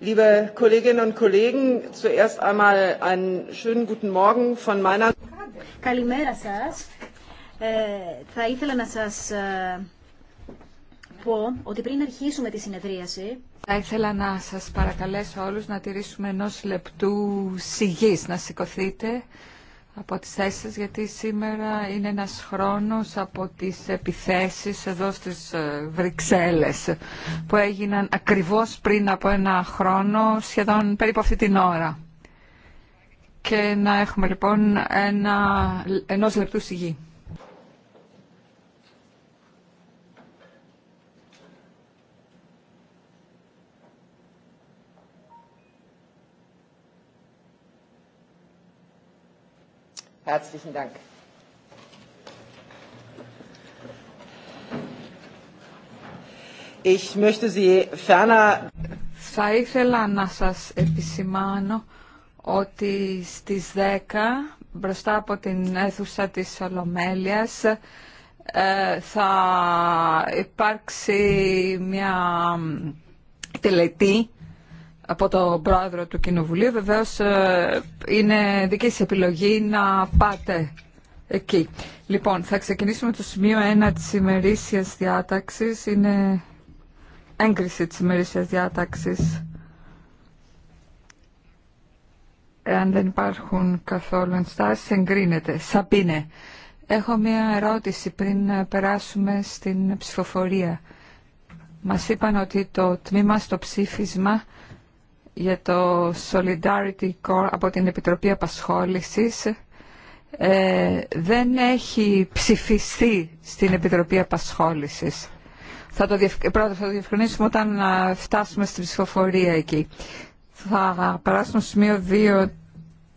Liebe Kolleginnen und Kollegen, zuerst einmal einen schönen guten Morgen von meiner Καλημέρα σας. Ε, θα ήθελα να σας ε, πω ότι πριν αρχίσουμε τη συνεδρίαση θα ήθελα να σας παρακαλέσω όλους να τηρήσουμε ενός λεπτού σιγής, να σηκωθείτε από τις θέσεις γιατί σήμερα είναι ένας χρόνος από τις επιθέσεις εδώ στις ε, Βρυξέλλες που έγιναν ακριβώς πριν από ένα χρόνο, σχεδόν περίπου αυτή την ώρα. Και να έχουμε λοιπόν ένα, ενός λεπτού σιγή. Herzlichen Dank. Ich möchte Sie ferner... Θα ήθελα να σας επισημάνω ότι στις 10 μπροστά από την αίθουσα της Ολομέλειας ε, θα υπάρξει μια τελετή από τον πρόεδρο του Κοινοβουλίου. Βεβαίως ε, είναι δική σα επιλογή να πάτε εκεί. Λοιπόν, θα ξεκινήσουμε το σημείο 1 τη ημερήσια διάταξης. Είναι έγκριση τη ημερήσια διάταξη. Εάν δεν υπάρχουν καθόλου ενστάσει, εγκρίνεται. Σαπίνε. Έχω μία ερώτηση πριν περάσουμε στην ψηφοφορία. Μας είπαν ότι το τμήμα στο ψήφισμα για το Solidarity Corps από την Επιτροπή Απασχόλησης ε, δεν έχει ψηφιστεί στην Επιτροπή Απασχόλησης. Θα το, πρώτα, θα το διευκρινίσουμε όταν ε, φτάσουμε στη ψηφοφορία εκεί. Θα περάσουμε σημείο 2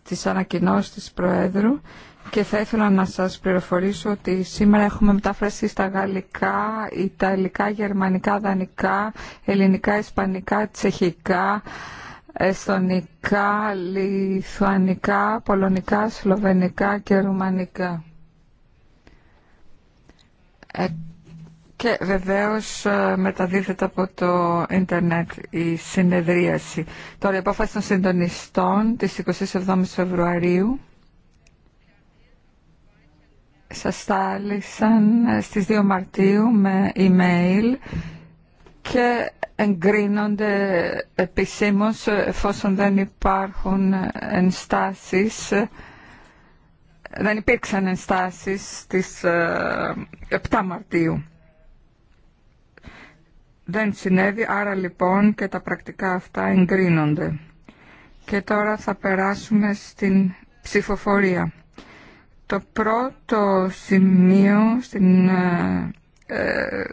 της ανακοινώσης της Προέδρου και θα ήθελα να σας πληροφορήσω ότι σήμερα έχουμε μετάφραση στα γαλλικά, ιταλικά, γερμανικά, δανικά, ελληνικά, ισπανικά, τσεχικά, εστονικά, λιθουανικά, πολωνικά, σλοβενικά και ρουμανικά. Ε, και βεβαίως ε, μεταδίδεται από το ίντερνετ η συνεδρίαση. Τώρα η απόφαση των συντονιστών της 27 Φεβρουαρίου σας στάλησαν ε, στις 2 Μαρτίου με email και εγκρίνονται επισήμως εφόσον δεν υπάρχουν ενστάσεις δεν υπήρξαν ενστάσεις στις 7 ε, Μαρτίου. Δεν συνέβη, άρα λοιπόν και τα πρακτικά αυτά εγκρίνονται. Και τώρα θα περάσουμε στην ψηφοφορία. Το πρώτο σημείο στην ε, ε,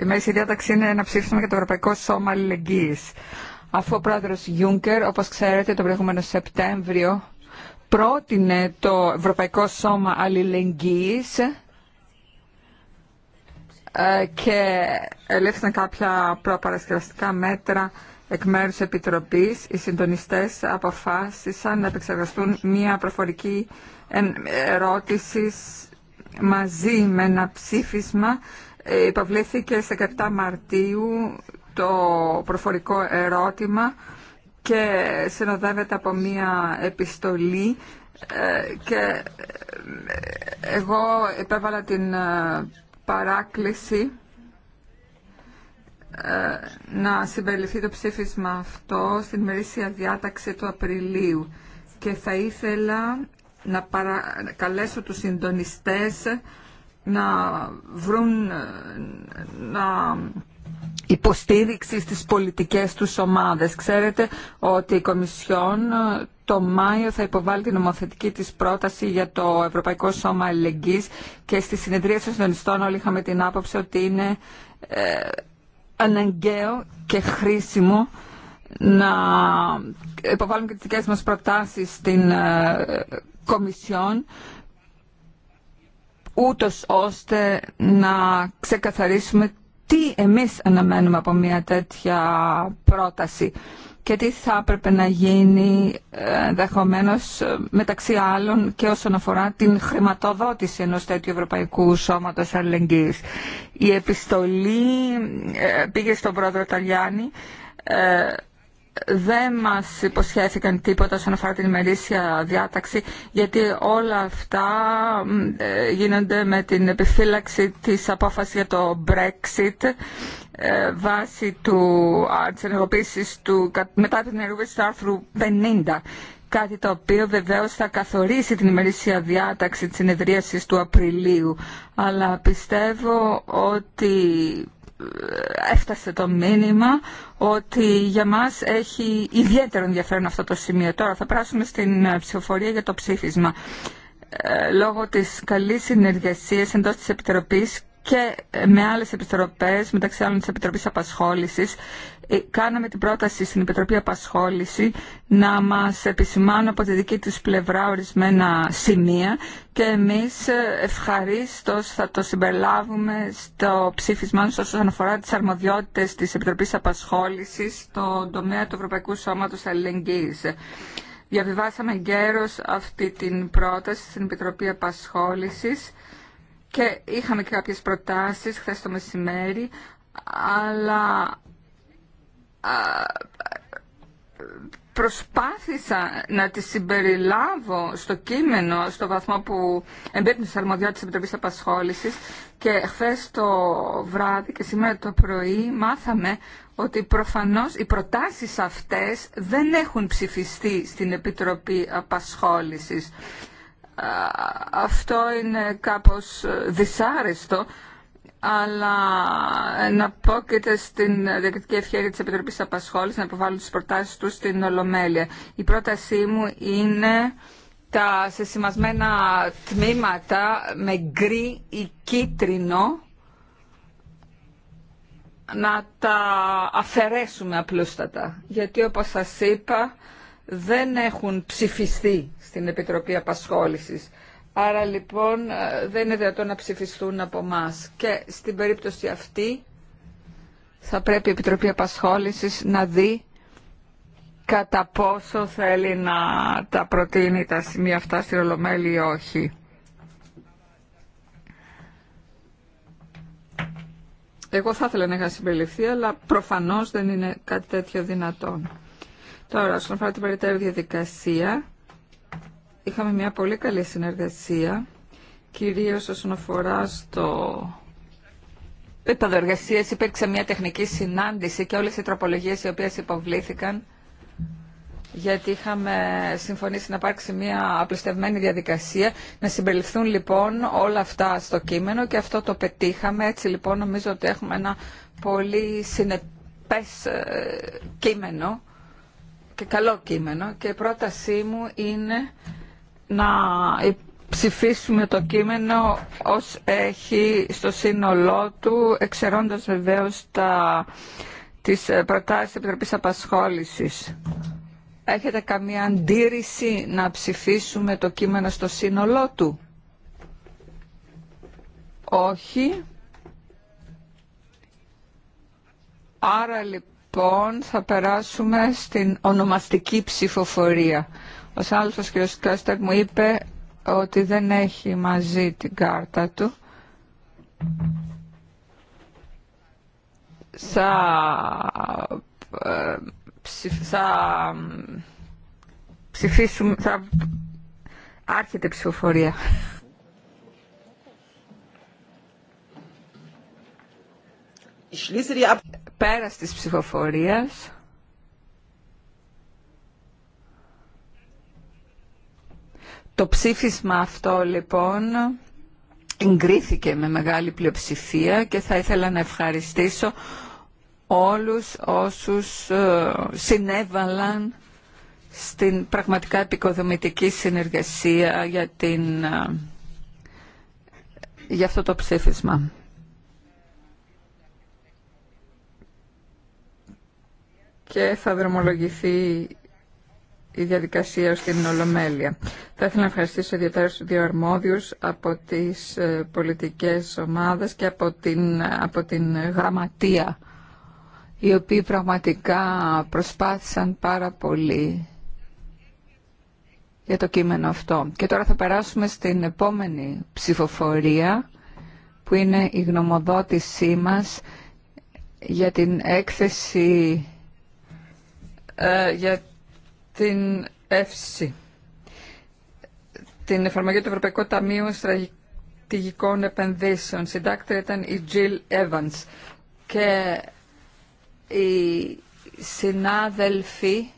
η μέση διάταξη είναι να ψήφισμα για το Ευρωπαϊκό Σώμα αλληλεγγύη. Αφού ο πρόεδρο Γιούγκερ, όπω ξέρετε, τον προηγούμενο Σεπτέμβριο πρότεινε το Ευρωπαϊκό Σώμα Αλληλεγγύης ε, και ελήφθησαν κάποια προπαρασκευαστικά μέτρα εκ μέρου Επιτροπής. Οι συντονιστές αποφάσισαν να επεξεργαστούν μια προφορική ερώτηση μαζί με ένα ψήφισμα ε, υποβλήθηκε σε 17 Μαρτίου το προφορικό ερώτημα και συνοδεύεται από μία επιστολή ε, και ε, εγώ επέβαλα την παράκληση να συμπεριληφθεί το ψήφισμα αυτό στην μερίσια διάταξη του Απριλίου και θα ήθελα να παρακαλέσω τους συντονιστές να βρουν να υποστήριξη στις πολιτικές τους ομάδες. Ξέρετε ότι η Κομισιόν το Μάιο θα υποβάλει την νομοθετική της πρόταση για το Ευρωπαϊκό Σώμα Ελεγγύης και στη συνεδρία των συντονιστών όλοι είχαμε την άποψη ότι είναι ε, αναγκαίο και χρήσιμο να υποβάλουμε και τις δικές μας προτάσεις στην ε, Κομισιόν ούτως ώστε να ξεκαθαρίσουμε τι εμείς αναμένουμε από μια τέτοια πρόταση και τι θα έπρεπε να γίνει ε, ενδεχομένω ε, μεταξύ άλλων και όσον αφορά την χρηματοδότηση ενός τέτοιου Ευρωπαϊκού Σώματος Αλληλεγγύης. Η επιστολή πήγε στον πρόεδρο Ταλιάνη δεν μας υποσχέθηκαν τίποτα όσον αφορά την ημερήσια διάταξη γιατί όλα αυτά ε, γίνονται με την επιφύλαξη της απόφασης για το Brexit ε, βάσει του, της του, μετά την ενεργοποίηση του άρθρου 50 κάτι το οποίο βεβαίως θα καθορίσει την ημερήσια διάταξη της συνεδρίασης του Απριλίου. Αλλά πιστεύω ότι ε, έφτασε το μήνυμα ότι για μας έχει ιδιαίτερο ενδιαφέρον αυτό το σημείο. Τώρα θα πράσουμε στην ε, ψηφοφορία για το ψήφισμα. Ε, λόγω της καλής συνεργασίας εντός της Επιτροπής και ε, με άλλες επιτροπές, μεταξύ άλλων της Επιτροπής Απασχόλησης, ε, κάναμε την πρόταση στην Επιτροπή Απασχόληση να μας επισημάνουν από τη δική τους πλευρά ορισμένα σημεία και εμείς ε, ευχαρίστως θα το συμπεριλάβουμε στο ψήφισμά όσον αφορά τις αρμοδιότητες της Επιτροπής Απασχόλησης στον τομέα του Ευρωπαϊκού Σώματος Αλληλεγγύης. Διαβιβάσαμε γέρος αυτή την πρόταση στην Επιτροπή Απασχόλησης και είχαμε και κάποιες προτάσεις χθε το μεσημέρι, αλλά προσπάθησα να τη συμπεριλάβω στο κείμενο στο βαθμό που εμπίπτει στους αρμοδιότητες της Επιτροπής Απασχόλησης και χθε το βράδυ και σήμερα το πρωί μάθαμε ότι προφανώς οι προτάσεις αυτές δεν έχουν ψηφιστεί στην Επιτροπή Απασχόλησης. Αυτό είναι κάπως δυσάρεστο αλλά να πω και στην διακριτική ευχαίρεια της Επιτροπής Απασχόλησης να αποβάλουν τις προτάσεις τους στην Ολομέλεια. Η πρότασή μου είναι τα σεσημασμένα τμήματα με γκρι ή κίτρινο να τα αφαιρέσουμε απλούστατα. Γιατί όπως σας είπα δεν έχουν ψηφιστεί στην Επιτροπή Απασχόλησης. Άρα λοιπόν ε, δεν είναι δυνατόν να ψηφιστούν από εμά. Και στην περίπτωση αυτή θα πρέπει η Επιτροπή Απασχόλησης να δει κατά πόσο θέλει να τα προτείνει τα σημεία αυτά στη Ρολομέλη ή όχι. Εγώ θα ήθελα να είχα συμπεριληφθεί, αλλά προφανώς δεν είναι κάτι τέτοιο δυνατόν. Τώρα, όσον αφορά την διαδικασία, Είχαμε μια πολύ καλή συνεργασία, κυρίως όσον αφορά στο επίπεδο εργασία. Υπήρξε μια τεχνική συνάντηση και όλες οι τροπολογίες οι οποίες υποβλήθηκαν, γιατί είχαμε συμφωνήσει να υπάρξει μια απλουστευμένη διαδικασία. Να συμπεριληφθούν λοιπόν όλα αυτά στο κείμενο και αυτό το πετύχαμε. Έτσι λοιπόν νομίζω ότι έχουμε ένα πολύ συνεπές ε, κείμενο και καλό κείμενο και η πρότασή μου είναι να ψηφίσουμε το κείμενο ως έχει στο σύνολό του, εξαιρώντας βεβαίως τα, τις προτάσεις της Επιτροπής Απασχόλησης. Έχετε καμία αντίρρηση να ψηφίσουμε το κείμενο στο σύνολό του. Όχι. Άρα λοιπόν θα περάσουμε στην ονομαστική ψηφοφορία. Ο άλλος κ. Κέστακ μου είπε ότι δεν έχει μαζί την κάρτα του. Θα, θα ε, ψηφίσουμε, θα άρχεται η ψηφοφορία. Πέρα της ψηφοφορίας. Το ψήφισμα αυτό λοιπόν εγκρίθηκε με μεγάλη πλειοψηφία και θα ήθελα να ευχαριστήσω όλους όσους ε, συνέβαλαν στην πραγματικά επικοδομητική συνεργασία για, την, ε, για αυτό το ψήφισμα. Και θα δρομολογηθεί η διαδικασία στην Ολομέλεια. Θα ήθελα να ευχαριστήσω ιδιαίτερα τους δύο αρμόδιους από τις ε, πολιτικές ομάδες και από την, από την γραμματεία, οι οποίοι πραγματικά προσπάθησαν πάρα πολύ για το κείμενο αυτό. Και τώρα θα περάσουμε στην επόμενη ψηφοφορία, που είναι η γνωμοδότησή μας για την έκθεση ε, για την ΕΦΣΥ, την εφαρμογή του Ευρωπαϊκού Ταμείου Στρατηγικών Επενδύσεων. Συντάκτρια ήταν η Jill Evans και οι συνάδελφοι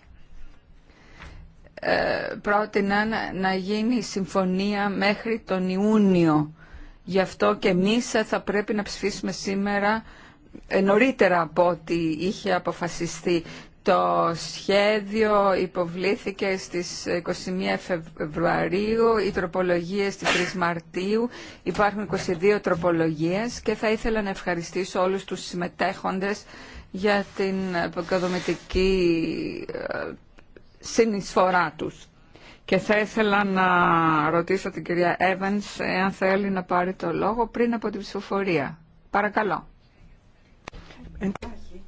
ε, πρότειναν να γίνει συμφωνία μέχρι τον Ιούνιο. Γι' αυτό και εμείς θα πρέπει να ψηφίσουμε σήμερα ε, νωρίτερα από ό,τι είχε αποφασιστεί το σχέδιο υποβλήθηκε στις 21 Φεβρουαρίου, οι τροπολογίες στις 3 Μαρτίου, υπάρχουν 22 τροπολογίες και θα ήθελα να ευχαριστήσω όλους τους συμμετέχοντες για την αποκαδομητική ε, συνεισφορά τους. Και θα ήθελα να ρωτήσω την κυρία Evans εάν θέλει να πάρει το λόγο πριν από την ψηφοφορία. Παρακαλώ.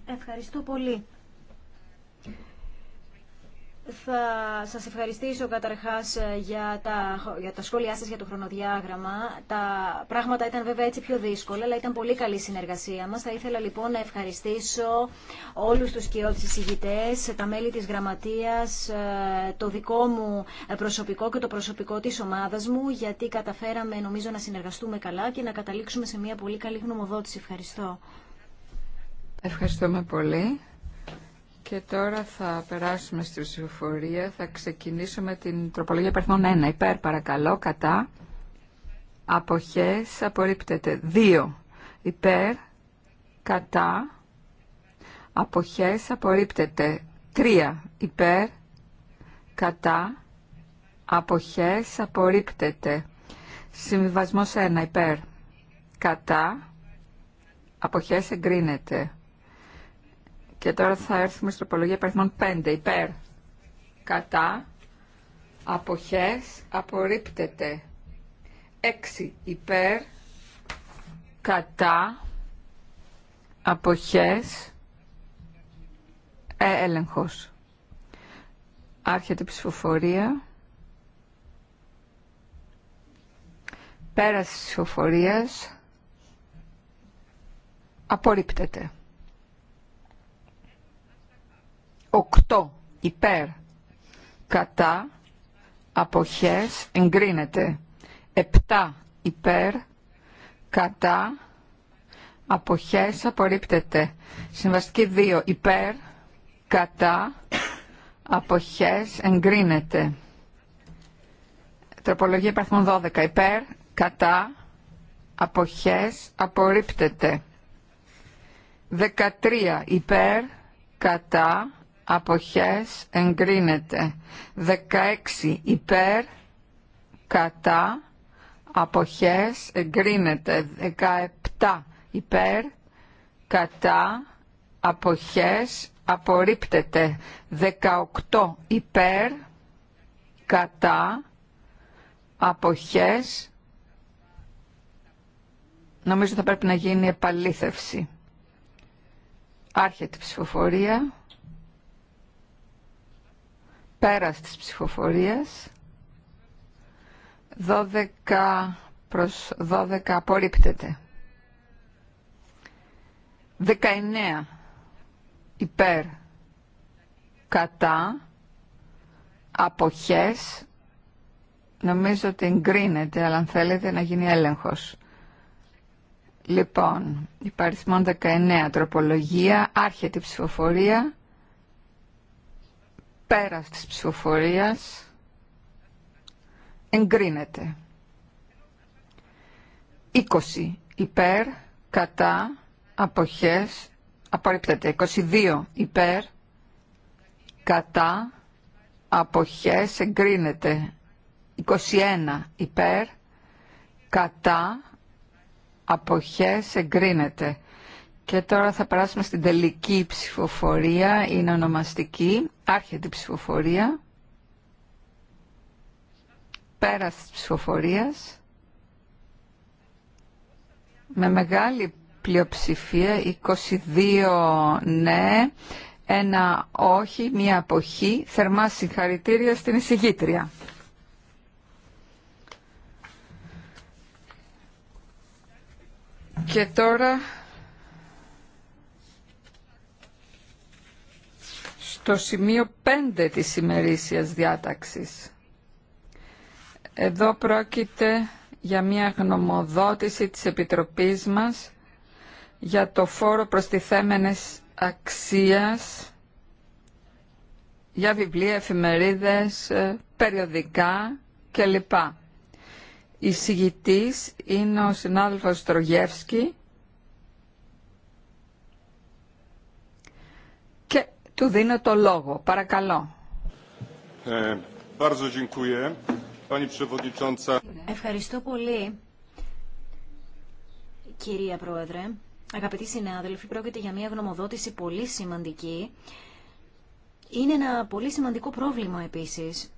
Ευχαριστώ πολύ. Θα σας ευχαριστήσω καταρχάς ε, για τα, για τα σχόλιά σας για το χρονοδιάγραμμα. Τα πράγματα ήταν βέβαια έτσι πιο δύσκολα, αλλά ήταν πολύ καλή συνεργασία μας. Θα ήθελα λοιπόν να ευχαριστήσω όλους τους κοιότητες εισηγητές, τα μέλη της γραμματείας, ε, το δικό μου ε, προσωπικό και το προσωπικό της ομάδας μου, γιατί καταφέραμε νομίζω να συνεργαστούμε καλά και να καταλήξουμε σε μια πολύ καλή γνωμοδότηση. Ευχαριστώ. Ευχαριστούμε πολύ. Και τώρα θα περάσουμε στη ψηφοφορία. Θα ξεκινήσουμε την τροπολογία παριθμών 1. Υπέρ παρακαλώ, κατά. Αποχές απορρίπτεται. 2. Υπέρ, κατά. Αποχές απορρίπτεται. 3. Υπέρ, κατά. Αποχές απορρίπτεται. Συμβιβασμό 1. Υπέρ, κατά. Αποχές εγκρίνεται. Και τώρα θα έρθουμε στην τροπολογία παριθμών 5. Υπέρ. Κατά. Αποχές. Απορρίπτεται. 6. Υπέρ. Κατά. Αποχές. Ε, έλεγχος. Άρχεται η ψηφοφορία. Πέραση ψηφοφορίας. Απορρίπτεται. 8 υπέρ κατά αποχές εγκρίνεται 7 υπέρ κατά αποχές απορρίπτεται συμβαστική 2 υπέρ κατά αποχές εγκρίνεται τροπολογία υπαρθμών 12 υπέρ κατά αποχές απορρίπτεται 13 υπέρ κατά αποχές εγκρίνεται 16 υπέρ κατά αποχές εγκρίνεται 17 υπέρ κατά αποχές απορρίπτεται 18 υπέρ κατά αποχές νομίζω θα πρέπει να γίνει επαλήθευση άρχεται η ψηφοφορία Πέρας της ψηφοφορίας. 12 προς 12 απορρίπτεται. 19 υπέρ κατά αποχές νομίζω ότι εγκρίνεται αλλά αν θέλετε να γίνει έλεγχος λοιπόν μόνο 19 τροπολογία άρχεται η ψηφοφορία Πέρας της ψηφοφορίας εγκρίνεται. 20 υπέρ, κατά, αποχές, απορρίπτεται. 22 υπέρ, κατά, αποχές, εγκρίνεται. 21 υπέρ, κατά, αποχές, εγκρίνεται. Και τώρα θα περάσουμε στην τελική ψηφοφορία, είναι ονομαστική, άρχεται η ψηφοφορία, πέρας της ψηφοφορίας, με μεγάλη πλειοψηφία, 22 ναι, ένα όχι, μία αποχή, θερμά συγχαρητήρια στην εισηγήτρια. Και τώρα το σημείο 5 της ημερήσία διάταξης. Εδώ πρόκειται για μια γνωμοδότηση της Επιτροπής μας για το φόρο προστιθέμενες αξίας για βιβλία, εφημερίδες, ε, περιοδικά κλπ. Η συγητής είναι ο συνάδελφος Τρογεύσκη Του δίνω το λόγο. Παρακαλώ. Ε, Ευχαριστώ πολύ, κυρία Πρόεδρε. Αγαπητοί συνάδελφοι, πρόκειται για μια γνωμοδότηση πολύ σημαντική. Είναι ένα πολύ σημαντικό πρόβλημα επίσης.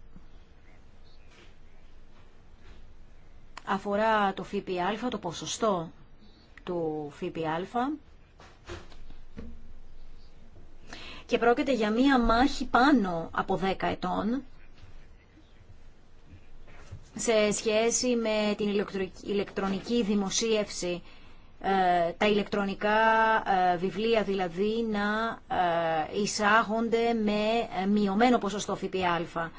Αφορά το ΦΠΑ, το ποσοστό του ΦΠΑ και πρόκειται για μία μάχη πάνω από 10 ετών σε σχέση με την ηλεκτρονική δημοσίευση, ε, τα ηλεκτρονικά ε, βιβλία δηλαδή να ε, εισάγονται με μειωμένο ποσοστό ΦΠΑ.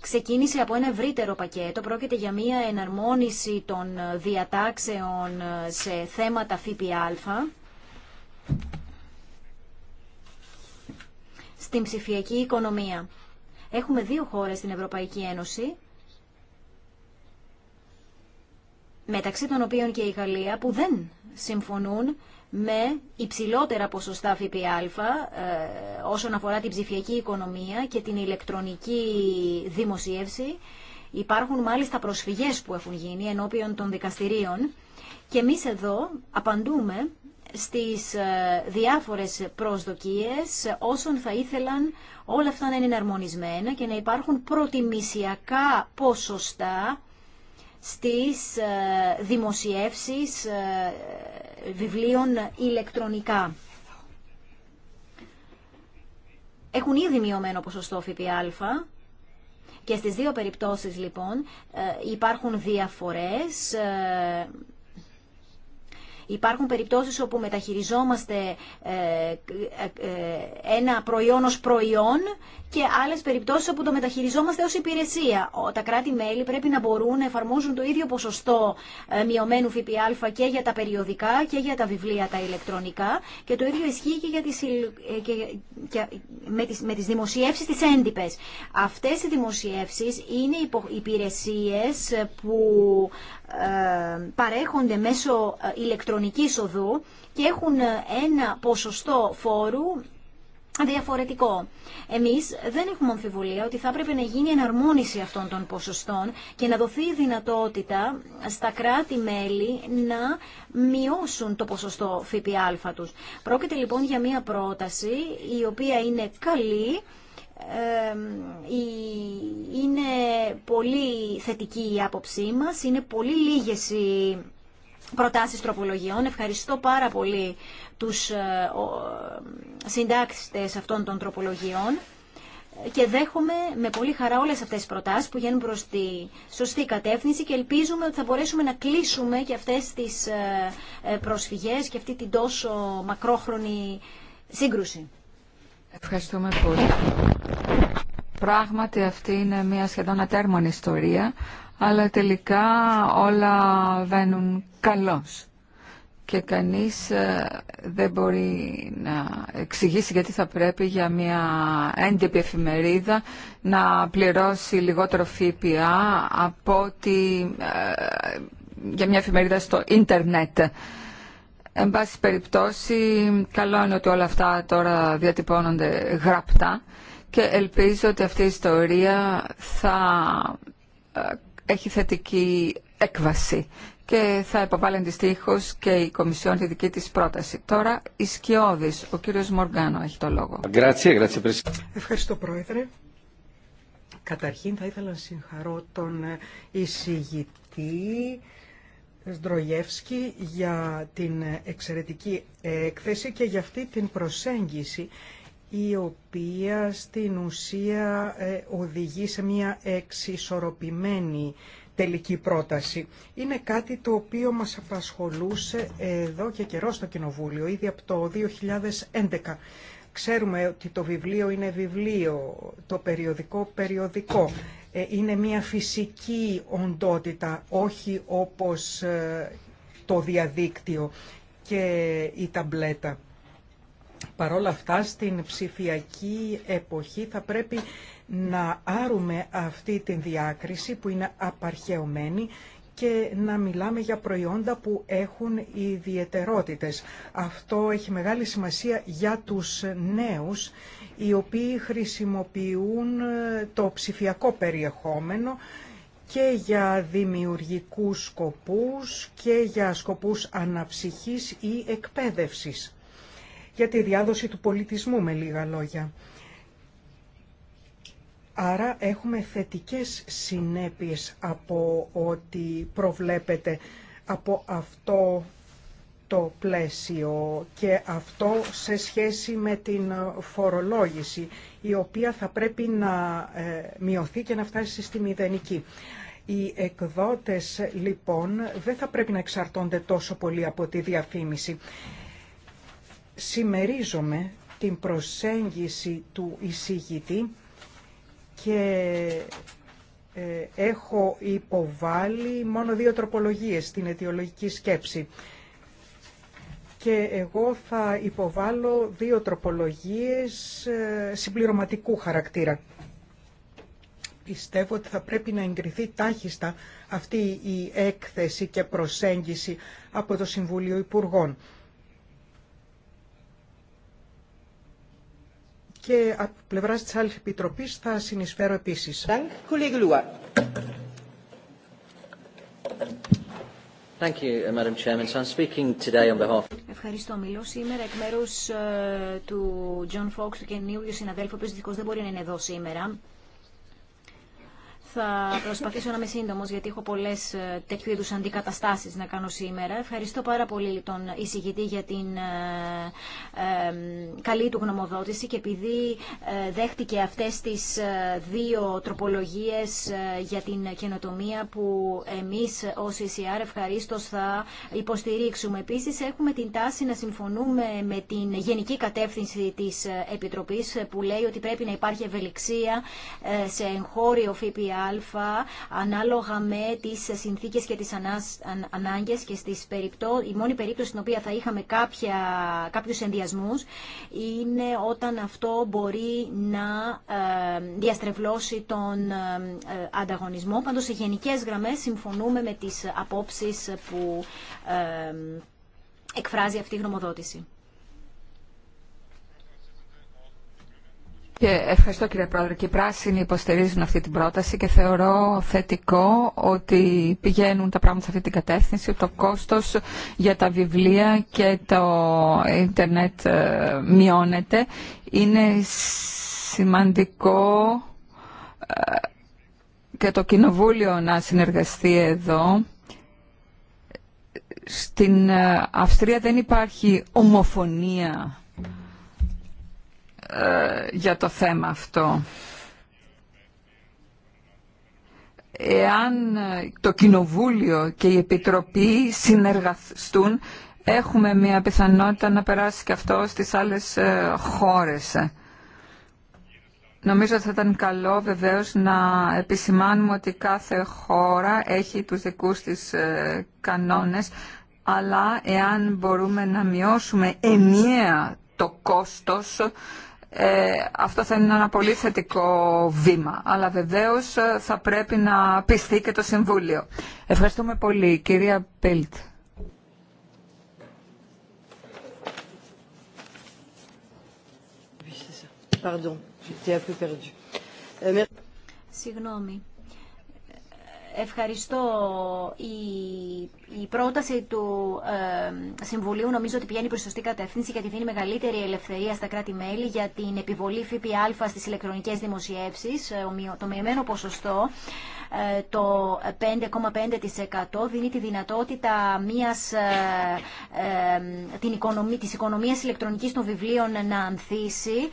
Ξεκίνησε από ένα ευρύτερο πακέτο. Πρόκειται για μία εναρμόνιση των διατάξεων σε θέματα ΦΠΑ στην ψηφιακή οικονομία. Έχουμε δύο χώρες στην Ευρωπαϊκή Ένωση, μεταξύ των οποίων και η Γαλλία, που δεν συμφωνούν με υψηλότερα ποσοστά ΦΠΑ ε, όσον αφορά την ψηφιακή οικονομία και την ηλεκτρονική δημοσίευση. Υπάρχουν μάλιστα προσφυγές που έχουν γίνει ενώπιον των δικαστηρίων και εμείς εδώ απαντούμε στις ε, διάφορες προσδοκίες όσων θα ήθελαν όλα αυτά να είναι εναρμονισμένα και να υπάρχουν προτιμησιακά ποσοστά στις ε, δημοσιεύσεις ε, βιβλίων ηλεκτρονικά. Έχουν ήδη μειωμένο ποσοστό ΦΠΑ και στις δύο περιπτώσεις λοιπόν υπάρχουν διαφορές Υπάρχουν περιπτώσεις όπου μεταχειριζόμαστε ε, ε, ε, ένα προϊόν ως προϊόν και άλλες περιπτώσεις όπου το μεταχειριζόμαστε ως υπηρεσία. Τα κράτη-μέλη πρέπει να μπορούν να εφαρμόζουν το ίδιο ποσοστό μειωμένου ΦΠΑ και για τα περιοδικά και για τα βιβλία τα ηλεκτρονικά και το ίδιο ισχύει και, για τις, και, με, τις, με τις δημοσιεύσεις τις έντυπες. Αυτές οι δημοσιεύσεις είναι υπηρεσίες που ε, παρέχονται μέσω ε, ηλεκτρονικής οδού και έχουν ε, ένα ποσοστό φόρου διαφορετικό. Εμείς δεν έχουμε αμφιβολία ότι θα έπρεπε να γίνει εναρμόνιση αυτών των ποσοστών και να δοθεί η δυνατότητα στα κράτη-μέλη να μειώσουν το ποσοστό ΦΠΑ τους. Πρόκειται λοιπόν για μια πρόταση η οποία είναι καλή είναι πολύ θετική η άποψή μας, είναι πολύ λίγες οι προτάσεις τροπολογιών. Ευχαριστώ πάρα πολύ τους ε, συντάξτες αυτών των τροπολογιών και δέχομαι με πολύ χαρά όλες αυτές τις προτάσεις που γίνουν προς τη σωστή κατεύθυνση και ελπίζουμε ότι θα μπορέσουμε να κλείσουμε και αυτές τις ε, ε, προσφυγές και αυτή την τόσο μακρόχρονη σύγκρουση. Ευχαριστούμε πολύ. Πράγματι αυτή είναι μια σχεδόν ατέρμονη ιστορία, αλλά τελικά όλα βαίνουν καλώς. Και κανείς ε, δεν μπορεί να εξηγήσει γιατί θα πρέπει για μια έντυπη εφημερίδα να πληρώσει λιγότερο ΦΠΑ από ότι ε, για μια εφημερίδα στο ίντερνετ. Εν πάση περιπτώσει, καλό είναι ότι όλα αυτά τώρα διατυπώνονται γραπτά και ελπίζω ότι αυτή η ιστορία θα ε, έχει θετική έκβαση και θα υποβάλλει αντιστοίχω και η Κομισιόν τη δική της πρόταση. Τώρα, η Σκιώδης, ο κύριος Μοργάνο έχει το λόγο. Ευχαριστώ, Πρόεδρε. Καταρχήν θα ήθελα να συγχαρώ τον ε, εισηγητή Σδρογεύσκη για την εξαιρετική έκθεση και για αυτή την προσέγγιση η οποία στην ουσία ε, οδηγεί σε μια εξισορροπημένη τελική πρόταση. Είναι κάτι το οποίο μας απασχολούσε εδώ και καιρό στο Κοινοβούλιο, ήδη από το 2011. Ξέρουμε ότι το βιβλίο είναι βιβλίο, το περιοδικό περιοδικό. Ε, είναι μια φυσική οντότητα, όχι όπως ε, το διαδίκτυο και η ταμπλέτα. Παρόλα αυτά, στην ψηφιακή εποχή θα πρέπει να άρουμε αυτή την διάκριση που είναι απαρχαιωμένη και να μιλάμε για προϊόντα που έχουν ιδιαιτερότητες. Αυτό έχει μεγάλη σημασία για τους νέους, οι οποίοι χρησιμοποιούν ε, το ψηφιακό περιεχόμενο και για δημιουργικούς σκοπούς και για σκοπούς αναψυχής ή εκπαίδευσης για τη διάδοση του πολιτισμού με λίγα λόγια. Άρα έχουμε θετικές συνέπειες από ότι προβλέπεται από αυτό το πλαίσιο και αυτό σε σχέση με την φορολόγηση η οποία θα πρέπει να ε, μειωθεί και να φτάσει στη μηδενική. Οι εκδότες λοιπόν δεν θα πρέπει να εξαρτώνται τόσο πολύ από τη διαφήμιση. Σημερίζομαι την προσέγγιση του εισηγητή και ε, έχω υποβάλει μόνο δύο τροπολογίες στην αιτιολογική σκέψη. Και εγώ θα υποβάλω δύο τροπολογίες ε, συμπληρωματικού χαρακτήρα. Πιστεύω ότι θα πρέπει να εγκριθεί τάχιστα αυτή η έκθεση και προσέγγιση από το Συμβούλιο Υπουργών. και από πλευρά τη άλλη επιτροπή θα συνεισφέρω επίσης. Uh, Ευχαριστώ. Μιλώ σήμερα εκ μέρου ε, του Τζον Fox και νέου συναδέλφου, ο οποίο δυστυχώ δεν μπορεί να είναι εδώ σήμερα. Θα προσπαθήσω να είμαι σύντομο γιατί έχω πολλέ ε, τέτοιου είδου αντικαταστάσει να κάνω σήμερα. Ευχαριστώ πάρα πολύ τον εισηγητή για την ε, καλή του γνωμοδότηση και επειδή ε, δέχτηκε αυτέ τι δύο τροπολογίε για την καινοτομία που εμεί ω ECR ευχαρίστω θα υποστηρίξουμε. Επίση έχουμε την τάση να συμφωνούμε με την γενική κατεύθυνση τη Επιτροπή που λέει ότι πρέπει να υπάρχει ευελιξία σε εγχώριο ΦΠΑ ανάλογα με τι συνθήκε και τις ανάγκε και στις περιπτώ... η μόνη περίπτωση στην οποία θα είχαμε κάποιου ενδιασμού είναι όταν αυτό μπορεί να ε, διαστρεβλώσει τον ε, ανταγωνισμό. Πάντω σε γενικές γραμμέ, συμφωνούμε με τι απόψει που ε, εκφράζει αυτή η γνωμοδότηση. ευχαριστώ κύριε Πρόεδρε. Και οι πράσινοι υποστηρίζουν αυτή την πρόταση και θεωρώ θετικό ότι πηγαίνουν τα πράγματα σε αυτή την κατεύθυνση. Το κόστος για τα βιβλία και το ίντερνετ ε, μειώνεται. Είναι σημαντικό ε, και το Κοινοβούλιο να συνεργαστεί εδώ. Στην ε, Αυστρία δεν υπάρχει ομοφωνία ε, για το θέμα αυτό. Εάν ε, το Κοινοβούλιο και η Επιτροπή συνεργαστούν, έχουμε μια πιθανότητα να περάσει και αυτό στις άλλες ε, χώρες. Νομίζω θα ήταν καλό βεβαίως να επισημάνουμε ότι κάθε χώρα έχει τους δικούς της κανόνες, αλλά εάν μπορούμε να μειώσουμε ενιαία το κόστος ε, αυτό θα είναι ένα πολύ θετικό βήμα, αλλά βεβαίως ε, θα πρέπει να πιστεί και το Συμβούλιο. Ευχαριστούμε πολύ. Κυρία Πέλτ. Euh, Συγγνώμη. Ευχαριστώ. Η, η πρόταση του Συμβουλίου νομίζω ότι πηγαίνει προ σωστή κατεύθυνση γιατί δίνει μεγαλύτερη ελευθερία στα κράτη-μέλη για την επιβολή ΦΠΑ στις ηλεκτρονικές δημοσιεύσεις, ε, το μειωμένο ποσοστό ε, το 5,5% δίνει τη δυνατότητα μιας, ε, ε, την οικονομία, της οικονομίας ηλεκτρονικής των βιβλίων να ανθίσει.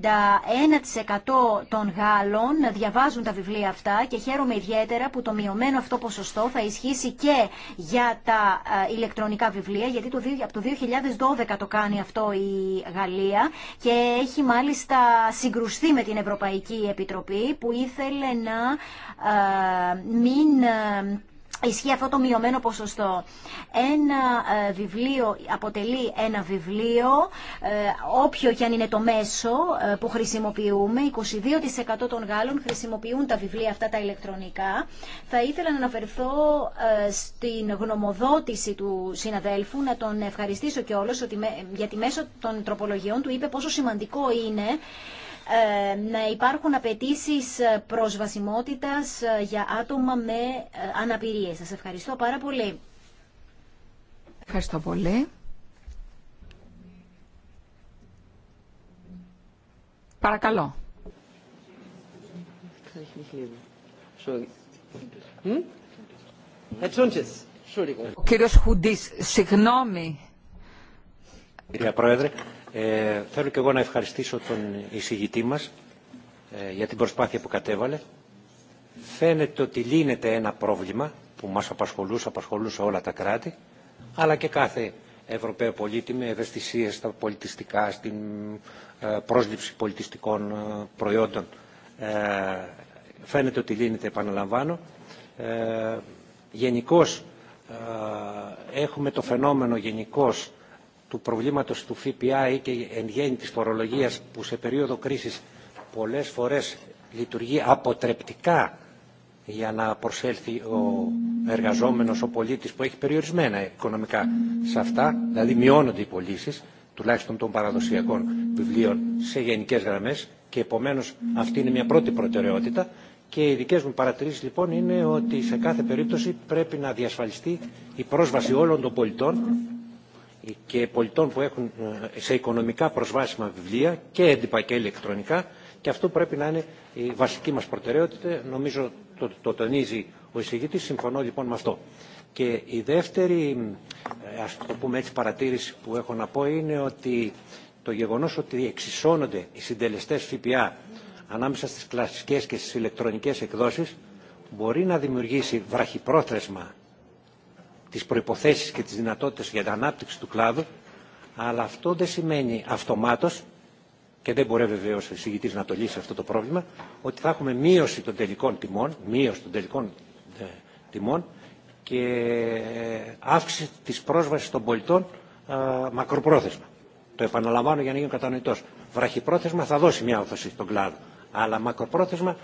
91% των Γάλλων διαβάζουν τα βιβλία αυτά και χαίρομαι ιδιαίτερα που το μειωμένο αυτό ποσοστό θα ισχύσει και για τα ηλεκτρονικά βιβλία γιατί το, από το 2012 το κάνει αυτό η Γαλλία και έχει μάλιστα συγκρουστεί με την Ευρωπαϊκή Επιτροπή που ήθελε να ε, μην ε, Ισχύει αυτό το μειωμένο ποσοστό. Ένα ε, βιβλίο αποτελεί ένα βιβλίο, όποιο και αν είναι το μέσο που χρησιμοποιούμε. 22% των Γάλλων χρησιμοποιούν τα βιβλία αυτά τα ηλεκτρονικά. Θα ήθελα να αναφερθώ στην γνωμοδότηση του συναδέλφου, να τον ευχαριστήσω κιόλας, γιατί μέσω των τροπολογιών του είπε πόσο σημαντικό είναι ε, να υπάρχουν απαιτήσει ε, προσβασιμότητας ε, για άτομα με αναπηρίες. Σα ευχαριστώ πάρα πολύ. Ευχαριστώ πολύ. Παρακαλώ. Ο hm? κύριος Χουντής, συγγνώμη. Κυρία Πρόεδρε, ε, θέλω και εγώ να ευχαριστήσω τον εισηγητή μας ε, για την προσπάθεια που κατέβαλε. Φαίνεται ότι λύνεται ένα πρόβλημα που μας απασχολούσε, απασχολούσε όλα τα κράτη, αλλά και κάθε Ευρωπαίο πολίτη με ευαισθησίες στα πολιτιστικά, στην ε, πρόσληψη πολιτιστικών ε, προϊόντων. Ε, φαίνεται ότι λύνεται, επαναλαμβάνω. Γενικώ έχουμε το φαινόμενο γενικώς του προβλήματος του ΦΠΑ ή και εν γέννη της φορολογίας που σε περίοδο κρίσης πολλές φορές λειτουργεί αποτρεπτικά για να προσέλθει ο εργαζόμενος, ο πολίτης που έχει περιορισμένα οικονομικά σε αυτά, δηλαδή μειώνονται οι πωλήσει τουλάχιστον των παραδοσιακών βιβλίων σε γενικές γραμμές και επομένως αυτή είναι μια πρώτη προτεραιότητα και οι δικές μου παρατηρήσεις λοιπόν είναι ότι σε κάθε περίπτωση πρέπει να διασφαλιστεί η πρόσβαση όλων των πολιτών ε, και πολιτών που έχουν ε, σε οικονομικά προσβάσιμα βιβλία και έντυπα και ηλεκτρονικά και αυτό πρέπει να είναι η βασική μας προτεραιότητα. Νομίζω το, τονίζει ο εισηγητής, συμφωνώ λοιπόν με αυτό. Και η δεύτερη, ε, ας το πούμε έτσι, παρατήρηση που έχω να πω είναι ότι το γεγονός ότι εξισώνονται οι συντελεστές ΦΠΑ ανάμεσα στις κλασικές και στις ηλεκτρονικές εκδόσεις μπορεί να δημιουργήσει βραχυπρόθεσμα τις προϋποθέσεις και τις δυνατότητες για την ανάπτυξη του κλάδου, αλλά αυτό δεν σημαίνει αυτομάτως, και δεν μπορεί βεβαίως ο εισηγητής να το λύσει αυτό το πρόβλημα, ότι θα έχουμε μείωση των τελικών τιμών, μείωση των τελικών ε, τιμών και ε, αύξηση της πρόσβασης των πολιτών ε, μακροπρόθεσμα. Το επαναλαμβάνω για να γίνω κατανοητός. Βραχυπρόθεσμα θα δώσει μια όθωση στον κλάδο, αλλά μακροπρόθεσμα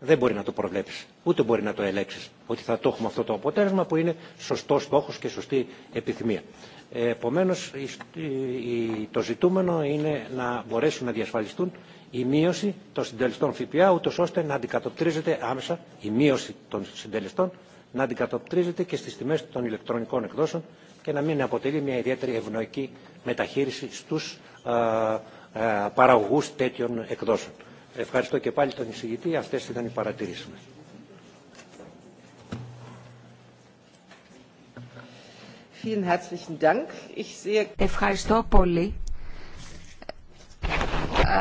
δεν μπορεί να το προβλέψει, ούτε μπορεί να το ελέξει ότι θα το έχουμε αυτό το αποτέλεσμα που είναι σωστό στόχο και σωστή επιθυμία. Επομένω, το ζητούμενο είναι να μπορέσουν να διασφαλιστούν η μείωση των συντελεστών ΦΠΑ, ούτω ώστε να αντικατοπτρίζεται άμεσα η μείωση των συντελεστών να αντικατοπτρίζεται και στις τιμές των ηλεκτρονικών εκδόσεων και να μην αποτελεί μια ιδιαίτερη ευνοϊκή μεταχείριση στους α, ε, ε, παραγωγούς τέτοιων εκδόσεων. Ευχαριστώ και πάλι τον εισηγητή. Αυτές ήταν οι παρατηρήσεις μας. Ευχαριστώ πολύ.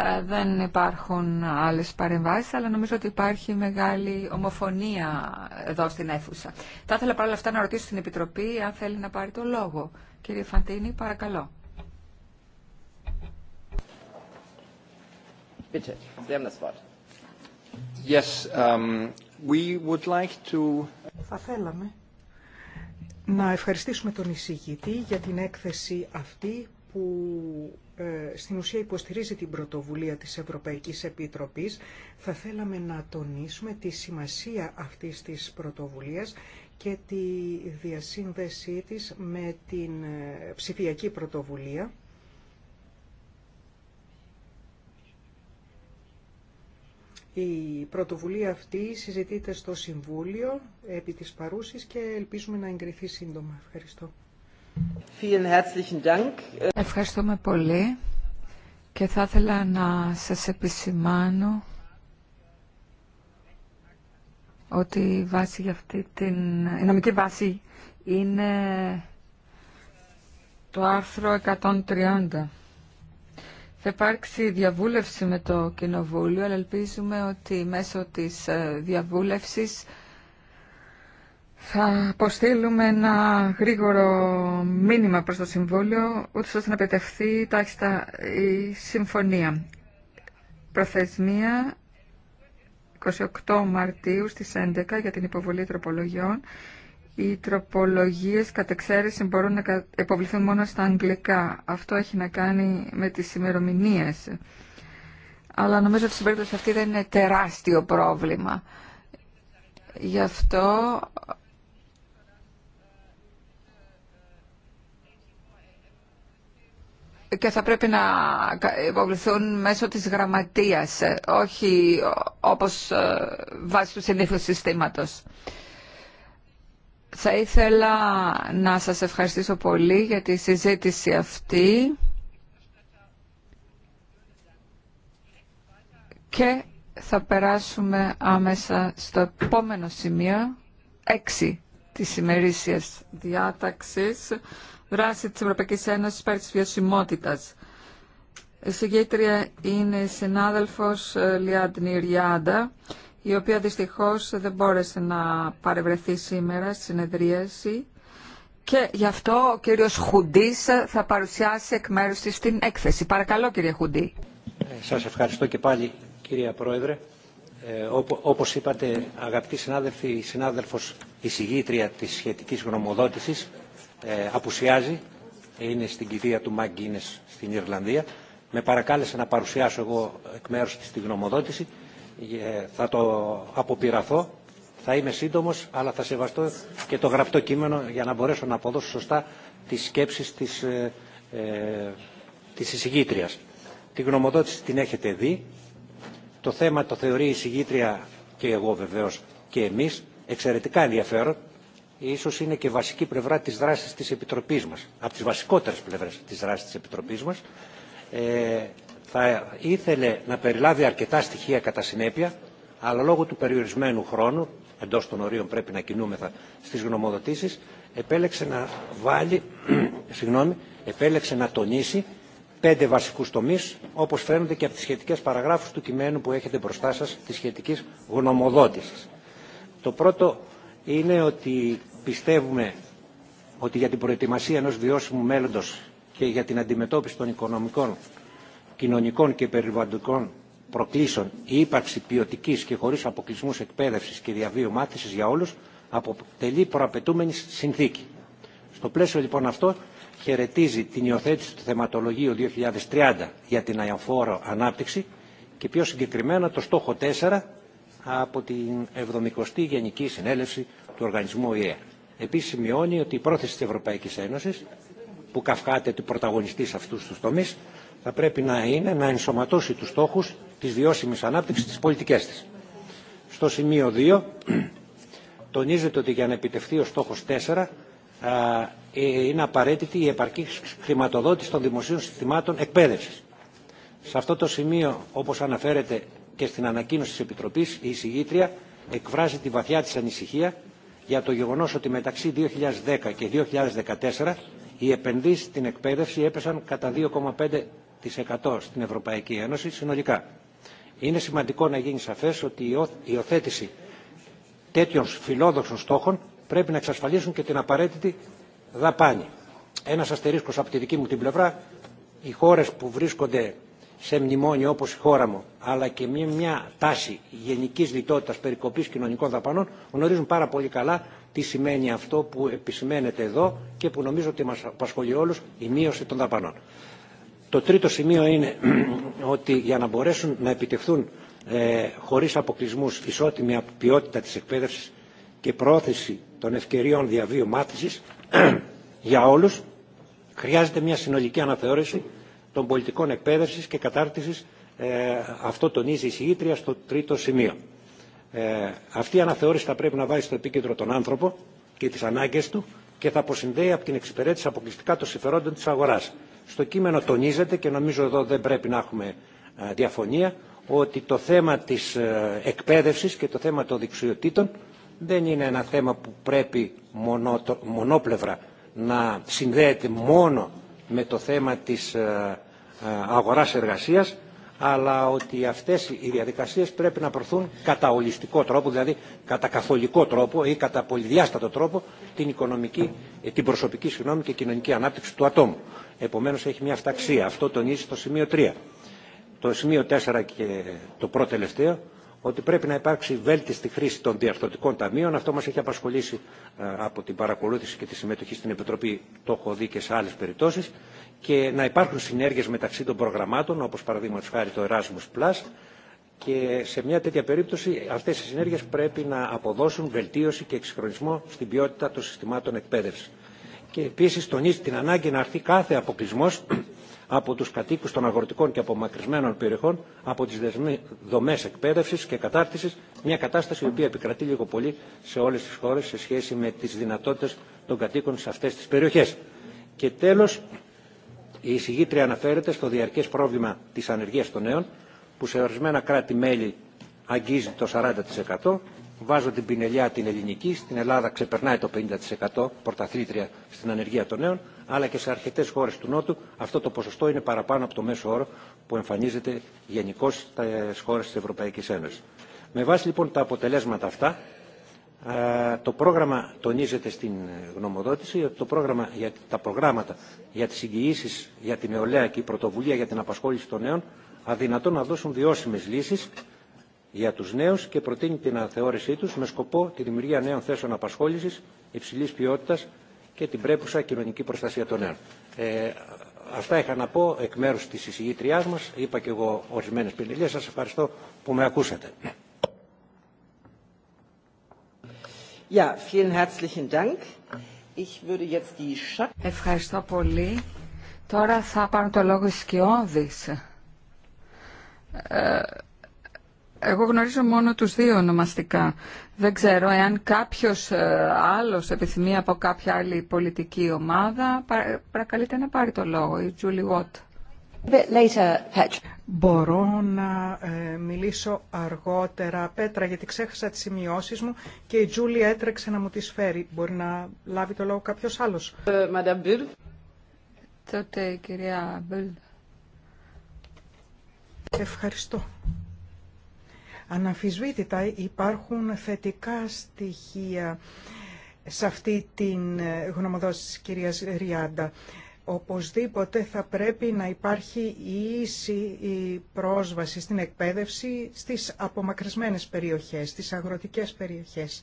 Ε, δεν υπάρχουν άλλες παρεμβάσεις, αλλά νομίζω ότι υπάρχει μεγάλη ομοφωνία εδώ στην αίθουσα. Θα ήθελα παρόλα αυτά να ρωτήσω την Επιτροπή αν θέλει να πάρει το λόγο. Κύριε Φαντίνη, παρακαλώ. Bitte, Sie haben um, Θα θέλαμε να ευχαριστήσουμε τον εισηγητή για την έκθεση αυτή που ε, στην ουσία υποστηρίζει την πρωτοβουλία της Ευρωπαϊκής Επιτροπής. Θα θέλαμε να τονίσουμε τη σημασία αυτής της πρωτοβουλίας και τη διασύνδεσή της με την ε, ψηφιακή πρωτοβουλία Η πρωτοβουλία αυτή συζητείται στο Συμβούλιο επί της παρούσης και ελπίζουμε να εγκριθεί σύντομα. Ευχαριστώ. Ευχαριστούμε πολύ και θα ήθελα να σας επισημάνω ότι η βάση για αυτή την... η νομική βάση είναι το άρθρο 130. Θα υπάρξει διαβούλευση με το Κοινοβούλιο, αλλά ελπίζουμε ότι μέσω της ε, διαβούλευσης θα αποστείλουμε ένα γρήγορο μήνυμα προς το Συμβούλιο, ούτως ώστε να πετευθεί τάχιστα η συμφωνία. Προθεσμία 28 Μαρτίου στις 11 για την υποβολή τροπολογιών οι τροπολογίες κατ' εξαίρεση μπορούν να υποβληθούν μόνο στα αγγλικά. Αυτό έχει να κάνει με τις ημερομηνίε. Αλλά νομίζω ότι στην περίπτωση αυτή δεν είναι τεράστιο πρόβλημα. Γι' αυτό και θα πρέπει να υποβληθούν μέσω της γραμματείας, όχι όπως ε, βάσει του συνήθου συστήματος. Θα ήθελα να σας ευχαριστήσω πολύ για τη συζήτηση αυτή και θα περάσουμε άμεσα στο επόμενο σημείο 6 της ημερήσιας διάταξης δράση της Ευρωπαϊκής Ένωσης πέρα της βιωσιμότητας. Η συγκέντρια είναι η συνάδελφος ε, Λιάντ Νιριάντα η οποία δυστυχώς δεν μπόρεσε να παρευρεθεί σήμερα στη συνεδρίαση και γι' αυτό ο κύριος Χουντής θα παρουσιάσει εκ μέρους της την έκθεση. Παρακαλώ κύριε Χουντή. Ε, σας ευχαριστώ και πάλι κυρία Πρόεδρε. Ε, όπως είπατε αγαπητοί συνάδελφοι, η συνάδελφος εισηγήτρια της σχετικής γνωμοδότησης ε, απουσιάζει, είναι στην κηδεία του Μαγκίνες στην Ιρλανδία. Με παρακάλεσε να παρουσιάσω εγώ εκ μέρους της τη γνωμοδότηση ε, θα το αποπειραθώ, θα είμαι σύντομος, αλλά θα σεβαστώ και το γραπτό κείμενο για να μπορέσω να αποδώσω σωστά τις σκέψεις της, ε, ε της εισηγήτριας. Την γνωμοδότηση την έχετε δει. Το θέμα το θεωρεί η εισηγήτρια και εγώ βεβαίως και εμείς εξαιρετικά ενδιαφέρον. Ίσως είναι και βασική πλευρά της δράσης της Επιτροπής μας. Από τις βασικότερες πλευρές της δράσης της Επιτροπής μας. Ε, θα ήθελε να περιλάβει αρκετά στοιχεία κατά συνέπεια, αλλά λόγω του περιορισμένου χρόνου, εντός των ορίων πρέπει να κινούμεθα στις γνωμοδοτήσεις, επέλεξε να βάλει, συγγνώμη, επέλεξε να τονίσει πέντε βασικούς τομείς, όπως φαίνονται και από τις σχετικές παραγράφους του κειμένου που έχετε μπροστά σας, της σχετικής γνωμοδότησης. Το πρώτο είναι ότι πιστεύουμε ότι για την προετοιμασία ενός βιώσιμου μέλλοντος και για την αντιμετώπιση των οικονομικών κοινωνικών και περιβαλλοντικών προκλήσεων η ύπαρξη ποιοτική και χωρί αποκλεισμού εκπαίδευση και διαβίου μάθηση για όλου αποτελεί προαπαιτούμενη συνθήκη. Στο πλαίσιο λοιπόν αυτό χαιρετίζει την υιοθέτηση του θεματολογίου 2030 για την αεφόρο ανάπτυξη και πιο συγκεκριμένα το στόχο 4 από την 70η Γενική Συνέλευση του Οργανισμού ΟΗΕ. Επίσης σημειώνει ότι η πρόθεση της Ευρωπαϊκής Ένωσης που καυχάται του πρωταγωνιστή σε αυτούς τους θα πρέπει να είναι να ενσωματώσει τους στόχους της βιώσιμης ανάπτυξης της πολιτικές της. Στο σημείο 2 τονίζεται ότι για να επιτευχθεί ο στόχος 4 ε, είναι απαραίτητη η επαρκή χρηματοδότηση των δημοσίων συστημάτων εκπαίδευσης. Σε αυτό το σημείο, όπως αναφέρεται και στην ανακοίνωση της Επιτροπής, η εισηγήτρια εκφράζει τη βαθιά της ανησυχία για το γεγονός ότι μεταξύ 2010 και 2014 οι επενδύσεις στην εκπαίδευση έπεσαν κατά 2,5 στην Ευρωπαϊκή Ένωση συνολικά. Είναι σημαντικό να γίνει σαφές ότι η υιοθέτηση τέτοιων φιλόδοξων στόχων πρέπει να εξασφαλίσουν και την απαραίτητη δαπάνη. Ένας αστερίσκος από τη δική μου την πλευρά, οι χώρες που βρίσκονται σε μνημόνιο όπως η χώρα μου, αλλά και μια τάση γενικής λιτότητας περικοπής κοινωνικών δαπανών, γνωρίζουν πάρα πολύ καλά τι σημαίνει αυτό που επισημαίνεται εδώ και που νομίζω ότι μας απασχολεί όλους η μείωση των δαπανών. Το τρίτο σημείο είναι ότι για να μπορέσουν να επιτευχθούν ε, χωρίς αποκλεισμούς ισότιμη ποιότητα της εκπαίδευσης και πρόθεση των ευκαιριών διαβίου μάθησης για όλους, χρειάζεται μια συνολική αναθεώρηση των πολιτικών εκπαίδευσης και κατάρτισης. Ε, αυτό τονίζει η συγήτρια στο τρίτο σημείο. Ε, αυτή η αναθεώρηση θα πρέπει να βάζει στο επίκεντρο τον άνθρωπο και τις ανάγκες του και θα αποσυνδέει από την εξυπηρέτηση αποκλειστικά των συμφερόντων της αγοράς. Στο κείμενο τονίζεται και νομίζω εδώ δεν πρέπει να έχουμε ε, διαφωνία ότι το θέμα της ε, εκπαίδευσης και το θέμα των δεξιοτήτων δεν είναι ένα θέμα που πρέπει μονόπλευρα να συνδέεται μόνο με το θέμα της ε, αγοράς εργασίας αλλά ότι αυτές οι διαδικασίες πρέπει να προωθούν κατά ολιστικό τρόπο, δηλαδή κατά καθολικό τρόπο ή κατά πολυδιάστατο τρόπο την, οικονομική, την προσωπική συγγνώμη, και κοινωνική ανάπτυξη του ατόμου επομένως έχει μια αυταξία. Αυτό τονίζει το σημείο 3. Το σημείο 4 και το πρώτο τελευταίο, ότι πρέπει να υπάρξει βέλτιστη χρήση των διαρθρωτικών ταμείων. Αυτό μας έχει απασχολήσει ε, από την παρακολούθηση και τη συμμετοχή στην Επιτροπή, το έχω δει και σε άλλες περιπτώσεις, και να υπάρχουν συνέργειες μεταξύ των προγραμμάτων, όπως παραδείγματο χάρη το Erasmus+, Plus, και σε μια τέτοια περίπτωση αυτές οι συνέργειες πρέπει να αποδώσουν βελτίωση και εξυγχρονισμό στην ποιότητα των συστημάτων εκπαίδευσης και επίσης τονίζει την ανάγκη να αρθεί κάθε αποκλεισμό από τους κατοίκους των αγροτικών και απομακρυσμένων περιοχών από τις δομές εκπαίδευσης και κατάρτισης, μια κατάσταση η οποία επικρατεί λίγο πολύ σε όλες τις χώρες σε σχέση με τις δυνατότητες των κατοίκων σε αυτές τις περιοχές. Και τέλος, η εισηγήτρια αναφέρεται στο διαρκές πρόβλημα της ανεργίας των νέων, που σε ορισμένα κράτη-μέλη αγγίζει το 40%, βάζω την πινελιά την ελληνική, στην Ελλάδα ξεπερνάει το 50% πρωταθλήτρια στην ανεργία των νέων, αλλά και σε αρκετέ χώρε του Νότου αυτό το ποσοστό είναι παραπάνω από το μέσο όρο που εμφανίζεται γενικώ στι χώρε τη Ευρωπαϊκή Ένωση. Με βάση λοιπόν τα αποτελέσματα αυτά, ε, το πρόγραμμα τονίζεται στην γνωμοδότηση ότι το πρόγραμμα, τα προγράμματα για τις εγγυήσεις για την νεολαία και η πρωτοβουλία για την απασχόληση των νέων αδυνατόν να δώσουν βιώσιμες λύσεις για τους νέους και προτείνει την αναθεώρησή τους με σκοπό τη δημιουργία νέων θέσεων απασχόλησης υψηλής ποιότητας και την πρέπουσα κοινωνική προστασία των νέων. Ε, αυτά είχα να πω εκ μέρους της εισηγήτριάς μας. Είπα και εγώ ορισμένες πινελίες. Σας ευχαριστώ που με ακούσατε. Ja, vielen herzlichen Dank. Ευχαριστώ πολύ. Τώρα θα πάρουν το λόγο οι εγώ γνωρίζω μόνο τους δύο ονομαστικά. Δεν ξέρω εάν κάποιος ε, άλλος επιθυμεί από κάποια άλλη πολιτική ομάδα. Παρακαλείτε να πάρει το λόγο, η Τζούλι Γουότ. Μπορώ να ε, μιλήσω αργότερα, Πέτρα, γιατί ξέχασα τις σημειώσεις μου και η Τζούλη έτρεξε να μου τις φέρει. Μπορεί να λάβει το λόγο κάποιος άλλος. Τότε Τότε, κυρία Μπιλ. Ευχαριστώ. Αναμφισβήτητα υπάρχουν θετικά στοιχεία σε αυτή την ε, γνωμοδότηση της κυρίας Ριάντα. Οπωσδήποτε θα πρέπει να υπάρχει η ίση η πρόσβαση στην εκπαίδευση στις απομακρυσμένες περιοχές, στις αγροτικές περιοχές.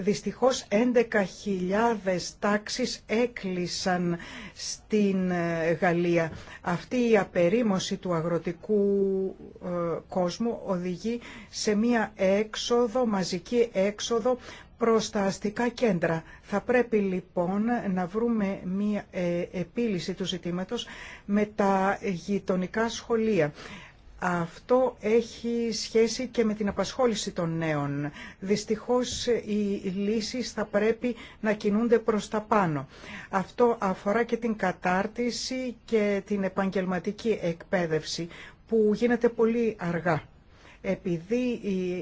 Δυστυχώς 11.000 τάξεις έκλεισαν στην ε, Γαλλία. Αυτή η απερίμωση του αγροτικού ε, κόσμου οδηγεί σε μία έξοδο, μαζική έξοδο προς τα αστικά κέντρα. Θα πρέπει λοιπόν να βρούμε μία ε, επίλυση του ζητήματος με τα γειτονικά σχολεία. Αυτό έχει σχέση και με την απασχόληση των νέων. Δυστυχώς οι λύσεις θα πρέπει να κινούνται προς τα πάνω. Αυτό αφορά και την κατάρτιση και την επαγγελματική εκπαίδευση που γίνεται πολύ αργά. Επειδή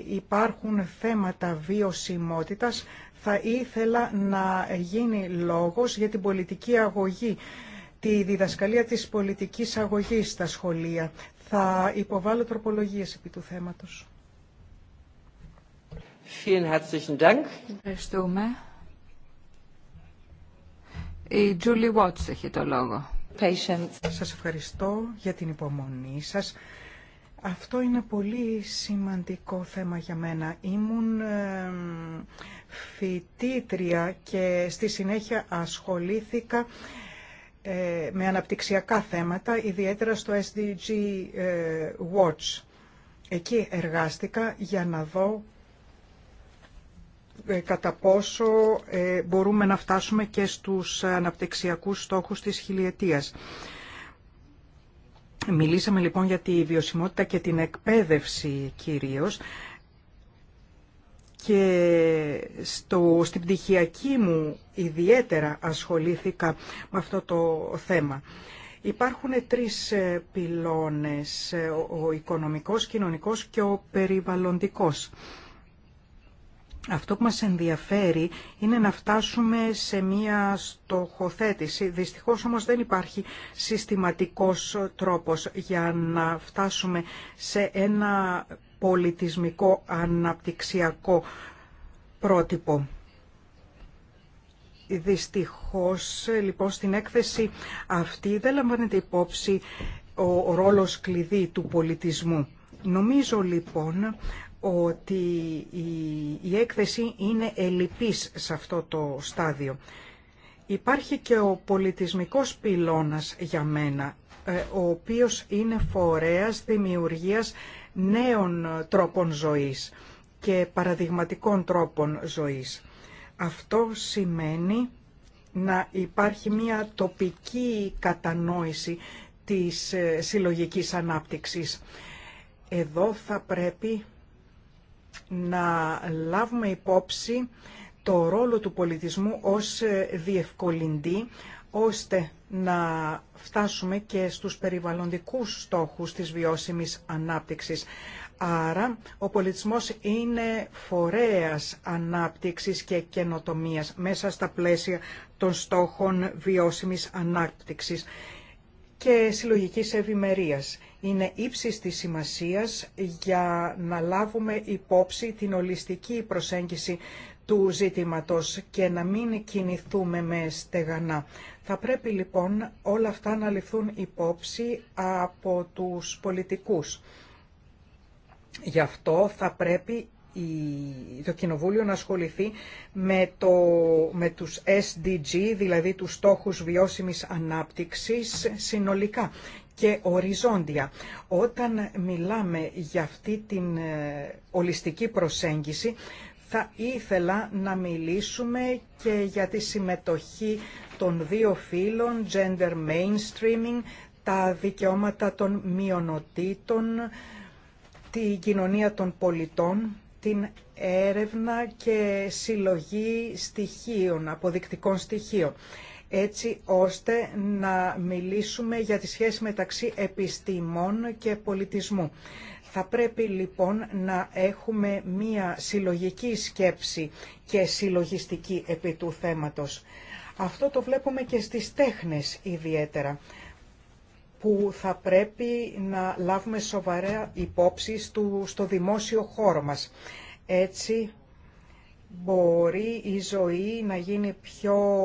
υπάρχουν θέματα βιωσιμότητας, θα ήθελα να γίνει λόγος για την πολιτική αγωγή τη διδασκαλία της πολιτικής αγωγής στα σχολεία. Θα υποβάλω τροπολογίες επί του θέματος. Ευχαριστούμε. Η Julie Watts έχει το λόγο. Σας ευχαριστώ για την υπομονή σας. Αυτό είναι πολύ σημαντικό θέμα για μένα. Ήμουν φοιτήτρια και στη συνέχεια ασχολήθηκα ε, με αναπτυξιακά θέματα, ιδιαίτερα στο SDG ε, Watch. Εκεί εργάστηκα για να δω ε, κατά πόσο μπορούμε να φτάσουμε και στους αναπτυξιακούς στόχους της χιλιετίας. Μιλήσαμε λοιπόν για τη βιωσιμότητα και την εκπαίδευση κυρίως και στο, στην πτυχιακή μου ιδιαίτερα ασχολήθηκα με αυτό το θέμα. Υπάρχουν τρεις ε, πυλώνες, ε, ο οικονομικός, κοινωνικός και ο περιβαλλοντικός. Αυτό που μας ενδιαφέρει είναι να φτάσουμε σε μία στοχοθέτηση. Δυστυχώς όμως δεν υπάρχει συστηματικός τρόπος για να φτάσουμε σε ένα πολιτισμικό αναπτυξιακό πρότυπο. Δυστυχώς, λοιπόν, στην έκθεση αυτή δεν λαμβάνεται υπόψη ο ρόλος κλειδί του πολιτισμού. Νομίζω, λοιπόν, ότι η έκθεση είναι ελλειπής σε αυτό το στάδιο. Υπάρχει και ο πολιτισμικός πυλώνας για μένα, ε, ο οποίος είναι φορέας δημιουργίας νέων τρόπων ζωής και παραδειγματικών τρόπων ζωής. Αυτό σημαίνει να υπάρχει μια τοπική κατανόηση της ε, συλλογικής ανάπτυξης. Εδώ θα πρέπει να λάβουμε υπόψη το ρόλο του πολιτισμού ως ε, διευκολυντή ώστε να φτάσουμε και στους περιβαλλοντικούς στόχους της βιώσιμης ανάπτυξης. Άρα, ο πολιτισμός είναι φορέας ανάπτυξης και καινοτομίας μέσα στα πλαίσια των στόχων βιώσιμης ανάπτυξης και συλλογικής ευημερίας. Είναι ύψης της σημασίας για να λάβουμε υπόψη την ολιστική προσέγγιση του ζήτηματος και να μην κινηθούμε με στεγανά. Θα πρέπει λοιπόν όλα αυτά να ληφθούν υπόψη από τους πολιτικούς. Γι' αυτό θα πρέπει το Κοινοβούλιο να ασχοληθεί με, το, με τους SDG, δηλαδή τους στόχους βιώσιμης ανάπτυξης συνολικά και οριζόντια. Όταν μιλάμε για αυτή την ε, ολιστική προσέγγιση, θα ήθελα να μιλήσουμε και για τη συμμετοχή των δύο φύλων, gender mainstreaming, τα δικαιώματα των μειονοτήτων, την κοινωνία των πολιτών, την έρευνα και συλλογή στοιχείων, αποδεικτικών στοιχείων έτσι ώστε να μιλήσουμε για τη σχέση μεταξύ επιστήμων και πολιτισμού. Θα πρέπει λοιπόν να έχουμε μία συλλογική σκέψη και συλλογιστική επί του θέματος. Αυτό το βλέπουμε και στις τέχνες ιδιαίτερα που θα πρέπει να λάβουμε σοβαρά υπόψη στο, στο δημόσιο χώρο μας. Έτσι μπορεί η ζωή να γίνει πιο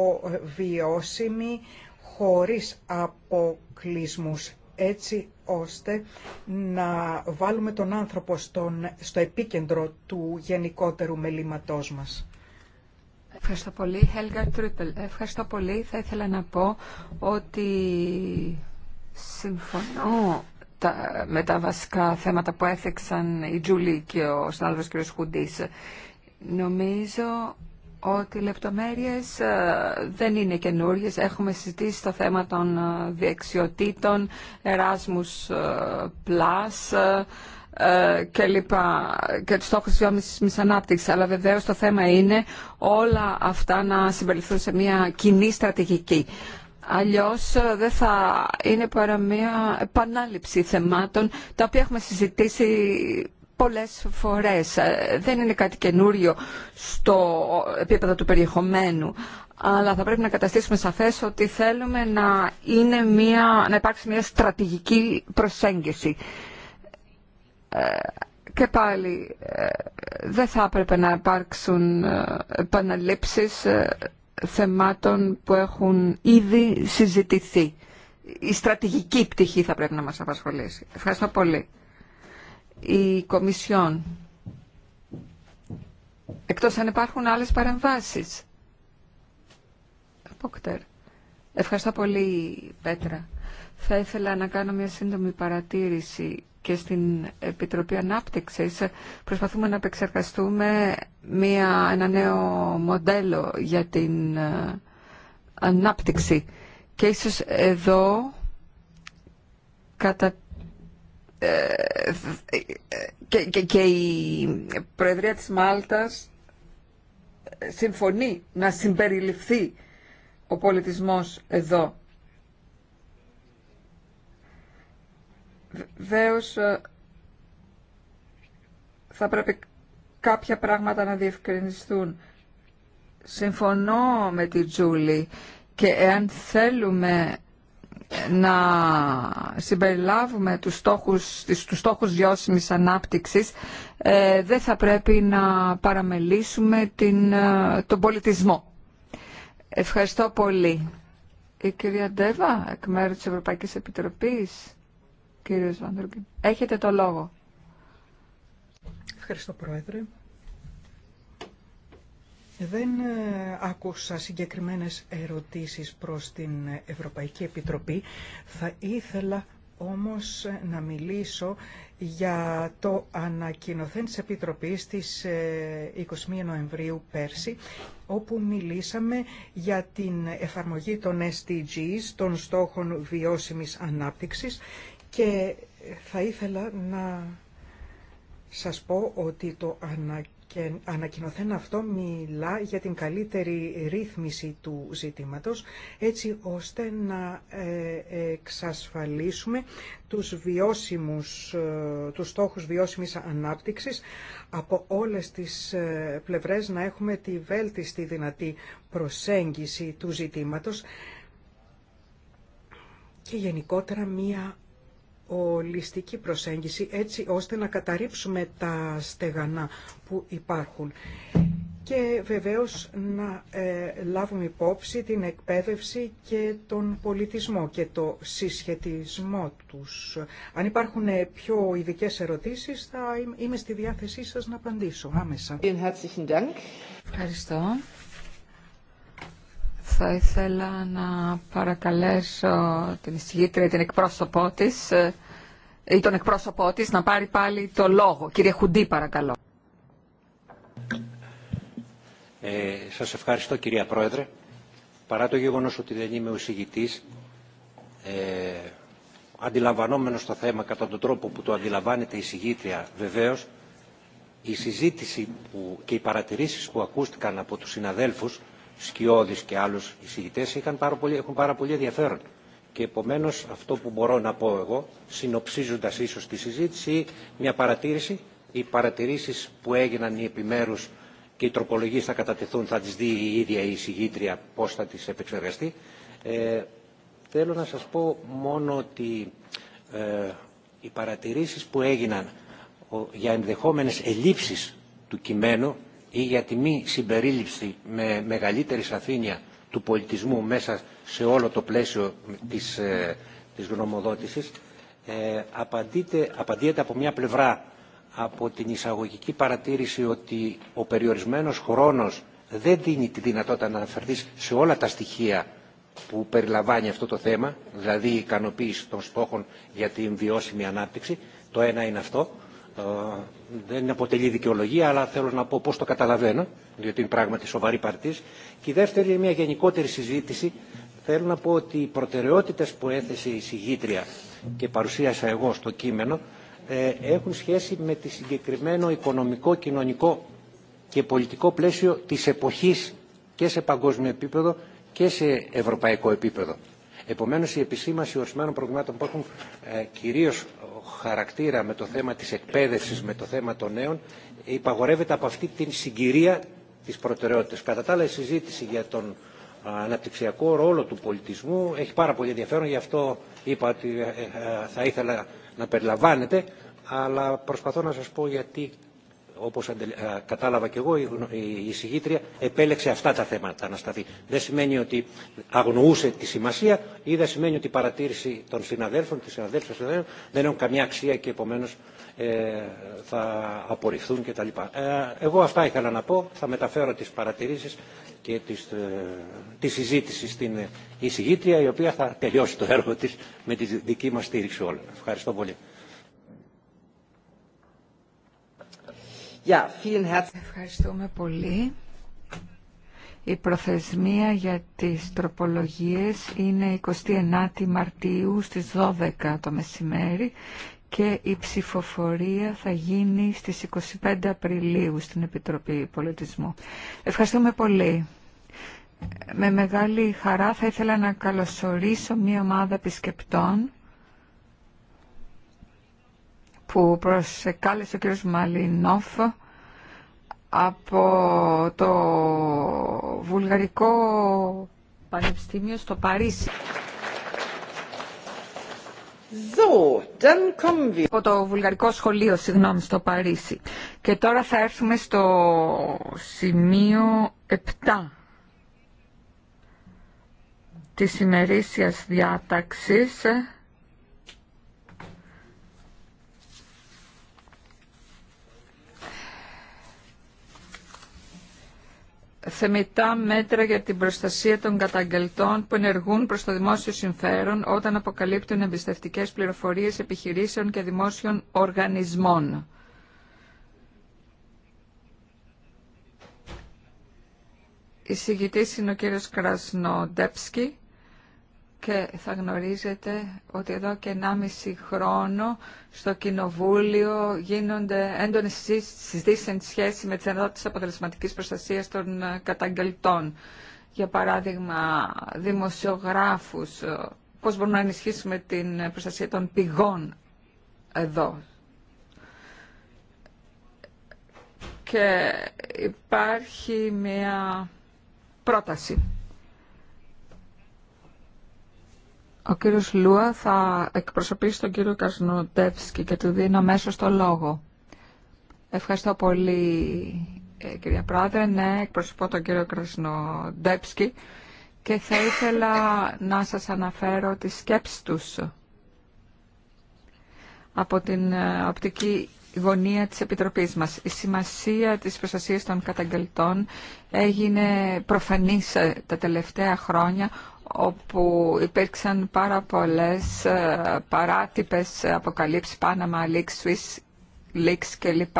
βιώσιμη χωρίς αποκλεισμούς. Έτσι ώστε να βάλουμε τον άνθρωπο στον, στο επίκεντρο του γενικότερου μελήματός μας. Ευχαριστώ πολύ, Helga Trüppel. Ευχαριστώ πολύ. Θα ήθελα να πω ότι συμφωνώ με τα βασικά θέματα που έθεξαν η Τζούλη και ο συνάδελφος κ. Χουντής. Νομίζω ότι οι λεπτομέρειες ε, δεν είναι καινούριε. Έχουμε συζητήσει το θέμα των ε, διεξιοτήτων, εράσμους Plus ε, και λοιπά και τους στόχους της ανάπτυξη. Αλλά βεβαίως το θέμα είναι όλα αυτά να συμπεριληφθούν σε μια κοινή στρατηγική. Αλλιώς δεν θα είναι παρά μια επανάληψη θεμάτων τα οποία έχουμε συζητήσει πολλές φορές. Ε, δεν είναι κάτι καινούριο στο επίπεδο του περιεχομένου. Αλλά θα πρέπει να καταστήσουμε σαφές ότι θέλουμε να, είναι μια, να υπάρξει μια στρατηγική προσέγγιση. Ε, και πάλι ε, δεν θα έπρεπε να υπάρξουν επαναλήψεις θεμάτων που έχουν ήδη συζητηθεί. Η στρατηγική πτυχή θα πρέπει να μας απασχολήσει. Ευχαριστώ πολύ η Κομισιόν. Εκτός αν υπάρχουν άλλες παρεμβάσεις. Ευχαριστώ πολύ, Πέτρα. Θα ήθελα να κάνω μια σύντομη παρατήρηση και στην Επιτροπή Ανάπτυξης προσπαθούμε να επεξεργαστούμε μια, ένα νέο μοντέλο για την ε, ανάπτυξη. Και ίσως εδώ κατά ε, ε, και, η Προεδρία της Μάλτας ε, συμφωνεί να συμπεριληφθεί ο πολιτισμός εδώ. Βεβαίω θα πρέπει κάποια πράγματα να διευκρινιστούν. Συμφωνώ με τη Τζούλη και εάν θέλουμε να συμπεριλάβουμε τους στόχους, τους στόχους βιώσιμης ανάπτυξης ε, δεν θα πρέπει να παραμελήσουμε την, ε, τον πολιτισμό. Ευχαριστώ πολύ. Η κυρία Ντέβα, εκ μέρου της Ευρωπαϊκής Επιτροπής, Κύριε Βαντρουγκίν, έχετε το λόγο. Ευχαριστώ, Πρόεδρε. Δεν ε, άκουσα συγκεκριμένες ερωτήσεις προς την Ευρωπαϊκή Επιτροπή. Θα ήθελα όμως ε, να μιλήσω για το ανακοινωθέν της Επιτροπής της 21 ε, Νοεμβρίου πέρσι, όπου μιλήσαμε για την εφαρμογή των SDGs, των στόχων βιώσιμης ανάπτυξης και θα ήθελα να σας πω ότι το ανακοινωθέν και ανακοινωθέν αυτό μιλά για την καλύτερη ρύθμιση του ζητήματος έτσι ώστε να ε, εξασφαλίσουμε τους, βιώσιμους, ε, τους στόχους βιώσιμης ανάπτυξης από όλες τις ε, πλευρές να έχουμε τη βέλτιστη δυνατή προσέγγιση του ζητήματος και γενικότερα μία ολιστική προσέγγιση έτσι ώστε να καταρρύψουμε τα στεγανά που υπάρχουν. Και βεβαίως να ε, λάβουμε υπόψη την εκπαίδευση και τον πολιτισμό και το συσχετισμό τους. Αν υπάρχουν ε, πιο ειδικέ ερωτήσεις θα είμαι στη διάθεσή σας να απαντήσω άμεσα. Ευχαριστώ. Θα ήθελα να παρακαλέσω την εισηγήτρια, την εκπρόσωπό ε, ή τον εκπρόσωπό της να πάρει πάλι το λόγο. Κύριε Χουντή, παρακαλώ. Ε, σας ευχαριστώ κυρία Πρόεδρε. Παρά το γεγονός ότι δεν είμαι ο εισηγητής, ε, αντιλαμβανόμενος το θέμα κατά τον τρόπο που το αντιλαμβάνεται η εισηγήτρια βεβαίως, η συζήτηση που, και οι παρατηρήσεις που ακούστηκαν από τους συναδέλφους Σκιώδη και άλλου εισηγητέ έχουν πάρα πολύ ενδιαφέρον. Και επομένως αυτό που μπορώ να πω εγώ, συνοψίζοντας ίσως τη συζήτηση ή μια παρατήρηση, οι παρατηρήσει που έγιναν οι επιμέρους και οι τροπολογίες θα κατατεθούν, θα τι δει η ίδια η εισηγήτρια πώς θα τις επεξεργαστεί. Ε, θέλω να σας πω μόνο ότι ε, οι παρατηρήσει που έγιναν για ενδεχόμενες ελλείψεις του κειμένου ή για τη μη συμπερίληψη με μεγαλύτερη σαφήνεια του πολιτισμού μέσα σε όλο το πλαίσιο της, ε, της γνωμοδότησης ε, απαντείται, από μια πλευρά από την εισαγωγική παρατήρηση ότι ο περιορισμένος χρόνος δεν δίνει τη δυνατότητα να αναφερθεί σε όλα τα στοιχεία που περιλαμβάνει αυτό το θέμα, δηλαδή η ικανοποίηση των στόχων για την βιώσιμη ανάπτυξη. Το ένα είναι αυτό. Ε, δεν αποτελεί δικαιολογία, αλλά θέλω να πω πώς το καταλαβαίνω, διότι είναι πράγματι σοβαρή παρτής. Και η δεύτερη είναι μια γενικότερη συζήτηση. Θέλω να πω ότι οι προτεραιότητες που έθεσε η συγγήτρια και παρουσίασα εγώ στο κείμενο ε, έχουν σχέση με τη συγκεκριμένο οικονομικό, κοινωνικό και πολιτικό πλαίσιο της εποχής και σε παγκόσμιο επίπεδο και σε ευρωπαϊκό επίπεδο. Επομένως, η επισήμαση ορισμένων προβλημάτων που έχουν ε, χαρακτήρα, με το θέμα της εκπαίδευσης, με το θέμα των νέων, υπαγορεύεται από αυτή την συγκυρία της προτεραιότητας. Κατά τα άλλα, η συζήτηση για τον αναπτυξιακό ρόλο του πολιτισμού έχει πάρα πολύ ενδιαφέρον, γι' αυτό είπα ότι ε, ε, θα ήθελα να περιλαμβάνετε, αλλά προσπαθώ να σας πω γιατί όπως κατάλαβα και εγώ, η εισηγήτρια επέλεξε αυτά τα θέματα να σταθεί. Δεν σημαίνει ότι αγνοούσε τη σημασία ή δεν σημαίνει ότι η παρατήρηση των συναδέλφων, της συναδέλφων, των συναδέλφων δεν έχουν καμιά αξία και επομένως ε, θα απορριφθούν κτλ. Ε, εγώ αυτά ήθελα να πω. Θα μεταφέρω τις παρατηρήσεις και ε, τη συζήτηση στην εισηγήτρια η οποία θα τελειώσει το έργο της με τη δική μας στήριξη όλων. Ευχαριστώ πολύ. Ευχαριστούμε πολύ. Η προθεσμία για τις τροπολογίες είναι 29η Μαρτίου στις 12 το μεσημέρι και η ψηφοφορία θα γίνει στις 25 Απριλίου στην Επιτροπή Πολιτισμού. Ευχαριστούμε πολύ. Με μεγάλη χαρά θα ήθελα να καλωσορίσω μία ομάδα επισκεπτών που προσεκάλεσε ο κ. Μαλινόφ από το Βουλγαρικό Πανεπιστήμιο στο Παρίσι. So, wir. από το Βουλγαρικό Σχολείο, συγγνώμη, στο Παρίσι. Και τώρα θα έρθουμε στο σημείο 7 της ημερήσιας διάταξης θεμητά μέτρα για την προστασία των καταγγελτών που ενεργούν προς το δημόσιο συμφέρον όταν αποκαλύπτουν εμπιστευτικές πληροφορίες επιχειρήσεων και δημόσιων οργανισμών. Η συγκητής είναι ο κύριος Κρασνοντέψκι και θα γνωρίζετε ότι εδώ και 1,5 χρόνο στο Κοινοβούλιο γίνονται έντονες συζητήσεις εν σχέση με τις ενότητες αποτελεσματικής προστασίας των ε, καταγγελτών. Για παράδειγμα, δημοσιογράφους, ε, πώς μπορούμε να ενισχύσουμε την προστασία των πηγών εδώ. Και υπάρχει μια πρόταση Ο κύριος Λούα θα εκπροσωπήσει τον κύριο Καζνοτεύσκη και του δίνω μέσο στο λόγο. Ευχαριστώ πολύ ε, κυρία Πρόεδρε. Ναι, εκπροσωπώ τον κύριο Καζνοτεύσκη και θα ήθελα να σας αναφέρω τις σκέψεις τους από την ε, οπτική γωνία της Επιτροπής μας. Η σημασία της προστασία των καταγγελτών έγινε προφανής ε, τα τελευταία χρόνια όπου υπήρξαν πάρα πολλές ε, παράτυπες αποκαλύψεις Panama Leaks, Swiss Leaks κλπ.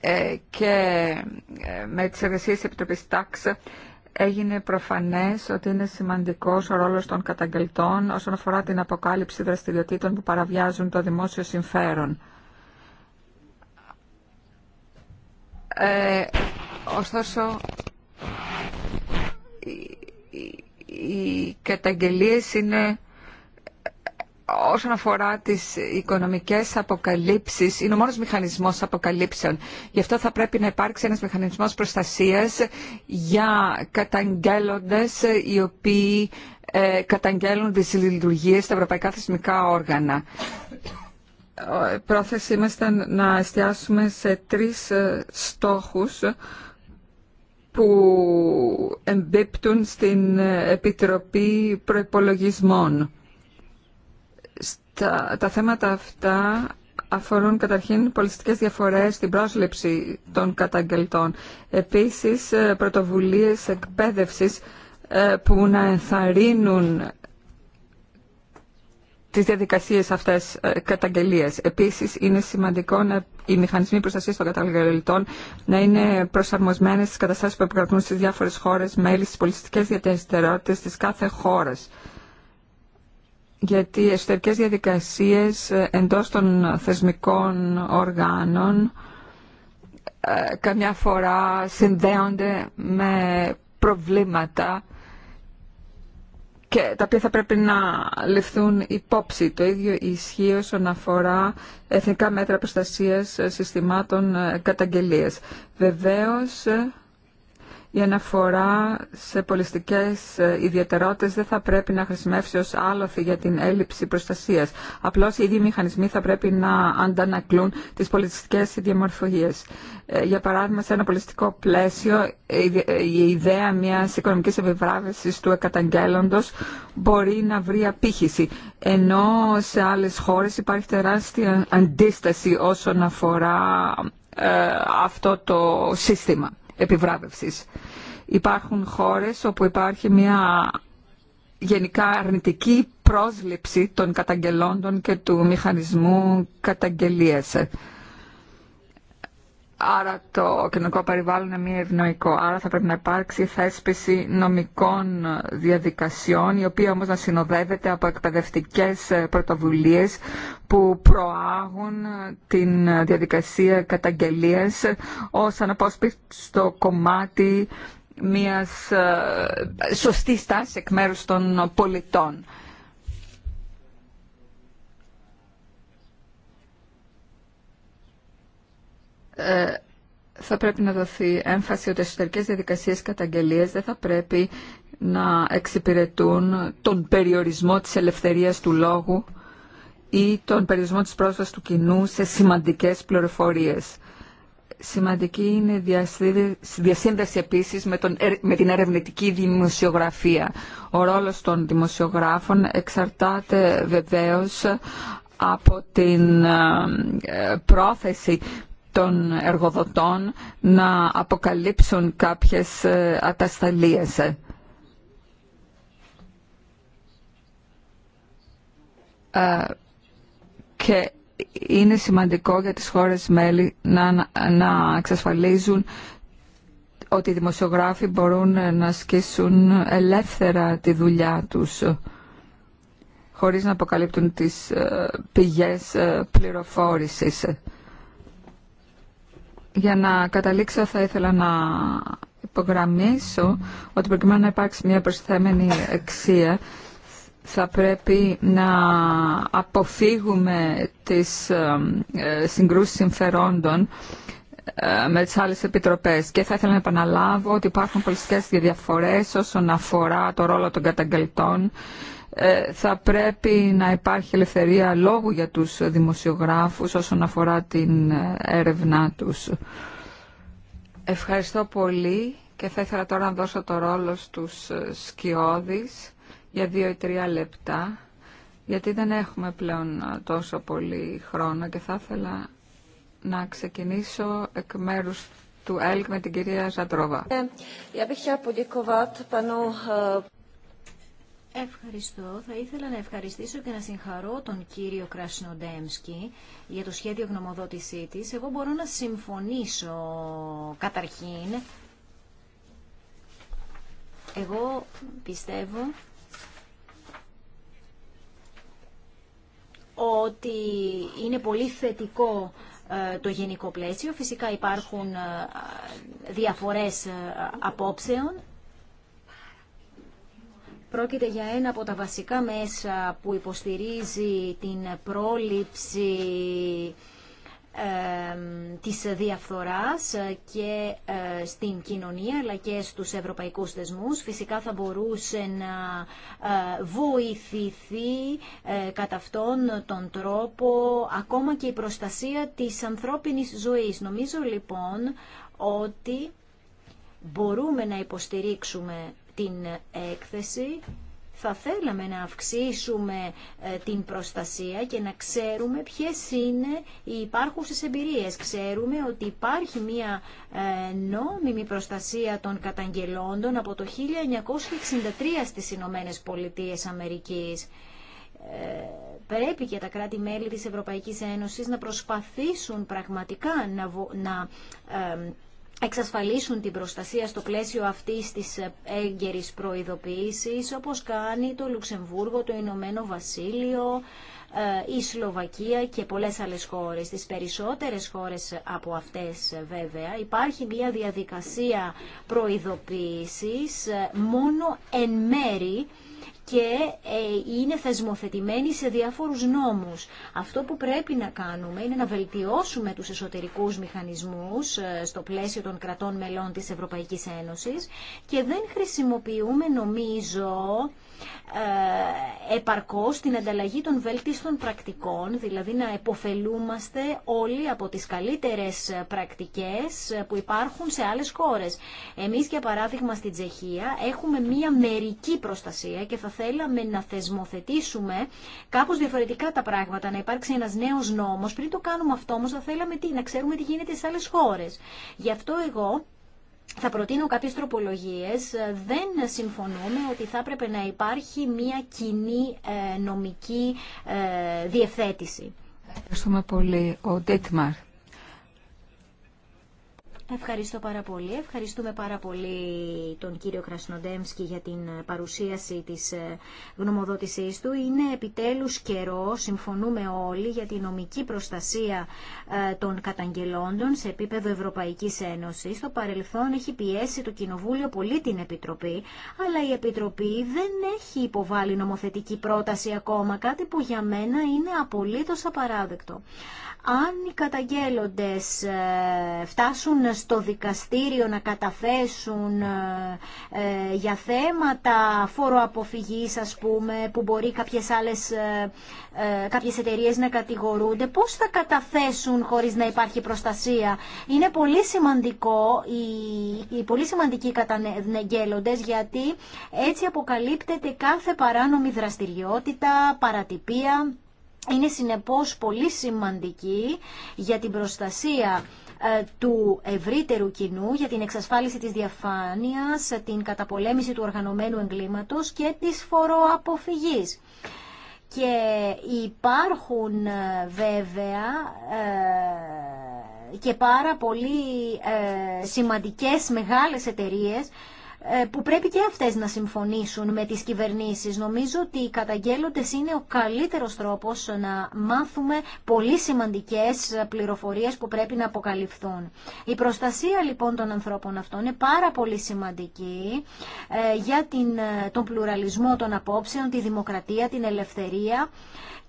Ε, και ε, με τις εργασίες Επιτροπής Τάξ έγινε προφανές ότι είναι σημαντικός ο ρόλος των καταγγελτών όσον αφορά την αποκάλυψη δραστηριοτήτων που παραβιάζουν το δημόσιο συμφέρον. Ε, ωστόσο, οι καταγγελίες είναι όσον αφορά τις οικονομικές αποκαλύψεις, είναι ο μόνος μηχανισμός αποκαλύψεων. Γι' αυτό θα πρέπει να υπάρξει ένας μηχανισμός προστασίας για καταγγέλλοντες οι οποίοι ε, καταγγέλνουν τις λειτουργίες στα ευρωπαϊκά θεσμικά όργανα. Ε, πρόθεση είμαστε να εστιάσουμε σε τρεις ε, στόχους που εμπίπτουν στην Επιτροπή Προϋπολογισμών. Στα, τα θέματα αυτά αφορούν καταρχήν πολιτιστικές διαφορές στην πρόσληψη των καταγγελτών. Επίσης, ε, πρωτοβουλίες εκπαίδευσης ε, που να ενθαρρύνουν τις διαδικασίες αυτές ε, καταγγελίες. Επίσης, είναι σημαντικό να, οι μηχανισμοί προστασίας των καταγγελιτών να είναι προσαρμοσμένες στις καταστάσεις που επικρατούν στις διάφορες χώρες μέλη, στις πολιτιστικές διατεστερότητες της κάθε χώρας. Γιατί οι εσωτερικές διαδικασίες ε, εντός των θεσμικών οργάνων ε, καμιά φορά συνδέονται με προβλήματα και τα οποία θα πρέπει να ληφθούν υπόψη. Το ίδιο ισχύει όσον αφορά εθνικά μέτρα προστασίας συστημάτων καταγγελίας. Βεβαίως, η αναφορά σε πολιστικές ε, ιδιαιτερότητες δεν θα πρέπει να χρησιμεύσει ως άλοθη για την έλλειψη προστασίας. Απλώς οι ίδιοι μηχανισμοί θα πρέπει να αντανακλούν τις πολιστικές διαμορφωγίες. Ε, για παράδειγμα, σε ένα πολιστικό πλαίσιο, ε, η ιδέα μιας οικονομικής επιβράβευσης του εκαταγγέλλοντος μπορεί να βρει απήχηση. Ενώ σε άλλες χώρες υπάρχει τεράστια αντίσταση όσον αφορά αυτό το σύστημα επιβράβευσης. Υπάρχουν χώρες όπου υπάρχει μια γενικά αρνητική πρόσληψη των καταγγελόντων και του μηχανισμού καταγγελίας. Άρα το κοινωνικό περιβάλλον είναι μη ευνοϊκό. Άρα θα πρέπει να υπάρξει θέσπιση νομικών διαδικασιών, η οποία όμως να συνοδεύεται από εκπαιδευτικές πρωτοβουλίες που προάγουν την διαδικασία καταγγελίας ως στο κομμάτι μιας ε, σωστής τάσης εκ μέρους των πολιτών. Ε, θα πρέπει να δοθεί έμφαση ότι εσωτερικέ διαδικασίε καταγγελίες δεν θα πρέπει να εξυπηρετούν τον περιορισμό της ελευθερίας του λόγου ή τον περιορισμό της πρόσβασης του κοινού σε σημαντικές πληροφορίες. Σημαντική είναι η διασύνδεση επίσης με, με την ερευνητική δημοσιογραφία. Ο ρόλος των δημοσιογράφων εξαρτάται βεβαίως από την ε, πρόθεση των εργοδοτών να αποκαλύψουν κάποιες ε, ατασταλίες. Ε, και είναι σημαντικό για τις χώρες μέλη να, να εξασφαλίζουν ότι οι δημοσιογράφοι μπορούν να ασκήσουν ελεύθερα τη δουλειά τους χωρίς να αποκαλύπτουν τις ε, πηγές πληροφόρησης. Για να καταλήξω θα ήθελα να υπογραμμίσω ότι προκειμένου να υπάρξει μια προσθέμενη αξία θα πρέπει να αποφύγουμε τις ε, συγκρούσεις συμφερόντων ε, με τις άλλες επιτροπές και θα ήθελα να επαναλάβω ότι υπάρχουν πολιτικές διαφορές όσον αφορά το ρόλο των καταγγελτών θα πρέπει να υπάρχει ελευθερία λόγου για τους δημοσιογράφους όσον αφορά την έρευνά τους. Ευχαριστώ πολύ και θα ήθελα τώρα να δώσω το ρόλο στους σκιώδεις για δύο ή τρία λεπτά γιατί δεν έχουμε πλέον τόσο πολύ χρόνο και θα ήθελα να ξεκινήσω εκ μέρους του ΕΛΚ με την κυρία Ζαντρόβα. Ευχαριστώ. Θα ήθελα να ευχαριστήσω και να συγχαρώ τον κύριο Κρασνοντέμσκι για το σχέδιο γνωμοδότησή της. Εγώ μπορώ να συμφωνήσω καταρχήν. Εγώ πιστεύω ότι είναι πολύ θετικό ε, το γενικό πλαίσιο. Φυσικά υπάρχουν ε, διαφορές ε, απόψεων Πρόκειται για ένα από τα βασικά μέσα που υποστηρίζει την πρόληψη της διαφθοράς και ε, στην κοινωνία αλλά και στους ευρωπαϊκούς θεσμούς. Φυσικά θα μπορούσε να ε, βοηθηθεί ε, κατά αυτόν τον τρόπο ακόμα και η προστασία της ανθρώπινης ζωής. Νομίζω λοιπόν ότι μπορούμε να υποστηρίξουμε την έκθεση θα θέλαμε να αυξήσουμε ε, την προστασία και να ξέρουμε ποιες είναι οι υπάρχουσες εμπειρίες. Ξέρουμε ότι υπάρχει μια ε, νόμιμη προστασία των καταγγελόντων από το 1963 στις Ηνωμένες Πολιτείες Αμερικής. Ε, πρέπει και τα κράτη-μέλη της Ευρωπαϊκής Ένωσης να προσπαθήσουν πραγματικά να εξασφαλίσουν την προστασία στο πλαίσιο αυτής της έγκαιρης προειδοποίησης, όπως κάνει το Λουξεμβούργο, το Ηνωμένο Βασίλειο, ε, η Σλοβακία και πολλές άλλες χώρες. τις περισσότερες χώρες από αυτές βέβαια υπάρχει μια διαδικασία προειδοποίησης ε, μόνο εν μέρη και ε, είναι θεσμοθετημένοι σε διάφορους νόμους. Αυτό που πρέπει να κάνουμε είναι να βελτιώσουμε τους εσωτερικούς μηχανισμούς ε, στο πλαίσιο των κρατών μελών της Ευρωπαϊκής Ένωσης και δεν χρησιμοποιούμε νομίζω ε, επαρκώς την ανταλλαγή των βέλτιστων πρακτικών, δηλαδή να εποφελούμαστε όλοι από τις καλύτερες πρακτικές που υπάρχουν σε άλλες χώρες. Εμείς, για παράδειγμα, στην Τσεχία έχουμε μία μερική προστασία και θα θέλαμε να θεσμοθετήσουμε κάπως διαφορετικά τα πράγματα, να υπάρξει ένας νέος νόμος. Πριν το κάνουμε αυτό όμως θα θέλαμε να ξέρουμε τι γίνεται σε άλλες χώρες. Γι' αυτό εγώ θα προτείνω κάποιες τροπολογίες. Ε, δεν συμφωνούμε ότι θα έπρεπε να υπάρχει μια κοινή ε, νομική ε, διευθέτηση. Ευχαριστούμε πολύ. Ο Ντέτμαρ. Ευχαριστώ πάρα πολύ. Ευχαριστούμε πάρα πολύ τον κύριο Κρασνοντέμσκι για την παρουσίαση της ε, γνωμοδότησής του. Είναι επιτέλους καιρό, συμφωνούμε όλοι, για την νομική προστασία ε, των καταγγελόντων σε επίπεδο Ευρωπαϊκής Ένωσης. Στο παρελθόν έχει πιέσει το Κοινοβούλιο πολύ την Επιτροπή, αλλά η Επιτροπή δεν έχει υποβάλει νομοθετική πρόταση ακόμα, κάτι που για μένα είναι απολύτως απαράδεκτο. Αν οι καταγγέλλοντες ε, φτάσουν στο δικαστήριο να καταθέσουν ε, ε, για θέματα φοροαποφυγής ας πούμε που μπορεί κάποιες άλλες ε, κάποιες εταιρείες να κατηγορούνται πώς θα καταθέσουν χωρίς να υπάρχει προστασία είναι πολύ σημαντικό οι, οι πολύ σημαντικοί καταγγέλλοντες γιατί έτσι αποκαλύπτεται κάθε παράνομη δραστηριότητα, παρατυπία είναι συνεπώς πολύ σημαντική για την προστασία ε, του ευρύτερου κοινού για την εξασφάλιση της διαφάνειας, ε, την καταπολέμηση του οργανωμένου εγκλήματος και της φοροαποφυγής. Και υπάρχουν ε, βέβαια και πάρα πολύ σημαντικές μεγάλες εταιρείες ε, που πρέπει και αυτές να συμφωνήσουν με τις κυβερνήσεις. Νομίζω ότι οι καταγγέλλοντες είναι ο καλύτερος τρόπος να μάθουμε πολύ σημαντικές πληροφορίες που πρέπει να αποκαλυφθούν. Η προστασία λοιπόν των ανθρώπων αυτών είναι πάρα πολύ σημαντική ε, για ε, τον πλουραλισμό των απόψεων, τη δημοκρατία, την ελευθερία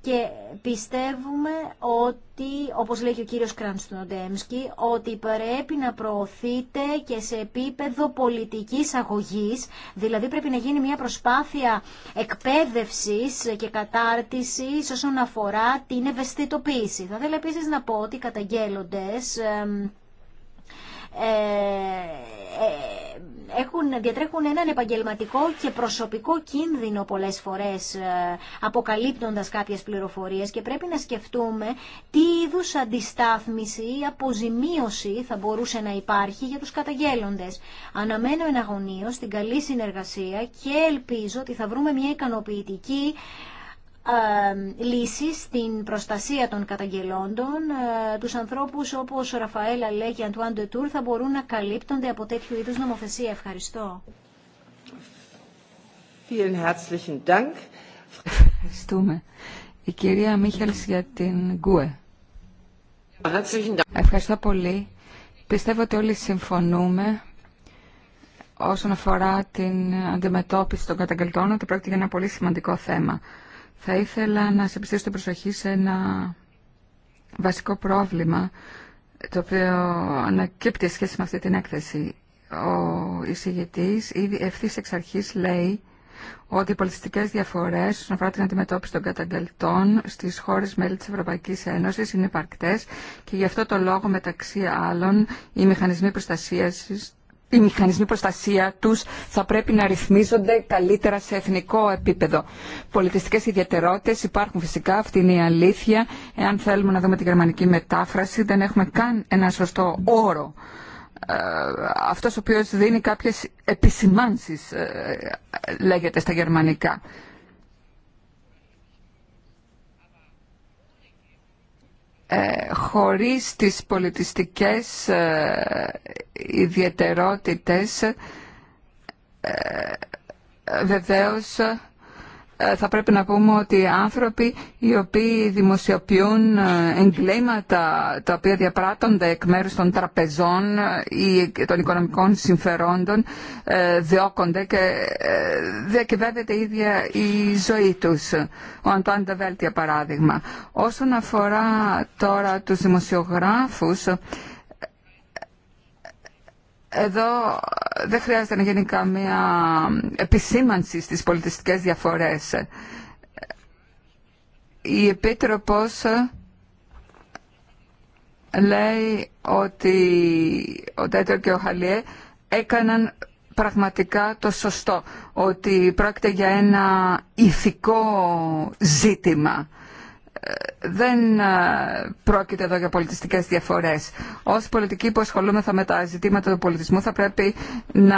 και πιστεύουμε ότι, όπως λέει και ο κύριος Κρανστονοντέμσκι, ότι πρέπει να προωθείτε και σε επίπεδο πολιτικής αγωγής, δηλαδή πρέπει να γίνει μια προσπάθεια εκπαίδευσης και κατάρτισης όσον αφορά την ευαισθητοποίηση. Θα ήθελα επίσης να πω ότι οι καταγγέλλοντες ε, ε, έχουν, διατρέχουν έναν επαγγελματικό και προσωπικό κίνδυνο πολλές φορές ε, αποκαλύπτοντας κάποιες πληροφορίες και πρέπει να σκεφτούμε τι είδους αντιστάθμιση ή αποζημίωση θα μπορούσε να υπάρχει για τους καταγγέλλοντες. Αναμένω εναγωνίως την καλή συνεργασία και ελπίζω ότι θα βρούμε μια ικανοποιητική ε, λύσεις στην προστασία των καταγγελόντων. Ε, τους ανθρώπους όπως ο Ραφαέλα λέει και Αντουάν Ντετούρ θα μπορούν να καλύπτονται από τέτοιου είδους νομοθεσία. Ευχαριστώ. Ευχαριστούμε. Η κυρία Μίχελς για την ΓΚΟΕ. Ευχαριστώ πολύ. Πιστεύω ότι όλοι συμφωνούμε όσον αφορά την αντιμετώπιση των καταγγελτών ότι πρόκειται για ένα πολύ σημαντικό θέμα. Θα ήθελα να σε πιστήσω την προσοχή σε ένα βασικό πρόβλημα το οποίο ανακύπτει σχέση με αυτή την έκθεση. Ο εισηγητής ήδη ευθύ εξ αρχής λέει ότι οι πολιτιστικές διαφορές όσον αφορά την αντιμετώπιση των καταγγελτών στις χώρες μέλη της Ευρωπαϊκής Ένωσης είναι υπαρκτές και γι' αυτό το λόγο μεταξύ άλλων οι μηχανισμοί προστασίας οι μηχανισμοί προστασία τους θα πρέπει να ρυθμίζονται καλύτερα σε εθνικό επίπεδο. Πολιτιστικές ιδιαιτερότητες υπάρχουν φυσικά, αυτή είναι η αλήθεια. Εάν θέλουμε να δούμε τη γερμανική μετάφραση δεν έχουμε καν ένα σωστό όρο. Ε, αυτός ο οποίος δίνει κάποιες επισημάνσεις ε, ε, λέγεται στα γερμανικά. Ε, χωρίς τις πολιτιστικές ε, ιδιαιτερότητες ε, βεβαίως ε, θα πρέπει να πούμε ότι οι άνθρωποι οι οποίοι δημοσιοποιούν ε, εγκλήματα τα οποία διαπράττονται εκ μέρου των τραπεζών ε, ή των οικονομικών συμφερόντων διώκονται και διακυβεύεται η ίδια η ζωή τους. Ο Αντουάν Ντεβέλτ παράδειγμα. Όσον αφορά τώρα τους δημοσιογράφους εδώ δεν χρειάζεται να γίνει καμία επισήμανση στις πολιτιστικές διαφορές. Η Επίτροπος λέει ότι ο Τέτερ και ο Χαλιέ έκαναν πραγματικά το σωστό, ότι πρόκειται για ένα ηθικό ζήτημα δεν ε, πρόκειται εδώ για πολιτιστικές διαφορές. Ως πολιτικοί που ασχολούμεθα με τα ζητήματα του πολιτισμού θα πρέπει να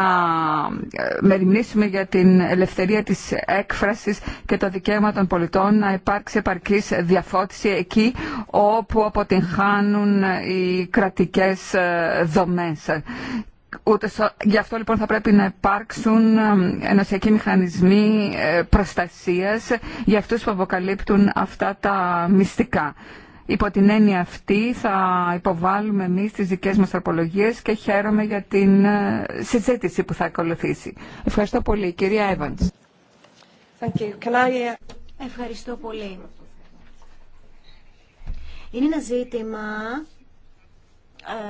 ε, μεριμνήσουμε για την ελευθερία της έκφρασης και το δικαίωμα των πολιτών να υπάρξει επαρκής διαφώτιση εκεί όπου αποτυγχάνουν οι κρατικές ε, δομές Ούτε Γι' αυτό λοιπόν θα πρέπει να υπάρξουν ενωσιακοί μηχανισμοί ε, προστασίας για αυτούς που αποκαλύπτουν αυτά τα μυστικά. Υπό την έννοια αυτή θα υποβάλουμε εμείς τις δικές μας τροπολογίες και χαίρομαι για την ε, συζήτηση που θα ακολουθήσει. Ευχαριστώ πολύ. Κυρία Εύαντς. Uh, Ευχαριστώ πολύ. Είναι ένα ζήτημα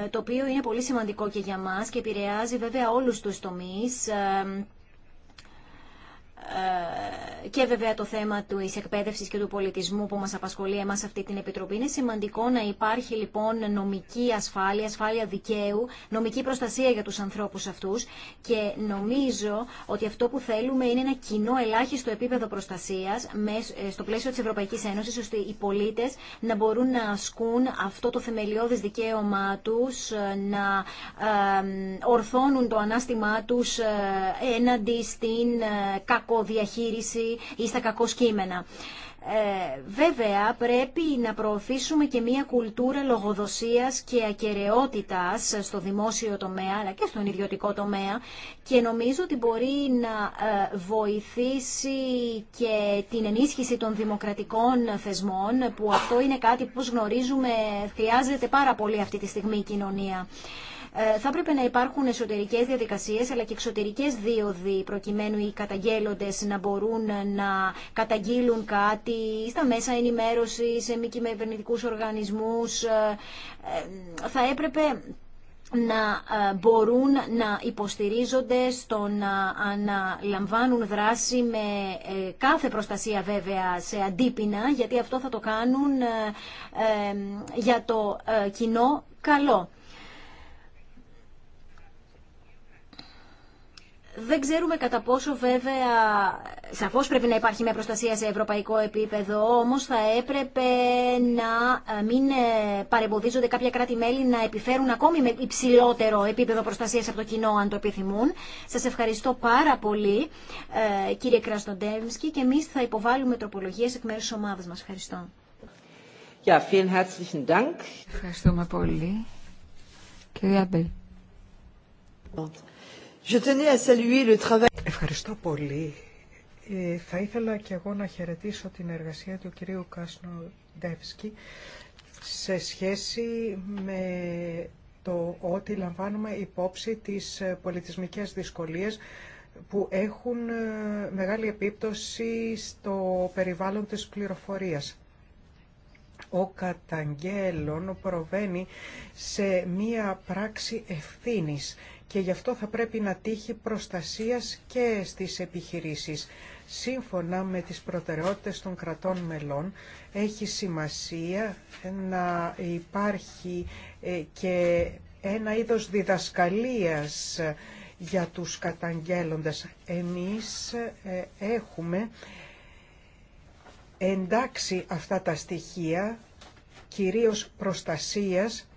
ε, το οποίο είναι πολύ σημαντικό και για μας και επηρεάζει βέβαια όλους τους τομείς ε, και βέβαια το θέμα του εκπαίδευση και του πολιτισμού που μας απασχολεί εμά αυτή την Επιτροπή. Είναι σημαντικό να υπάρχει λοιπόν νομική ασφάλεια, ασφάλεια δικαίου, νομική προστασία για τους ανθρώπους αυτούς και νομίζω ότι αυτό που θέλουμε είναι ένα κοινό ελάχιστο επίπεδο προστασίας ε, στο πλαίσιο της Ευρωπαϊκή Ένωση, ώστε οι πολίτε να μπορούν να ασκούν αυτό το θεμελιώδε δικαίωμά του, ε, να ορθώνουν το ανάστημά τους ε, έναντι στην κακοδιαχείριση ή στα κακό κείμενα. Ε, βέβαια πρέπει να προωθήσουμε και μια κουλτούρα λογοδοσίας και ακαιρεότητας στο δημόσιο τομέα αλλά και στον ιδιωτικό τομέα και νομίζω ότι μπορεί να ε, βοηθήσει και την ενίσχυση των δημοκρατικών θεσμών που αυτό είναι κάτι που γνωρίζουμε χρειάζεται πάρα πολύ αυτή τη στιγμή η κοινωνία. Ε, θα έπρεπε να υπάρχουν εσωτερικές διαδικασίες αλλά και εξωτερικές δίωδοι προκειμένου οι καταγγέλλοντε να μπορούν να καταγγείλουν κάτι στα μέσα ενημέρωση, σε μη κυβερνητικού οργανισμούς. Ε, ε, θα έπρεπε να μπορούν να υποστηρίζονται στο να αναλαμβάνουν δράση με κάθε προστασία βέβαια σε αντίπεινα, γιατί αυτό θα το κάνουν για το κοινό καλό. Δεν ξέρουμε κατά πόσο βέβαια, σαφώς πρέπει να υπάρχει μια προστασία σε ευρωπαϊκό επίπεδο, όμως θα έπρεπε να ε, μην ε, παρεμποδίζονται κάποια κράτη-μέλη να επιφέρουν ακόμη με υψηλότερο επίπεδο προστασίας από το κοινό, αν το επιθυμούν. Σας ευχαριστώ πάρα πολύ, ε, κύριε Κραστοντέμσκι, και εμείς θα υποβάλουμε τροπολογίες εκ μέρους της ομάδας μας. Ευχαριστώ. Ευχαριστούμε πολύ. Ευχαριστώ πολύ. Ε, θα ήθελα και εγώ να χαιρετήσω την εργασία του κυρίου Κάσνοντεύσκη σε σχέση με το ότι λαμβάνουμε υπόψη τις πολιτισμικές δυσκολίες που έχουν ε, μεγάλη επίπτωση στο περιβάλλον της πληροφορίας. Ο καταγγέλων προβαίνει σε μία πράξη ευθύνης και γι' αυτό θα πρέπει να τύχει προστασίας και στις επιχειρήσεις. Σύμφωνα με τις προτεραιότητες των κρατών μελών, έχει σημασία να υπάρχει ε, και ένα είδος διδασκαλίας ε, για τους καταγγέλλοντες. Εμείς ε, έχουμε εντάξει αυτά τα στοιχεία, κυρίως προστασίας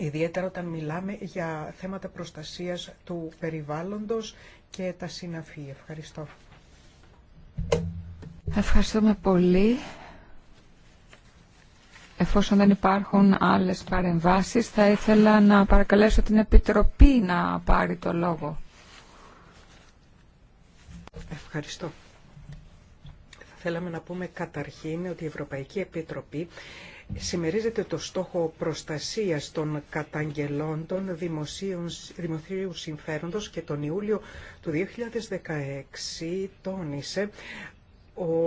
Ιδιαίτερα όταν μιλάμε για θέματα προστασίας του περιβάλλοντος και τα συναφή. Ευχαριστώ. Ευχαριστούμε πολύ. Εφόσον δεν υπάρχουν άλλες παρεμβάσεις, θα ήθελα να παρακαλέσω την Επιτροπή να πάρει το λόγο. Ευχαριστώ. Θα θέλαμε να πούμε καταρχήν ότι η Ευρωπαϊκή Επιτροπή Σημερίζεται το στόχο προστασίας των καταγγελόντων δημοσίου συμφέροντος και τον Ιούλιο του 2016 τόνισε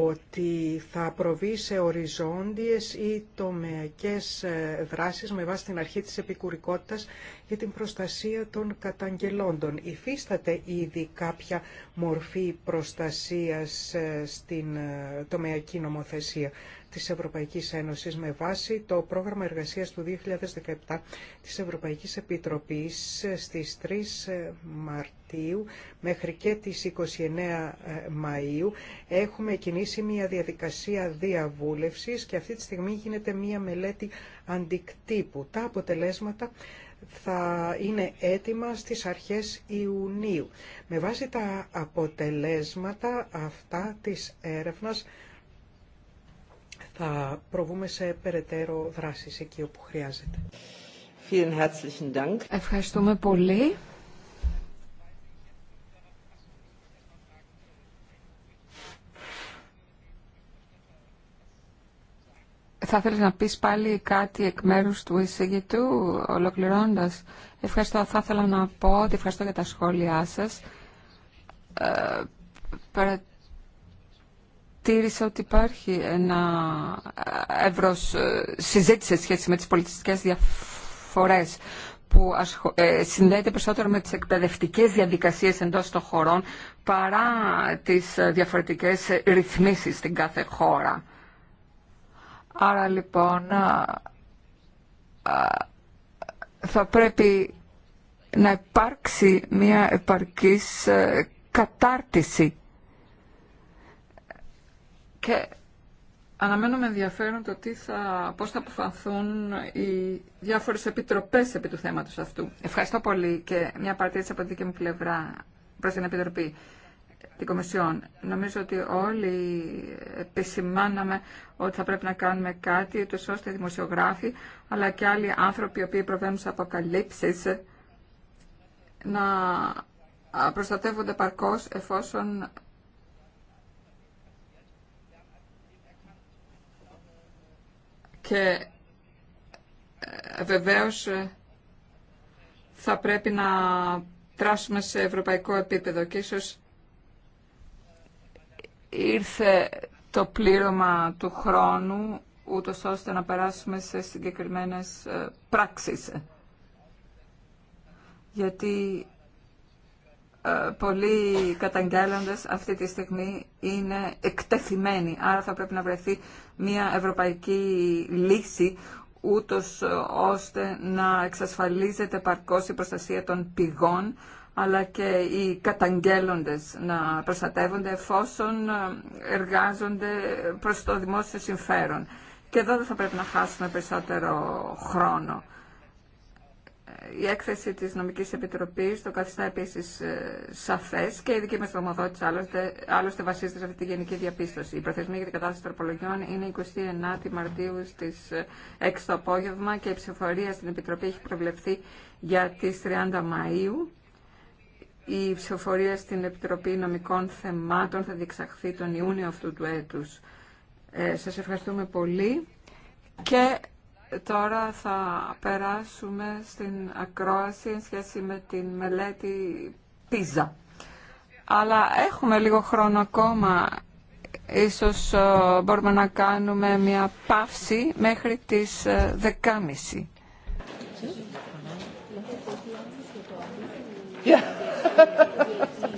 ότι θα προβεί σε οριζόντιες ή τομεακές ε, δράσεις με βάση την αρχή της επικουρικότητας για την προστασία των καταγγελόντων. Υφίσταται ήδη κάποια μορφή προστασίας ε, στην ε, τομεακή νομοθεσία της Ευρωπαϊκής Ένωσης με βάση το πρόγραμμα εργασίας του 2017 της Ευρωπαϊκής Επιτροπής στις 3 ε, Μαρτίου μέχρι και τις 29 ε, Μαΐου έχουμε κινήσει μια διαδικασία διαβούλευσης και αυτή τη στιγμή γίνεται μια μελέτη αντικτύπου. Τα αποτελέσματα θα είναι έτοιμα στις αρχές Ιουνίου. Με βάση τα αποτελέσματα αυτά της έρευνας θα προβούμε σε περαιτέρω δράσεις εκεί όπου χρειάζεται. Ευχαριστούμε πολύ. Θα ήθελες να πεις πάλι κάτι εκ μέρους του εισηγητού, ολοκληρώνοντας. Ευχαριστώ. Θα ήθελα να πω ότι ευχαριστώ για τα σχόλιά σας. Ε, παρατήρησα ότι υπάρχει ένα εύρος ε, συζήτηση σε σχέση με τις πολιτιστικές διαφορές που ε, συνδέεται περισσότερο με τις εκπαιδευτικές διαδικασίες εντός των χωρών παρά τις ε, διαφορετικές ρυθμίσεις στην κάθε χώρα. Άρα λοιπόν θα πρέπει να υπάρξει μια επαρκής κατάρτιση και αναμένω με ενδιαφέρον το τι θα, πώς θα αποφανθούν οι διάφορες επιτροπές επί του θέματος αυτού. Ευχαριστώ πολύ και μια παρατήρηση από τη δική μου πλευρά προς την Επιτροπή την Κομισιόν. Νομίζω ότι όλοι επισημάναμε ότι θα πρέπει να κάνουμε κάτι, ούτως ώστε οι δημοσιογράφοι, αλλά και άλλοι άνθρωποι οι οποίοι προβαίνουν σε αποκαλύψεις, να προστατεύονται παρκώς εφόσον και ε, βεβαίως ε, θα πρέπει να τράσουμε σε ευρωπαϊκό επίπεδο και ίσως ήρθε το πλήρωμα του χρόνου ούτω ώστε να περάσουμε σε συγκεκριμένες ε, πράξεις. Γιατί ε, πολλοί καταγγέλλοντες αυτή τη στιγμή είναι εκτεθειμένοι. Άρα θα πρέπει να βρεθεί μια ευρωπαϊκή λύση ούτως ε, ώστε να εξασφαλίζεται παρκώς η προστασία των πηγών αλλά και οι καταγγέλλοντες να προστατεύονται εφόσον ε, εργάζονται προς το δημόσιο συμφέρον. Και εδώ δεν θα πρέπει να χάσουμε περισσότερο χρόνο η έκθεση της Νομικής Επιτροπής το καθιστά επίσης ε, σαφές και η δική μας δομοδότηση άλλωστε, άλλωστε βασίζεται σε αυτή τη γενική διαπίστωση. Η προθεσμία για την κατάσταση τροπολογιών είναι 29 Μαρτίου στις 6 ε, το απόγευμα και η ψηφοφορία στην Επιτροπή έχει προβλεφθεί για τις 30 Μαΐου. Η ψηφοφορία στην Επιτροπή Νομικών Θεμάτων θα διεξαχθεί τον Ιούνιο αυτού του έτους. Ε, σας ευχαριστούμε πολύ και Τώρα θα περάσουμε στην ακρόαση εν σχέση με την μελέτη πίζα. Αλλά έχουμε λίγο χρόνο ακόμα. Ίσως ε, μπορούμε να κάνουμε μια παύση μέχρι τις ε, δεκάμιση.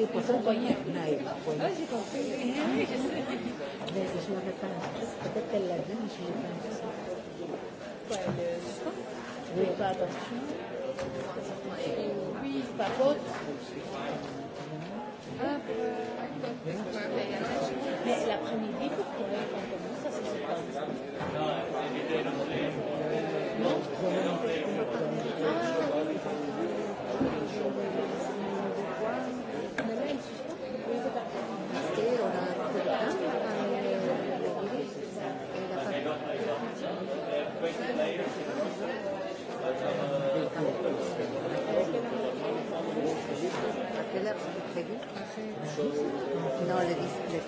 Oui, pour Mais je pas. Peut-être l'a dit, pas Oui, pas Mais Non, on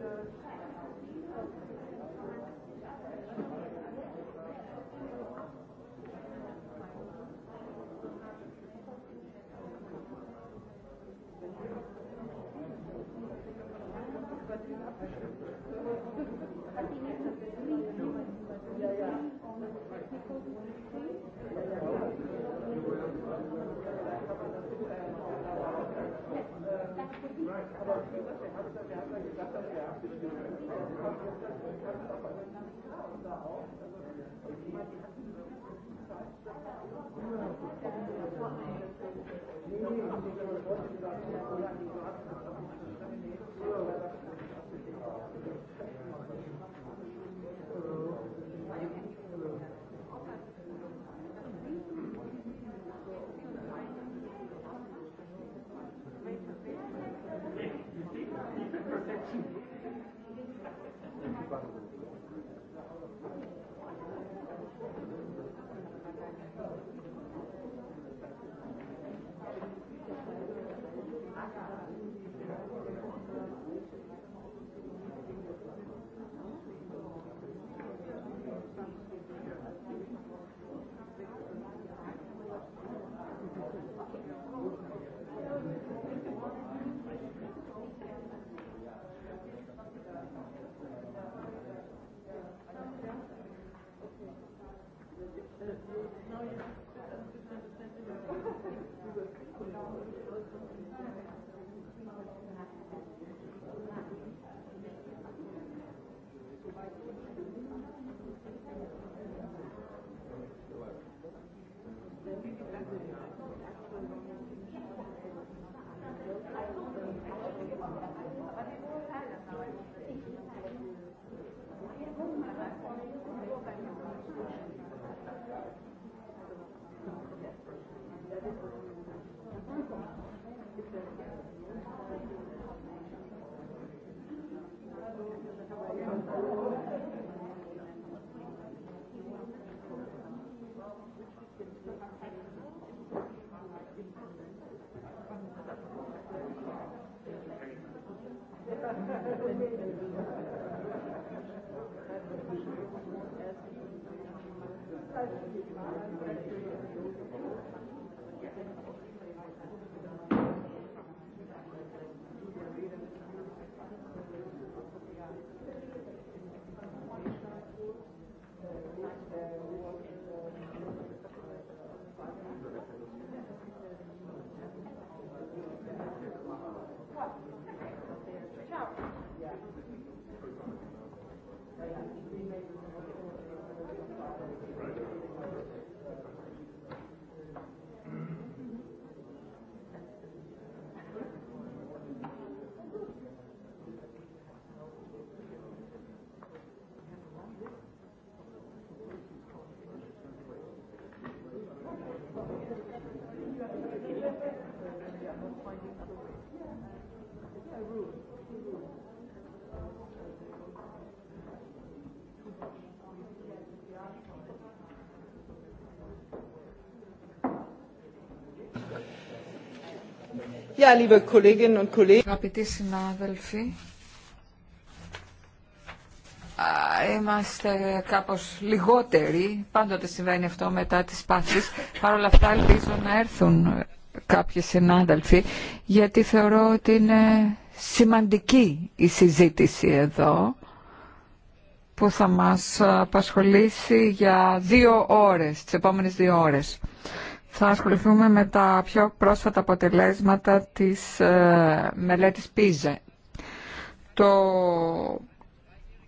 Thank Αγαπητοί συνάδελφοι, είμαστε κάπως λιγότεροι, πάντοτε συμβαίνει αυτό μετά τις πάσει. Παρ' όλα αυτά ελπίζω να έρθουν κάποιοι συνάδελφοι, γιατί θεωρώ ότι είναι σημαντική η συζήτηση εδώ που θα μας απασχολήσει για δύο ώρες, τις επόμενες δύο ώρες. Θα ασχοληθούμε με τα πιο πρόσφατα αποτελέσματα της ε, μελέτης ΠΙΖΕ. Το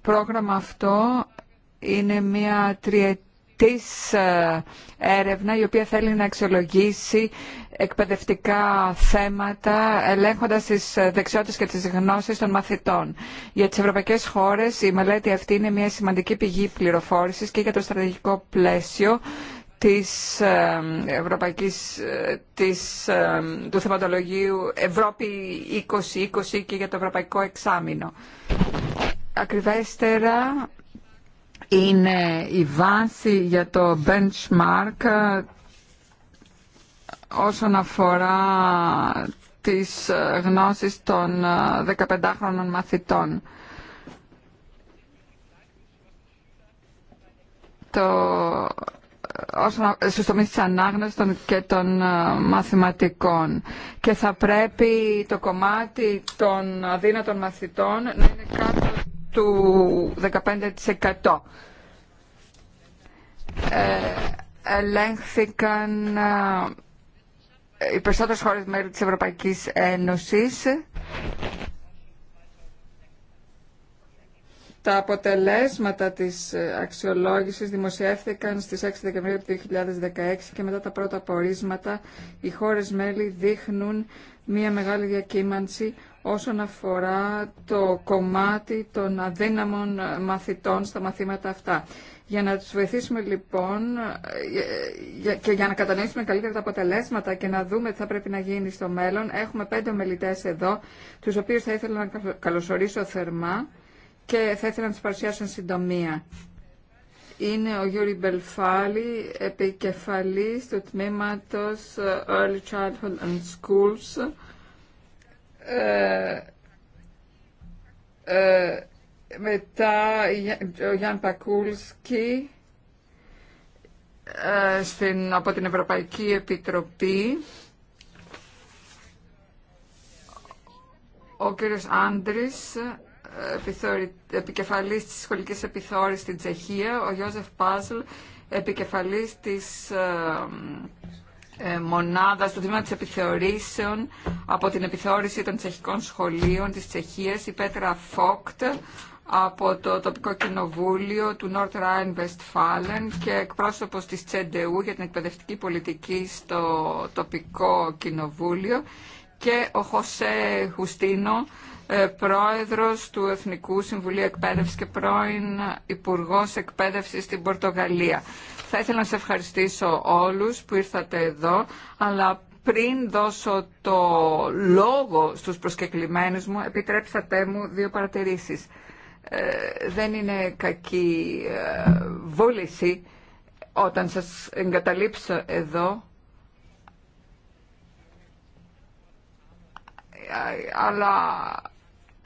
πρόγραμμα αυτό είναι μια τριετή της ε, έρευνα η οποία θέλει να αξιολογήσει εκπαιδευτικά θέματα ελέγχοντας τις δεξιότητες και τις γνώσεις των μαθητών. Για τις ευρωπαϊκές χώρες η μελέτη αυτή είναι μια σημαντική πηγή πληροφόρησης και για το στρατηγικό πλαίσιο της ε, Ευρωπαϊκής, ε, της, του θεματολογίου Ευρώπη 2020 και για το Ευρωπαϊκό Εξάμεινο. Ακριβέστερα είναι η βάση για το benchmark ε, όσον αφορά τις ε, γνώσεις των 15χρονων ε, μαθητών. Το, όσον, στους τομείς και των μαθηματικών. Και θα πρέπει το κομμάτι των αδύνατων μαθητών να είναι κάτι του 15%. Ε, ελέγχθηκαν ε, οι περισσότερες χώρες μέλη της Ευρωπαϊκής Ένωσης. Τα αποτελέσματα της αξιολόγησης δημοσιεύθηκαν στις 6 Δεκεμβρίου του 2016 και μετά τα πρώτα πορίσματα οι χώρες μέλη δείχνουν μια μεγάλη διακύμανση όσον αφορά το κομμάτι των αδύναμων μαθητών στα μαθήματα αυτά. Για να τους βοηθήσουμε λοιπόν και για να κατανοήσουμε καλύτερα τα αποτελέσματα και να δούμε τι θα πρέπει να γίνει στο μέλλον, έχουμε πέντε ομιλητές εδώ, τους οποίους θα ήθελα να καλωσορίσω θερμά και θα ήθελα να τους παρουσιάσω συντομία. Είναι ο Γιούρι Μπελφάλη, επικεφαλής του τμήματος Early Childhood and Schools ε, ε, μετά ο Γιάν Πακούλσκι ε, από την Ευρωπαϊκή Επιτροπή ο κύριος Άντρης επικεφαλής της σχολικής επιθόρησης στην Τσεχία ο Γιώζεφ Πάζλ επικεφαλής της ε, μονάδα στο τμήμα της επιθεωρήσεων από την επιθεώρηση των τσεχικών σχολείων της Τσεχίας, η Πέτρα Φόκτ από το τοπικό κοινοβούλιο του North Rhine-Westfalen και εκπρόσωπος της Τσεντεού για την εκπαιδευτική πολιτική στο τοπικό κοινοβούλιο και ο Χωσέ Χουστίνο, ε, πρόεδρος του Εθνικού Συμβουλίου Εκπαίδευσης και πρώην Υπουργός Εκπαίδευσης στην Πορτογαλία. Θα ήθελα να σε ευχαριστήσω όλους που ήρθατε εδώ, αλλά πριν δώσω το λόγο στους προσκεκλημένους μου, επιτρέψατε μου δύο παρατηρήσεις. Ε, δεν είναι κακή ε, βούληση όταν σας εγκαταλείψω εδώ, ε, αλλά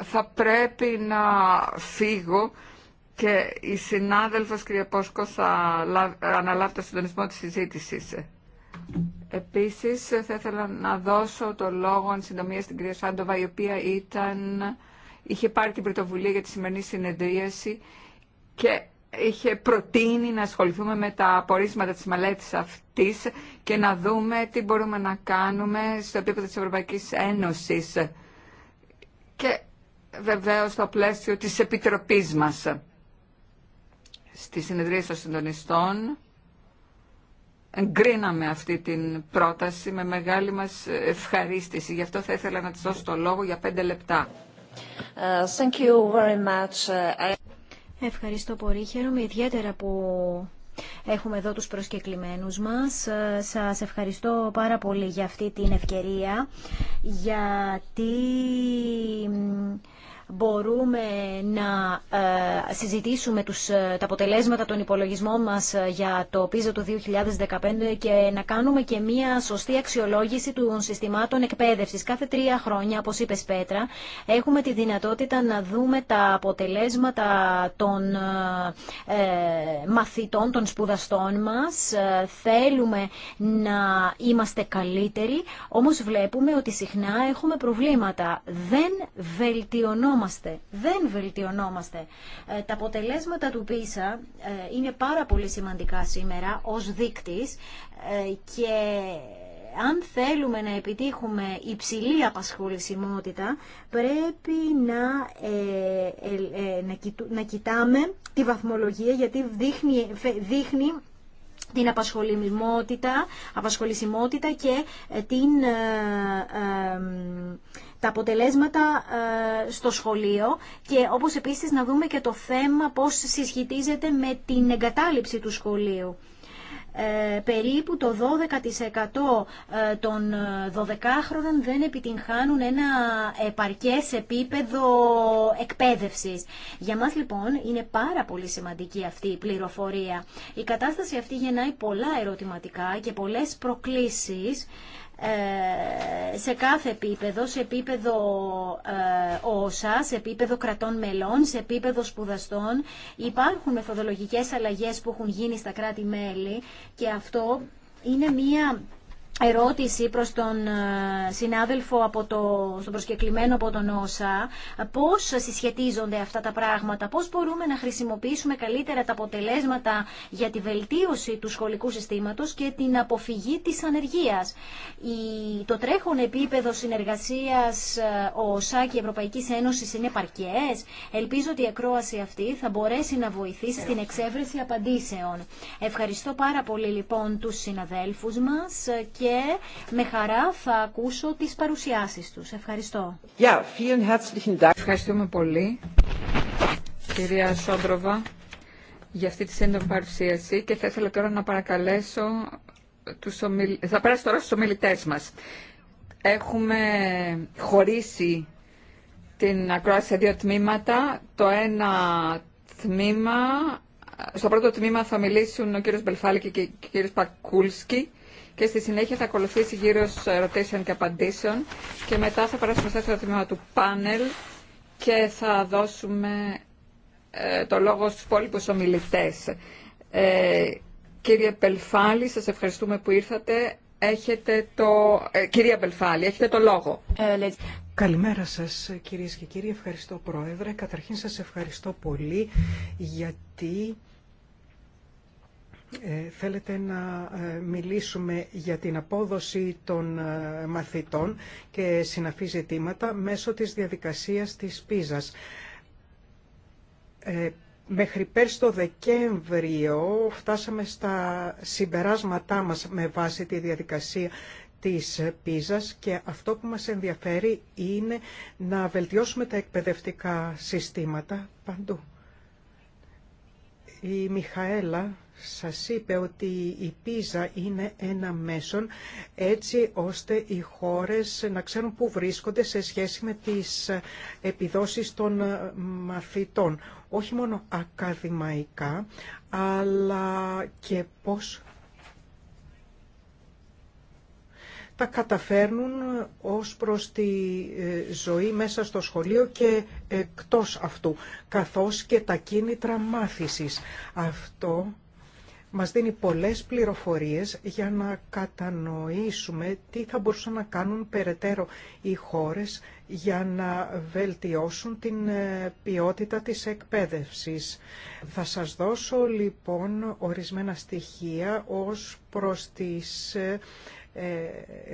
θα πρέπει να φύγω και η συνάδελφος κυρία Πόσκο θα αναλάβει το συντονισμό της συζήτησης. Επίσης θα ήθελα να δώσω το λόγο αν συντομία στην κυρία Σάντοβα η οποία ήταν, είχε πάρει την πρωτοβουλία για τη σημερινή συνεδρίαση και είχε προτείνει να ασχοληθούμε με τα απορίσματα της μελέτης αυτής και να δούμε τι μπορούμε να κάνουμε στο επίπεδο της Ευρωπαϊκής Ένωσης και βεβαίως στο πλαίσιο της Επιτροπής μας στη συνεδρία των συντονιστών εγκρίναμε αυτή την πρόταση με μεγάλη μας ευχαρίστηση. Γι' αυτό θα ήθελα να της δώσω το λόγο για πέντε λεπτά. Ε, ε, ευχαριστώ πολύ. Χαίρομαι ιδιαίτερα που έχουμε εδώ τους προσκεκλημένους μας. Ε, σας ευχαριστώ πάρα πολύ για αυτή την ευκαιρία, γιατί μπορούμε να ε, συζητήσουμε τους, ε, τα αποτελέσματα των υπολογισμών μας ε, για το πίζα του 2015 και να κάνουμε και μία σωστή αξιολόγηση των συστημάτων εκπαίδευσης. Κάθε τρία χρόνια, όπως είπες Πέτρα, έχουμε τη δυνατότητα να δούμε τα αποτελέσματα των μαθητών, των σπουδαστών μας. Θέλουμε να είμαστε καλύτεροι, όμως βλέπουμε ότι συχνά έχουμε προβλήματα. Δεν βελτιωνόμαστε βελτιωνόμαστε. Δεν βελτιωνόμαστε. Ε, τα αποτελέσματα του ΠΙΣΑ ε, είναι πάρα πολύ σημαντικά σήμερα ως δείκτης ε, και αν θέλουμε να επιτύχουμε υψηλή απασχολησιμότητα, πρέπει να, να, κοιτάμε τη βαθμολογία, γιατί δείχνει, δείχνει την απασχολησιμότητα, απασχολησιμότητα και την τα αποτελέσματα ε, στο σχολείο και όπως επίσης να δούμε και το θέμα πώς συσχετίζεται με την εγκατάλειψη του σχολείου. Ε, περίπου το 12% ε, των 12χρονων δεν επιτυγχάνουν ένα επαρκές επίπεδο εκπαίδευσης. Για μας λοιπόν είναι πάρα πολύ σημαντική αυτή η πληροφορία. Η κατάσταση αυτή γεννάει πολλά ερωτηματικά και πολλές προκλήσεις ε, σε κάθε επίπεδο, σε επίπεδο ε, όσα, σε επίπεδο κρατών μελών, σε επίπεδο σπουδαστών. Υπάρχουν μεθοδολογικές αλλαγές που έχουν γίνει στα κράτη-μέλη και αυτό είναι μία ερώτηση προς τον ε, συνάδελφο από το, στον προσκεκλημένο από τον ΩΣΑ πώς συσχετίζονται αυτά τα πράγματα, πώς μπορούμε να χρησιμοποιήσουμε καλύτερα τα αποτελέσματα για τη βελτίωση του σχολικού συστήματος και την αποφυγή της ανεργίας. Η, το τρέχον επίπεδο συνεργασίας ε, ΩΣΑ και Ευρωπαϊκή Ένωσης είναι παρκές. Ελπίζω ότι η ακρόαση αυτή θα μπορέσει να βοηθήσει στην εξέβρεση απαντήσεων. Ευχαριστώ πάρα πολύ λοιπόν τους μας και με χαρά θα ακούσω τις παρουσιάσεις τους. Ευχαριστώ. Ευχαριστούμε πολύ, κυρία Σόντροβα, για αυτή τη σύντομη παρουσίαση και θα ήθελα τώρα να παρακαλέσω τους ομιλ... θα πέρασω τώρα στους ομιλητές μας. Έχουμε χωρίσει την ακρόαση σε δύο τμήματα. Το ένα τμήμα, στο πρώτο τμήμα θα μιλήσουν ο κύριος Μπελφάλη και ο κύριος Πακούλσκι και στη συνέχεια θα ακολουθήσει γύρω ερωτήσεων και απαντήσεων και μετά θα περάσουμε στο δεύτερο τμήμα του πάνελ και θα δώσουμε ε, το λόγο στους υπόλοιπους ομιλητές. Ε, κύριε Πελφάλη, σας ευχαριστούμε που ήρθατε. Έχετε το... Ε, κυρία Πελφάλη, έχετε το λόγο. Ε, Καλημέρα σας κυρίες και κύριοι, ευχαριστώ Πρόεδρε. Καταρχήν σας ευχαριστώ πολύ γιατί ε, θέλετε να ε, μιλήσουμε για την απόδοση των ε, μαθητών και συναφή ζητήματα μέσω της διαδικασίας της πίζας. Μέχρι πέρσι το Δεκέμβριο φτάσαμε στα συμπεράσματά μας με βάση τη διαδικασία της πίζας και αυτό που μας ενδιαφέρει είναι να βελτιώσουμε τα εκπαιδευτικά συστήματα παντού. Η Μιχαέλα σας είπε ότι η πίζα είναι ένα μέσον έτσι ώστε οι χώρες να ξέρουν πού βρίσκονται σε σχέση με τις επιδόσεις των μαθητών. Όχι μόνο ακαδημαϊκά, αλλά και πώς τα καταφέρνουν ως προς τη ε, ζωή μέσα στο σχολείο και εκτός αυτού, καθώς και τα κίνητρα μάθησης. Αυτό μας δίνει πολλές πληροφορίες για να κατανοήσουμε τι θα μπορούσαν να κάνουν περαιτέρω οι χώρες για να βελτιώσουν την ε, ποιότητα της εκπαίδευσης. Θα σας δώσω λοιπόν ορισμένα στοιχεία ως προς τις ε, ε,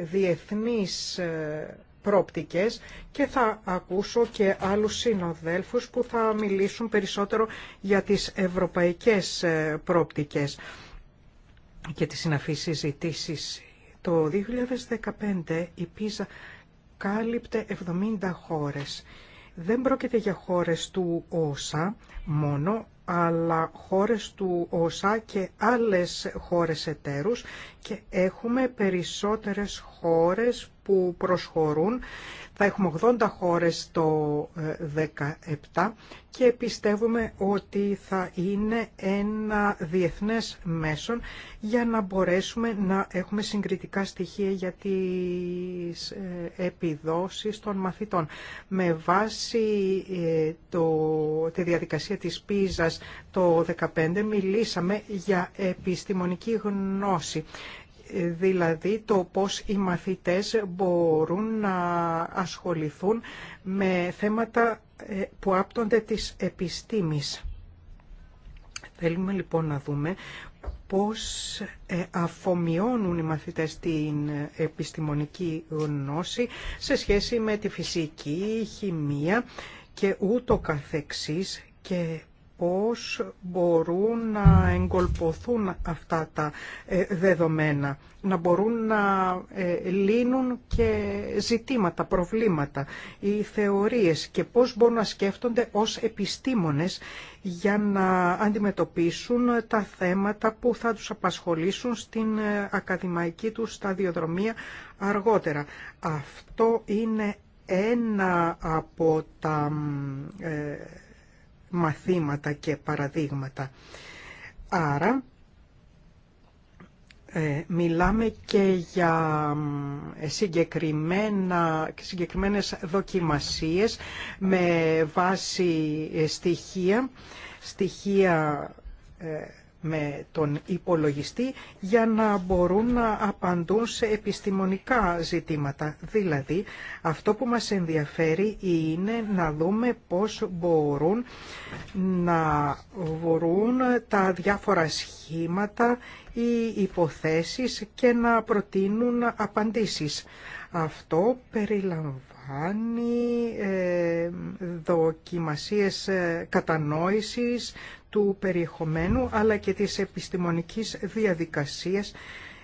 διεθνείς πρόπτικες και θα ακούσω και άλλους συνοδέλφους που θα μιλήσουν περισσότερο για τις ευρωπαϊκές ε, πρόπτικες και τις συναφείς συζητήσει. Το 2015 η Πίζα κάλυπτε 70 χώρες. Δεν πρόκειται για χώρες του ΩΣΑ μόνο, αλλά χώρες του ΟΣΑ και άλλες χώρες εταίρους και έχουμε περισσότερες χώρες που προσχωρούν. Θα έχουμε 80 χώρες το 2017 ε, και πιστεύουμε ότι θα είναι ένα διεθνές μέσον για να μπορέσουμε να έχουμε συγκριτικά στοιχεία για τις ε, επιδόσεις των μαθητών. Με βάση ε, το, τη διαδικασία της πίζας το 2015 μιλήσαμε για επιστημονική γνώση δηλαδή το πώς οι μαθητές μπορούν να ασχοληθούν με θέματα ε, που άπτονται της επιστήμης. Θέλουμε λοιπόν να δούμε πώς ε, αφομοιώνουν οι μαθητές την επιστημονική γνώση σε σχέση με τη φυσική, χημεία και ούτω καθεξής και πώς μπορούν να εγκολποθούν αυτά τα ε, δεδομένα, να μπορούν να ε, λύνουν και ζητήματα, προβλήματα ή θεωρίες και πώς μπορούν να σκέφτονται ως επιστήμονες για να αντιμετωπίσουν τα θέματα που θα τους απασχολήσουν στην ε, ακαδημαϊκή τους σταδιοδρομία αργότερα. Αυτό είναι ένα από τα μαθήματα και παραδείγματα. Άρα, ε, μιλάμε και για συγκεκριμένα, συγκεκριμένες δοκιμασίες με βάση ε, στοιχεία, στοιχεία ε, με τον υπολογιστή για να μπορούν να απαντούν σε επιστημονικά ζητήματα. Δηλαδή, αυτό που μας ενδιαφέρει είναι να δούμε πώς μπορούν να μπορούν τα διάφορα σχήματα ή υποθέσεις και να προτείνουν απαντήσεις. Αυτό περιλαμβάνει ε, δοκιμασίες ε, κατανόησης του περιεχομένου αλλά και της επιστημονικής διαδικασίας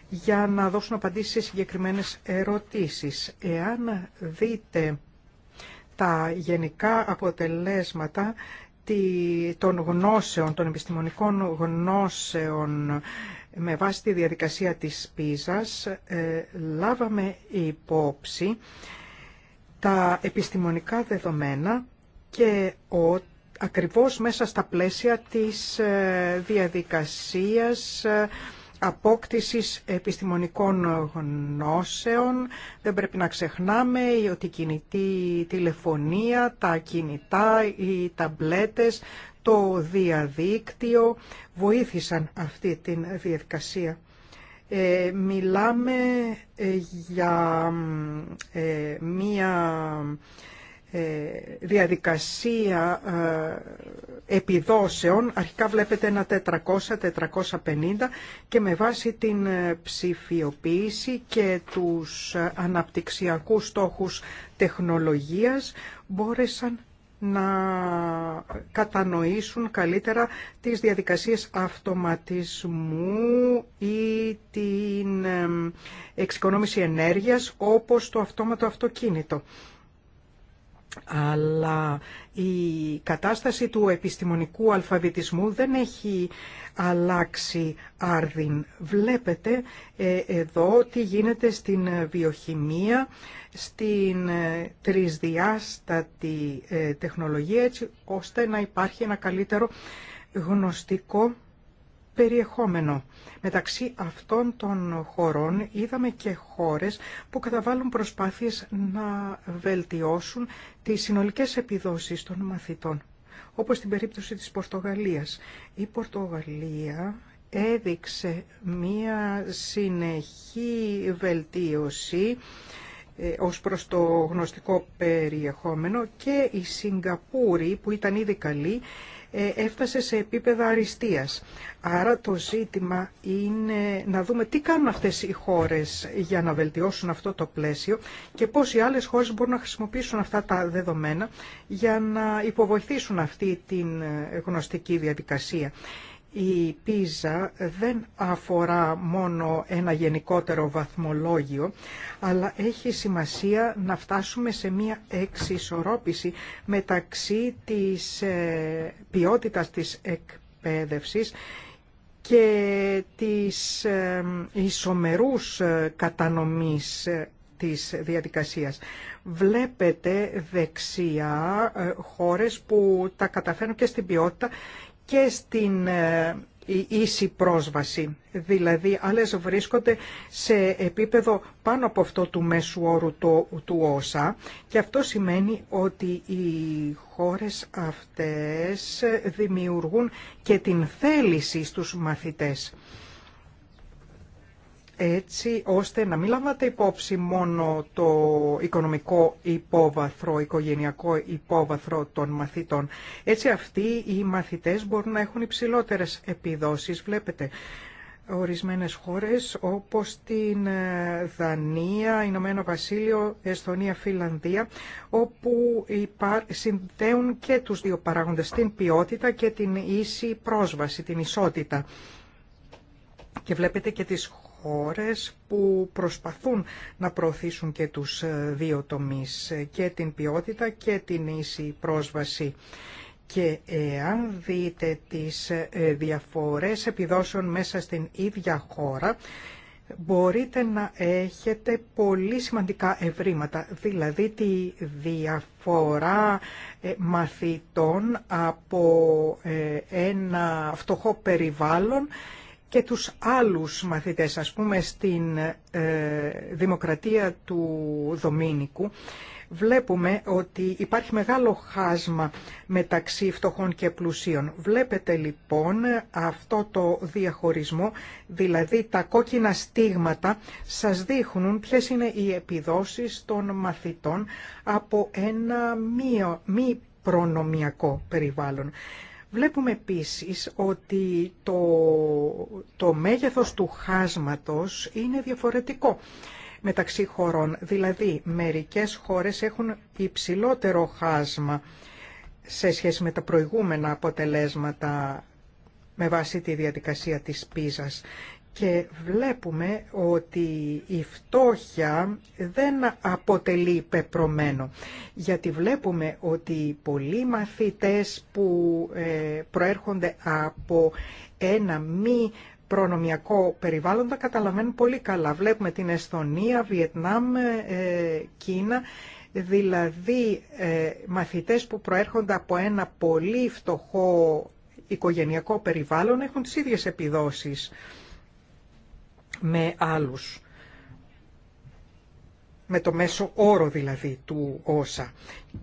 για να δώσουν απαντήσεις σε συγκεκριμένες ερωτήσεις. Εάν δείτε τα γενικά αποτελέσματα των γνώσεων, των επιστημονικών γνώσεων με βάση τη διαδικασία της πίζας, ε, λάβαμε υπόψη τα επιστημονικά δεδομένα και ότι ακριβώς μέσα στα πλαίσια της ε, διαδικασίας ε, απόκτησης επιστημονικών γνώσεων. Δεν πρέπει να ξεχνάμε ότι η κινητή τηλεφωνία, τα κινητά, οι ταμπλέτες, το διαδίκτυο βοήθησαν αυτή τη διαδικασία. Ε, μιλάμε για μία ε, διαδικασία ε, επιδόσεων. Αρχικά βλέπετε ένα 400-450 και με βάση την ε, ψηφιοποίηση και τους αναπτυξιακούς στόχους τεχνολογίας μπόρεσαν να κατανοήσουν καλύτερα τις διαδικασίες αυτοματισμού ή την εξοικονόμηση ενέργειας όπως το αυτόματο αυτοκίνητο αλλά η κατάσταση του επιστημονικού αλφαβητισμού δεν έχει αλλάξει άρδιν. Βλέπετε ε, εδώ τι γίνεται στην ε, βιοχημία, στην ε, τρισδιάστατη ε, τεχνολογία, έτσι ώστε να υπάρχει ένα καλύτερο γνωστικό περιεχόμενο. Μεταξύ αυτών των χωρών είδαμε και χώρες που καταβάλουν προσπάθειες να βελτιώσουν τις συνολικές επιδόσεις των μαθητών. Όπως στην περίπτωση της Πορτογαλίας. Η Πορτογαλία έδειξε μία συνεχή βελτίωση ε, ως προς το γνωστικό περιεχόμενο και η Σιγκαπούρη που ήταν ήδη καλή ε, έφτασε σε επίπεδα αριστείας. Άρα το ζήτημα είναι να δούμε τι κάνουν αυτές οι χώρες για να βελτιώσουν αυτό το πλαίσιο και πώς οι άλλες χώρες μπορούν να χρησιμοποιήσουν αυτά τα δεδομένα για να υποβοηθήσουν αυτή την ε, γνωστική διαδικασία η πίζα δεν αφορά μόνο ένα γενικότερο βαθμολόγιο, αλλά έχει σημασία να φτάσουμε σε μία εξισορρόπηση μεταξύ της ε, ποιότητας της εκπαίδευσης και της ε, ισομερούς ε, κατανομής της διαδικασίας. Βλέπετε δεξιά χώρες που τα καταφέρνουν και στην ποιότητα και στην ε, ίση πρόσβαση. Δηλαδή, άλλες βρίσκονται σε επίπεδο πάνω από αυτό του μέσου όρου του, του ΩΣΑ και αυτό σημαίνει ότι οι χώρες αυτές δημιουργούν και την θέληση στους μαθητές έτσι ώστε να μην λάβατε υπόψη μόνο το οικονομικό υπόβαθρο, οικογενειακό υπόβαθρο των μαθητών. Έτσι αυτοί οι μαθητές μπορούν να έχουν υψηλότερες επιδόσεις, βλέπετε. Ορισμένες χώρες όπως την ε, Δανία, Ηνωμένο Βασίλειο, Εσθονία, Φιλανδία όπου συνδέουν και τους δύο παράγοντες την ποιότητα και την ίση πρόσβαση, την ισότητα. Και βλέπετε και τις χώρες που προσπαθούν να προωθήσουν και τους ε, δύο τομείς, ε, και την ποιότητα και την ίση πρόσβαση. Και εάν δείτε τις ε, διαφορές επιδόσεων μέσα στην ίδια χώρα, μπορείτε να έχετε πολύ σημαντικά ευρήματα, δηλαδή τη διαφορά μαθητών από ένα φτωχό περιβάλλον και τους άλλους μαθητές, ας πούμε, στην ε, δημοκρατία του Δομήνικου, βλέπουμε ότι υπάρχει μεγάλο χάσμα μεταξύ φτωχών και πλουσίων. Βλέπετε λοιπόν αυτό το διαχωρισμό, δηλαδή τα κόκκινα στίγματα σας δείχνουν ποιες είναι οι επιδόσεις των μαθητών από ένα μη προνομιακό περιβάλλον. Βλέπουμε επίσης ότι το, το μέγεθος του χάσματος είναι διαφορετικό μεταξύ χωρών. Δηλαδή, μερικές χώρες έχουν υψηλότερο χάσμα σε σχέση με τα προηγούμενα αποτελέσματα με βάση τη διαδικασία της πίζας και βλέπουμε ότι η φτώχεια δεν αποτελεί πεπρωμένο. Γιατί βλέπουμε ότι πολλοί μαθητές που ε, προέρχονται από ένα μη προνομιακό περιβάλλον τα καταλαβαίνουν πολύ καλά. Βλέπουμε την Εσθονία, Βιετνάμ, ε, Κίνα δηλαδή ε, μαθητές που προέρχονται από ένα πολύ φτωχό οικογενειακό περιβάλλον έχουν τις ίδιες επιδόσεις με άλλους. Με το μέσο όρο δηλαδή του όσα.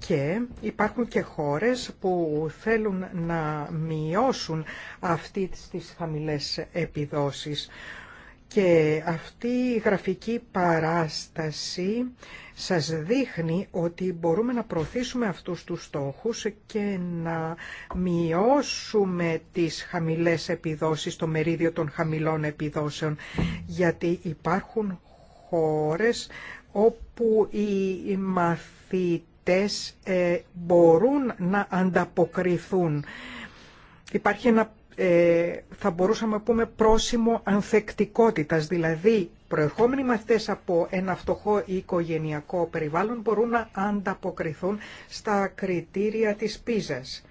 Και υπάρχουν και χώρες που θέλουν να μειώσουν αυτή τις χαμηλές επιδόσεις και αυτή η γραφική παράσταση σας δείχνει ότι μπορούμε να προωθήσουμε αυτούς τους στόχους και να μειώσουμε τις χαμηλές επιδόσεις, το μερίδιο των χαμηλών επιδόσεων, γιατί υπάρχουν χώρες όπου οι μαθητές ε, μπορούν να ανταποκριθούν. Υπάρχει ένα ε, θα μπορούσαμε να πούμε πρόσημο ανθεκτικότητας, δηλαδή προερχόμενοι μαθητές από ένα φτωχό ή οικογενειακό περιβάλλον μπορούν να ανταποκριθούν στα κριτήρια της πίζας.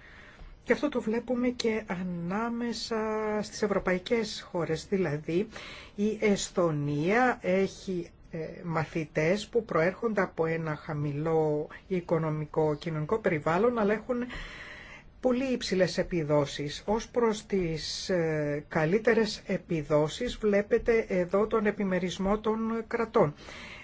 Και αυτό το βλέπουμε και ανάμεσα στις ευρωπαϊκές χώρες, δηλαδή η Εστονία έχει ευρωπαικες χωρες δηλαδη η Εσθονία εχει μαθητες που προέρχονται από ένα χαμηλό οικονομικό κοινωνικό περιβάλλον αλλά έχουν πολύ υψηλές επιδόσεις. Ως προς τις ε, καλύτερες επιδόσεις βλέπετε εδώ τον επιμερισμό των κρατών.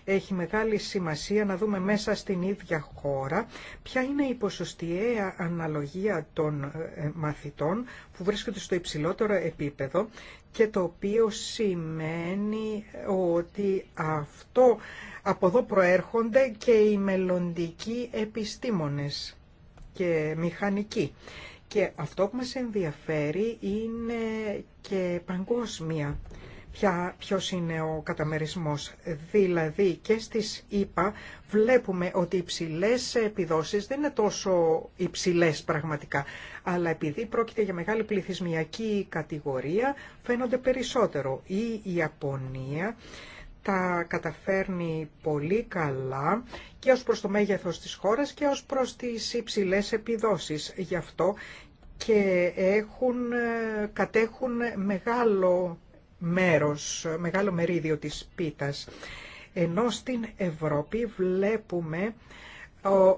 Έχει μεγάλη σημασία να δούμε μέσα στην ίδια χώρα ποια είναι η ποσοστιαία αναλογία των ε, μαθητών που βρίσκονται στο υψηλότερο επίπεδο και το οποίο σημαίνει ότι αυτό από εδώ προέρχονται και οι μελλοντικοί επιστήμονες και μηχανική. Και αυτό που μας ενδιαφέρει είναι και παγκόσμια ποια, ποιος είναι ο καταμερισμός. Δηλαδή και στις ΗΠΑ βλέπουμε ότι οι υψηλές επιδόσεις δεν είναι τόσο υψηλές πραγματικά, αλλά επειδή πρόκειται για μεγάλη πληθυσμιακή κατηγορία φαίνονται περισσότερο. Η Ιαπωνία τα καταφέρνει πολύ καλά και ως προς το μέγεθος της χώρας και ως προς τις υψηλές επιδόσεις. Γι' αυτό και έχουν, κατέχουν μεγάλο μέρος, μεγάλο μερίδιο της πίτας. Ενώ στην Ευρώπη βλέπουμε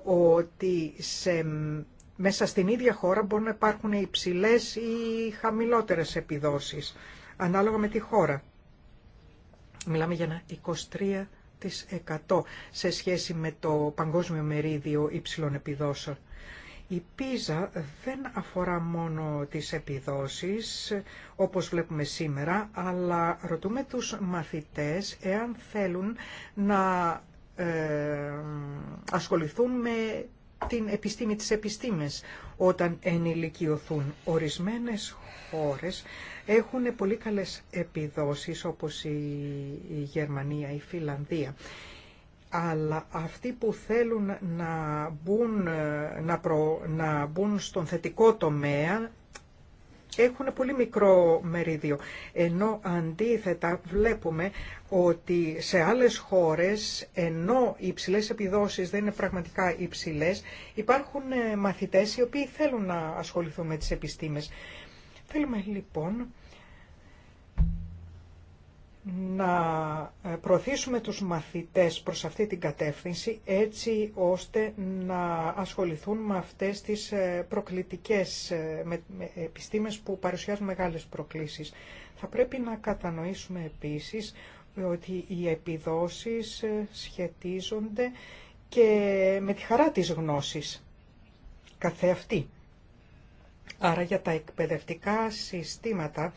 ότι μέσα στην ίδια χώρα μπορούν να υπάρχουν υψηλές ή χαμηλότερες επιδόσεις, ανάλογα με τη χώρα. Μιλάμε για ένα 23% σε σχέση με το παγκόσμιο μερίδιο υψηλών επιδόσεων. Η πίζα δεν αφορά μόνο τις επιδόσεις, όπως βλέπουμε σήμερα, αλλά ρωτούμε τους μαθητές εάν θέλουν να ε, ασχοληθούν με την επιστήμη της επιστήμης όταν ενηλικιωθούν. Ορισμένες χώρες έχουν πολύ καλές επιδόσεις όπως η Γερμανία, η Φιλανδία. Αλλά αυτοί που θέλουν να μπουν, να, να μπουν στον θετικό τομέα έχουν πολύ μικρό μερίδιο. Ενώ αντίθετα βλέπουμε ότι σε άλλες χώρες, ενώ οι υψηλές επιδόσεις δεν είναι πραγματικά υψηλές, υπάρχουν μαθητές οι οποίοι θέλουν να ασχοληθούν με τις επιστήμες. Θέλουμε λοιπόν να ε, προωθήσουμε τους μαθητές προς αυτή την κατεύθυνση έτσι ώστε να ασχοληθούν με αυτές τις ε, προκλητικές ε, με επιστήμες που παρουσιάζουν μεγάλες προκλήσεις. Θα πρέπει να κατανοήσουμε επίσης ότι οι επιδόσεις σχετίζονται και με τη χαρά της γνώσης καθεαυτή. Άρα για τα εκπαιδευτικά συστήματα,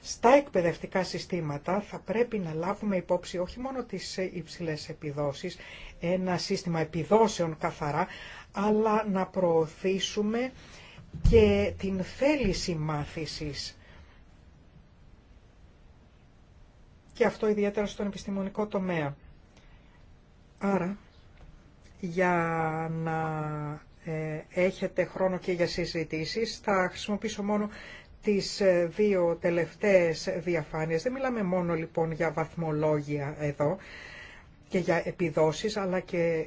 στα εκπαιδευτικά συστήματα θα πρέπει να λάβουμε υπόψη όχι μόνο τις υψηλές επιδόσεις, ένα σύστημα επιδόσεων καθαρά, αλλά να προωθήσουμε και την θέληση μάθησης. Και αυτό ιδιαίτερα στον επιστημονικό τομέα. Άρα, για να ε, έχετε χρόνο και για συζητήσεις. Θα χρησιμοποιήσω μόνο τις ε, δύο τελευταίες διαφάνειες. Δεν μιλάμε μόνο λοιπόν για βαθμολόγια εδώ και για επιδόσεις, αλλά και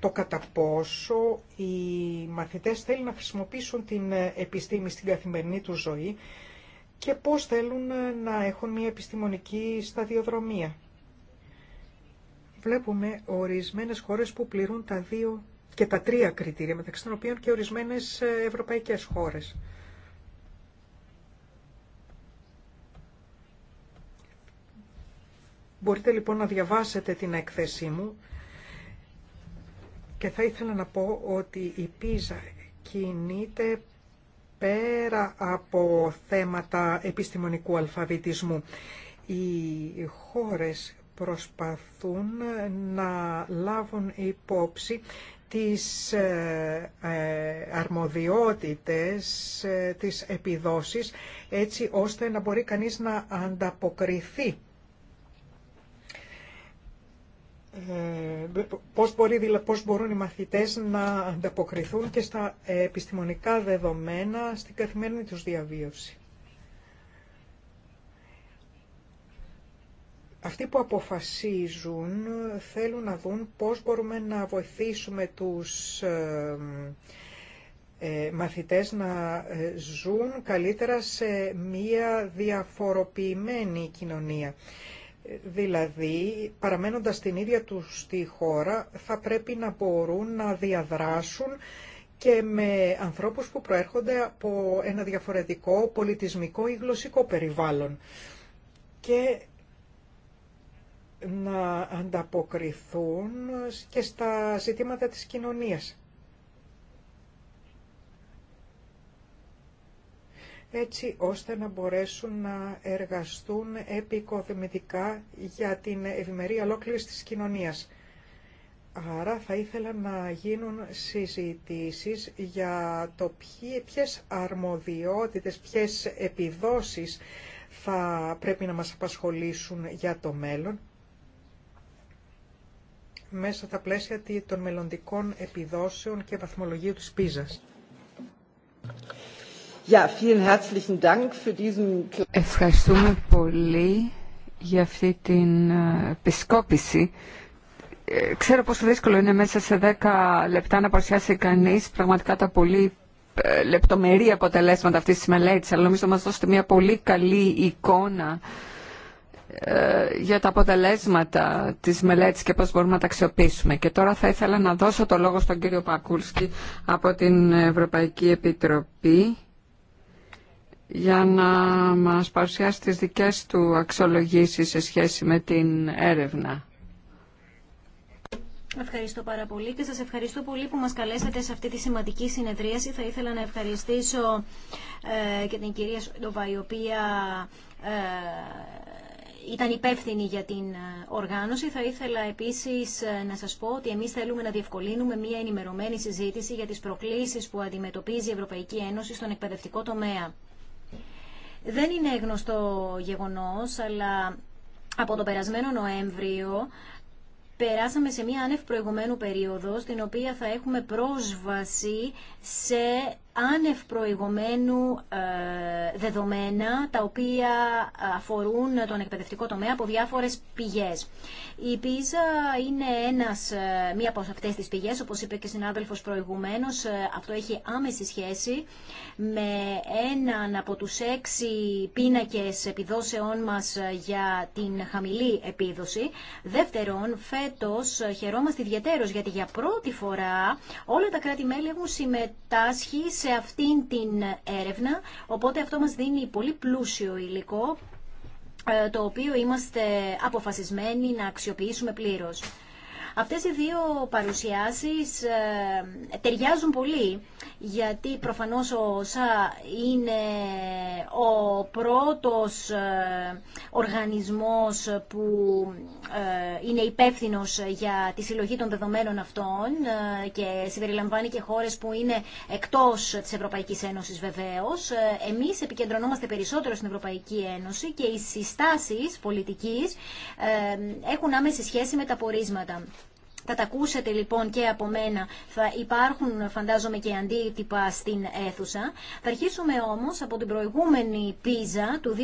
το κατά πόσο οι μαθητές θέλουν να χρησιμοποιήσουν την ε, επιστήμη στην καθημερινή του ζωή και πώς θέλουν να έχουν μια επιστημονική σταδιοδρομία. Βλέπουμε ορισμένες χώρες που πληρούν τα δύο και τα τρία κριτήρια, μεταξύ των οποίων και ορισμένες ε, ευρωπαϊκές χώρες. Μπορείτε λοιπόν να διαβάσετε την έκθεσή μου και θα ήθελα να πω ότι η πίζα κινείται πέρα από θέματα επιστημονικού αλφαβητισμού. Οι χώρες προσπαθούν να λάβουν υπόψη τις ε, ε, αρμοδιότητες, ε, τις επιδόσεις, έτσι ώστε να μπορεί κανείς να ανταποκριθεί. Πώς, μπορεί, πώς μπορούν οι μαθητές να ανταποκριθούν και στα επιστημονικά δεδομένα στην καθημερινή τους διαβίωση. αυτοί που αποφασίζουν θέλουν να δουν πώς μπορούμε να βοηθήσουμε τους ε, ε, μαθητές να ε, ζουν καλύτερα σε μία διαφοροποιημένη κοινωνία. Δηλαδή, παραμένοντας την ίδια τους στη χώρα, θα πρέπει να μπορούν να διαδράσουν και με ανθρώπους που προέρχονται από ένα διαφορετικό πολιτισμικό ή γλωσσικό περιβάλλον. Και να ανταποκριθούν και στα ζητήματα της κοινωνίας. έτσι ώστε να μπορέσουν να εργαστούν επικοδημητικά για την ευημερία ολόκληρη της κοινωνίας. Άρα θα ήθελα να γίνουν συζητήσεις για το ποιες αρμοδιότητες, ποιες επιδόσεις θα πρέπει να μας απασχολήσουν για το μέλλον μέσα στα πλαίσια των μελλοντικών επιδόσεων και βαθμολογίου της πίζας. Ευχαριστούμε πολύ για αυτή την ε, επισκόπηση. Ε, ξέρω πόσο δύσκολο είναι μέσα σε 10 λεπτά να παρουσιάσει κανείς πραγματικά τα πολύ ε, λεπτομερή αποτελέσματα αυτής της μελέτης, αλλά νομίζω μας δώσετε μια πολύ καλή εικόνα ε, για τα αποτελέσματα της μελέτης και πώς μπορούμε να τα αξιοποιήσουμε. Και τώρα θα ήθελα να δώσω το λόγο στον κύριο Πακούλσκι από την Ευρωπαϊκή Επιτροπή για να μας παρουσιάσει τις δικές του αξιολογήσεις σε σχέση με την έρευνα. Ευχαριστώ πάρα πολύ και σας ευχαριστώ πολύ που μας καλέσατε σε αυτή τη σημαντική συνεδρίαση. Θα ήθελα να ευχαριστήσω ε, και την κυρία Σοντοβα, η οποία ε, ήταν υπεύθυνη για την ε, οργάνωση. Θα ήθελα επίσης ε, να σας πω ότι εμείς θέλουμε να διευκολύνουμε μια ενημερωμένη συζήτηση για τις προκλήσεις που αντιμετωπίζει η Ευρωπαϊκή Ένωση στον εκπαιδευτικό τομέα. Δεν είναι γνωστό γεγονός, αλλά από τον περασμένο Νοέμβριο περάσαμε σε μια άνευ προηγουμένου περίοδο, στην οποία θα έχουμε πρόσβαση σε άνευ προηγουμένου ε, δεδομένα τα οποία αφορούν τον εκπαιδευτικό τομέα από διάφορες πηγές. Η πίζα είναι ένας, ε, μία από αυτές τις πηγές, όπως είπε και συνάδελφος προηγουμένως. Ε, αυτό έχει άμεση σχέση με έναν από τους έξι πίνακες επιδόσεών μας για την χαμηλή επίδοση. Δεύτερον, φέτος χαιρόμαστε ιδιαίτερως γιατί για πρώτη φορά όλα τα κράτη-μέλη έχουν συμμετάσχει σε αυτήν την έρευνα, οπότε αυτό μας δίνει πολύ πλούσιο υλικό, ε, το οποίο είμαστε αποφασισμένοι να αξιοποιήσουμε πλήρως. Αυτές οι δύο παρουσιάσεις ε, ταιριάζουν πολύ γιατί προφανώς ο σα είναι ο πρώτος ε, οργανισμός που ε, είναι υπεύθυνος για τη συλλογή των δεδομένων αυτών ε, και συμπεριλαμβάνει και χώρες που είναι εκτός της Ευρωπαϊκής Ένωσης βεβαίως. Εμείς επικεντρωνόμαστε περισσότερο στην Ευρωπαϊκή Ένωση και οι συστάσεις πολιτικής έχουν άμεση σχέση με τα πορίσματα. Θα τα ακούσετε λοιπόν και από μένα. Θα υπάρχουν φαντάζομαι και αντίτυπα στην αίθουσα. Θα αρχίσουμε όμως από την προηγούμενη πίζα του 2012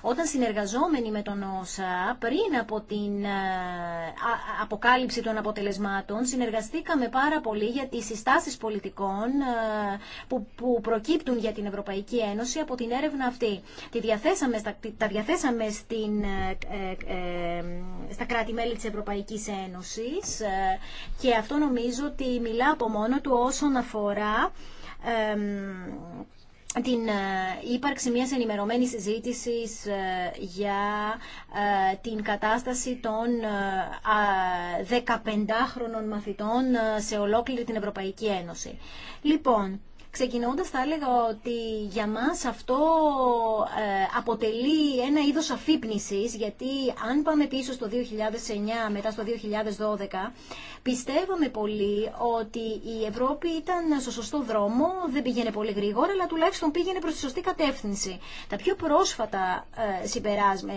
όταν συνεργαζόμενοι με τον ΩΣΑ πριν από την ε, αποκάλυψη των αποτελεσμάτων συνεργαστήκαμε πάρα πολύ για τις συστάσεις πολιτικών ε, που προκύπτουν για την Ευρωπαϊκή Ένωση από την έρευνα αυτή. διαθέσαμε, τα διαθέσαμε στην, ε, στα κράτη-μέλη της Ευρωπαϊκής Ένωσης ε, και αυτό νομίζω ότι μιλά από μόνο του όσον αφορά την ε, ύπαρξη μιας ενημερωμένης συζήτηση ε, για την κατάσταση των 15χρονων μαθητών σε ολόκληρη την Ευρωπαϊκή Ένωση. Λοιπόν, Ξεκινώντας θα έλεγα ότι για μας αυτό ε, αποτελεί ένα είδος αφύπνισης γιατί αν πάμε πίσω στο 2009 μετά στο 2012 πιστεύαμε πολύ ότι η Ευρώπη ήταν στο σωστό δρόμο, δεν πήγαινε πολύ γρήγορα αλλά τουλάχιστον πήγαινε προς τη σωστή κατεύθυνση. Τα πιο πρόσφατα ε, συμπεράσματα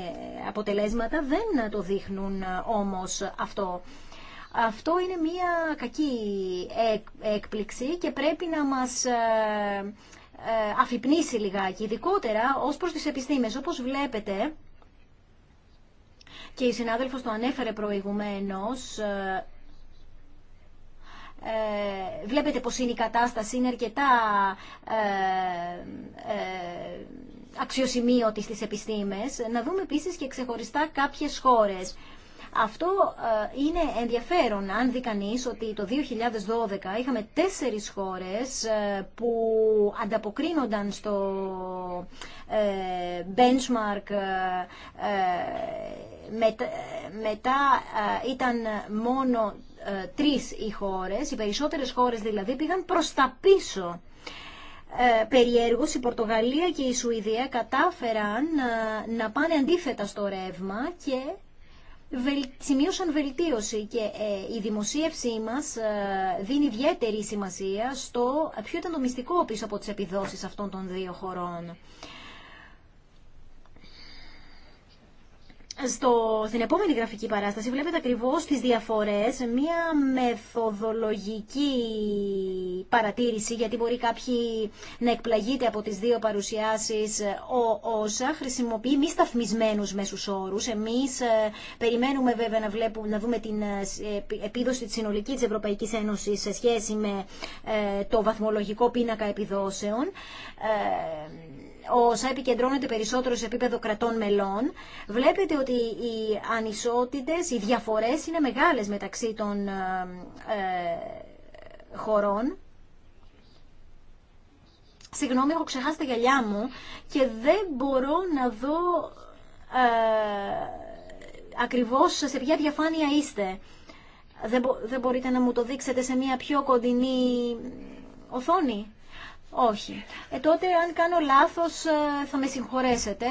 αποτελέσματα δεν το δείχνουν ε, όμως αυτό. Αυτό είναι μια κακή έκπληξη και πρέπει να μας ε, ε, αφυπνήσει λιγάκι, ειδικότερα ως προς τις επιστήμες. Όπως βλέπετε, και η συνάδελφος το ανέφερε προηγουμένως, ε, ε βλέπετε πως είναι η κατάσταση, είναι αρκετά ε, αξιοσημείωτη στις επιστήμες. Να δούμε επίσης και ξεχωριστά κάποιες χώρες. Αυτό ε, είναι ενδιαφέρον αν δει κανεί ότι το 2012 είχαμε τέσσερις χώρες ε, που ανταποκρίνονταν στο ε, benchmark μετά ήταν μόνο τρεις οι χώρες, οι περισσότερες χώρες δηλαδή πήγαν προς τα πίσω. Ε, περιέργως η Πορτογαλία και η Σουηδία κατάφεραν να πάνε αντίθετα στο ρεύμα και σημείωσαν βελτίωση και ε, η δημοσίευσή μας ε, δίνει ιδιαίτερη σημασία στο ποιο ήταν το μυστικό πίσω από τις επιδόσεις αυτών των δύο χωρών. στο, στην επόμενη γραφική παράσταση βλέπετε ακριβώς τις διαφορές, μία μεθοδολογική παρατήρηση, γιατί μπορεί κάποιοι να εκπλαγείται από τις δύο παρουσιάσεις ο όσα χρησιμοποιεί μη σταθμισμένους μέσους όρους. Εμείς ε, περιμένουμε βέβαια να, βλέπουμε, δούμε την ε, ε, επίδοση της συνολική της Ευρωπαϊκής Ένωσης σε σχέση με το βαθμολογικό πίνακα επιδόσεων όσα επικεντρώνεται περισσότερο σε επίπεδο κρατών μελών, βλέπετε ότι οι ανισότητες, οι διαφορές είναι μεγάλες μεταξύ των ε, ε, χωρών. Συγγνώμη, έχω ξεχάσει τα γυαλιά μου και δεν μπορώ να δω ε, ακριβώς σε ποια διαφάνεια είστε. Δεν, δεν μπορείτε να μου το δείξετε σε μια πιο κοντινή οθόνη. Όχι. Ε, τότε αν κάνω λάθος ε, θα με συγχωρέσετε.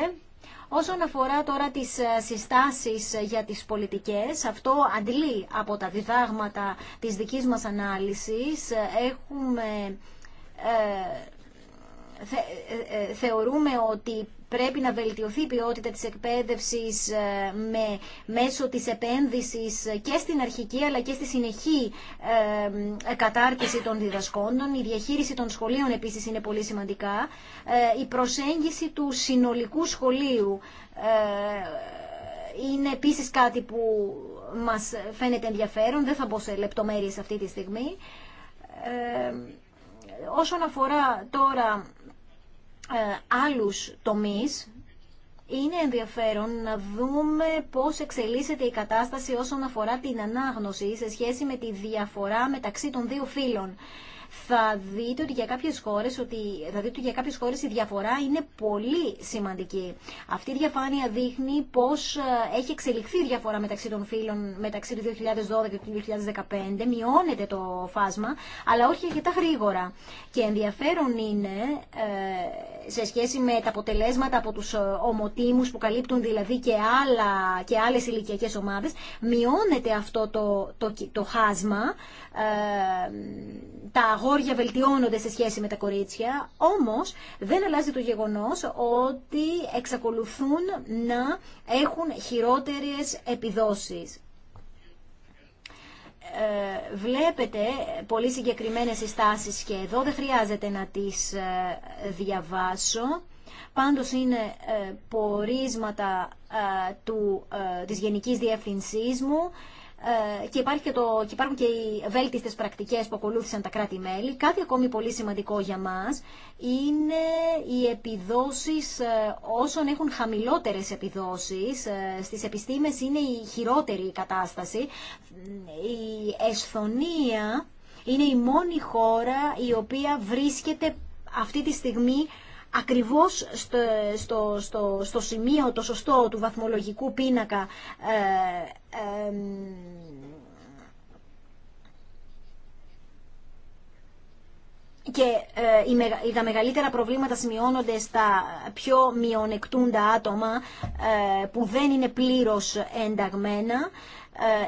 Όσον αφορά τώρα τις ε, συστάσεις ε, για τις πολιτικές, αυτό αντλεί από τα διδάγματα της δικής μας ανάλυσης. Έχουμε, θεωρούμε ότι Πρέπει να βελτιωθεί η ποιότητα της εκπαίδευσης ε, με, μέσω της επένδυσης και στην αρχική αλλά και στη συνεχή ε, κατάρτιση των διδασκόντων. Η διαχείριση των σχολείων επίσης είναι πολύ σημαντικά. Ε, η προσέγγιση του συνολικού σχολείου είναι επίσης κάτι που μας φαίνεται ενδιαφέρον. Δεν θα μπω σε λεπτομέρειες αυτή τη στιγμή. Όσον αφορά τώρα ε, άλλους τομείς, είναι ενδιαφέρον να δούμε πώς εξελίσσεται η κατάσταση όσον αφορά την ανάγνωση σε σχέση με τη διαφορά μεταξύ των δύο φύλων θα δείτε ότι για κάποιες χώρες, ότι, θα δείτε ότι για κάποιες χώρες η διαφορά είναι πολύ σημαντική. Αυτή η διαφάνεια δείχνει πώς ε, έχει εξελιχθεί η διαφορά μεταξύ των φύλων μεταξύ του 2012 και του 2015. Μειώνεται το φάσμα, αλλά όχι αρκετά γρήγορα. Και ενδιαφέρον είναι ε, σε σχέση με τα αποτελέσματα από τους ε, ομοτήμους που καλύπτουν δηλαδή και, άλλα, και άλλες ηλικιακές ομάδες, μειώνεται αυτό το, το, χάσμα. τα αγόρια βελτιώνονται σε σχέση με τα κορίτσια, όμως δεν αλλάζει το γεγονός ότι εξακολουθούν να έχουν χειρότερες επιδόσεις. Ε, βλέπετε πολύ συγκεκριμένες συστάσεις και εδώ δεν χρειάζεται να τις ε, διαβάσω. Πάντως είναι ε, πορίσματα του, της Γενικής Διευθυνσής μου ε, και, υπάρχει και το, και υπάρχουν και οι βέλτιστες πρακτικές που ακολούθησαν τα κράτη-μέλη. Κάτι ακόμη πολύ σημαντικό για μας είναι οι επιδόσεις ε, όσων έχουν χαμηλότερες επιδόσεις. Ε, στις επιστήμες είναι η χειρότερη κατάσταση. Η Εσθονία είναι η μόνη χώρα η οποία βρίσκεται αυτή τη στιγμή ακριβώς στο, στο, στο, στο σημείο το σωστό του βαθμολογικού πίνακα ε, και ε, τα μεγαλύτερα προβλήματα σημειώνονται στα πιο μειονεκτούντα άτομα ε, που δεν είναι πλήρως ενταγμένα.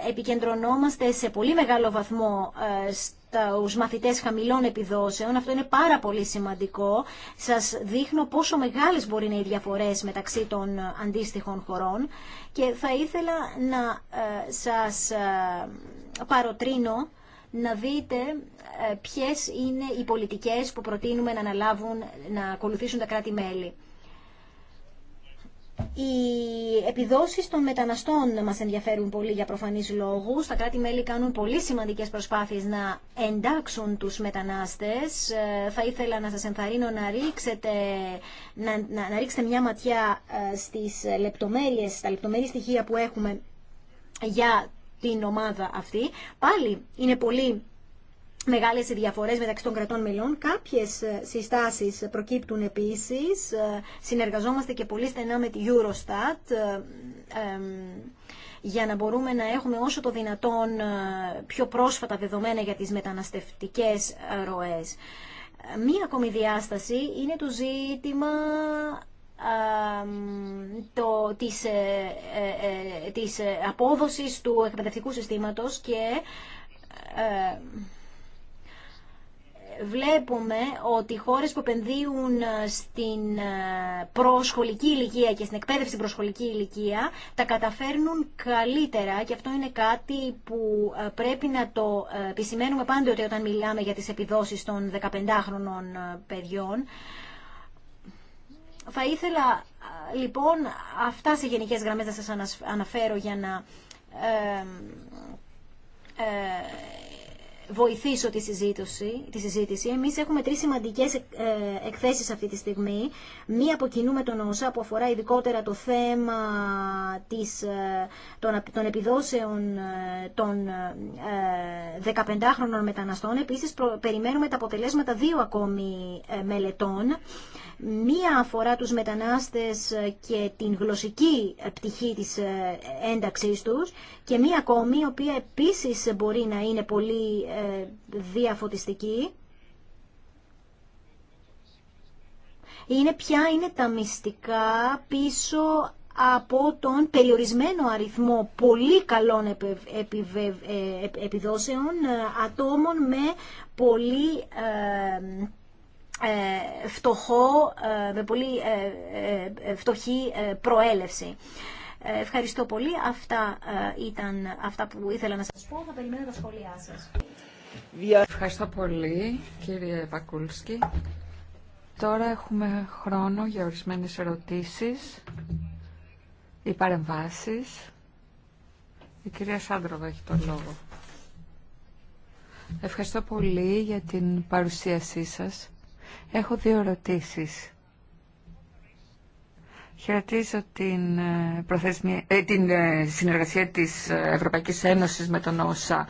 Ε, επικεντρωνόμαστε σε πολύ μεγάλο βαθμό τους μαθητέ χαμηλών επιδόσεων. Αυτό είναι πάρα πολύ σημαντικό. Σας δείχνω πόσο μεγάλε μπορεί να είναι οι διαφορές μεταξύ των αντίστοιχων χωρών και θα ήθελα να ε, σας ε, παροτρύνω να δείτε ε, ποιες είναι οι πολιτικές που προτείνουμε να αναλάβουν, να ακολουθήσουν τα κράτη-μέλη. Οι επιδόσεις των μεταναστών μας ενδιαφέρουν πολύ για προφανείς λόγους. Τα κράτη-μέλη κάνουν πολύ σημαντικές προσπάθειες να εντάξουν τους μετανάστες. Ε, θα ήθελα να σας ενθαρρύνω να ρίξετε, να, να, ρίξετε μια ματιά ε, στις λεπτομέρειες, στα λεπτομερή στοιχεία που έχουμε για την ομάδα αυτή. Πάλι είναι πολύ μεγάλες οι διαφορές μεταξύ των κρατών μελών. Κάποιες ε, συστάσεις προκύπτουν επίσης. Ε, συνεργαζόμαστε και πολύ στενά με τη Eurostat ε, για να μπορούμε να έχουμε όσο το δυνατόν πιο πρόσφατα δεδομένα για τις μεταναστευτικές ροές. Μία ακόμη διάσταση είναι το ζήτημα το, της, της απόδοσης του εκπαιδευτικού συστήματος και βλέπουμε ότι οι χώρες που επενδύουν ε, στην ε, προσχολική ηλικία και στην εκπαίδευση προσχολική ηλικία τα καταφέρνουν καλύτερα και αυτό είναι κάτι που ε, πρέπει να το επισημαίνουμε πάντοτε όταν μιλάμε για τις επιδόσεις των 15χρονων παιδιών. Θα ήθελα λοιπόν αυτά σε γενικές γραμμές να σας αναφέρω για να βοηθήσω τη συζήτηση. Τη συζήτηση. Εμείς έχουμε τρεις σημαντικές ε, εκθέσεις αυτή τη στιγμή. Μία από κοινού με τον ΩΣΑ που αφορά ειδικότερα το θέμα της, ε, των, επιδόσεων ε, των 15χρονων μεταναστών. Επίσης περιμένουμε τα αποτελέσματα δύο ακόμη μελετών. Μία αφορά τους μετανάστες και την γλωσσική πτυχή της ένταξής τους και μία ακόμη, η οποία επίσης μπορεί να είναι πολύ διαφωτιστική είναι ποια είναι τα μυστικά πίσω από τον περιορισμένο αριθμό πολύ καλών ε, επιδόσεων ε, ατόμων με πολύ ε, φτωχό, με πολύ φτωχή προέλευση. Ευχαριστώ πολύ. Αυτά ήταν αυτά που ήθελα να σας πω. Θα περιμένω τα σχόλιά σας. Ευχαριστώ πολύ κύριε Βακούλσκι. Τώρα έχουμε χρόνο για ορισμένες ερωτήσεις ή παρεμβάσεις. Η κυρία Σάντροβα έχει τον λόγο. Ευχαριστώ πολύ για την παρουσίασή σας. Έχω δύο ερωτήσεις. Χαιρετίζω την, ε, ε, την ε, συνεργασία της Ευρωπαϊκής Ένωσης με τον ΩΣΑ.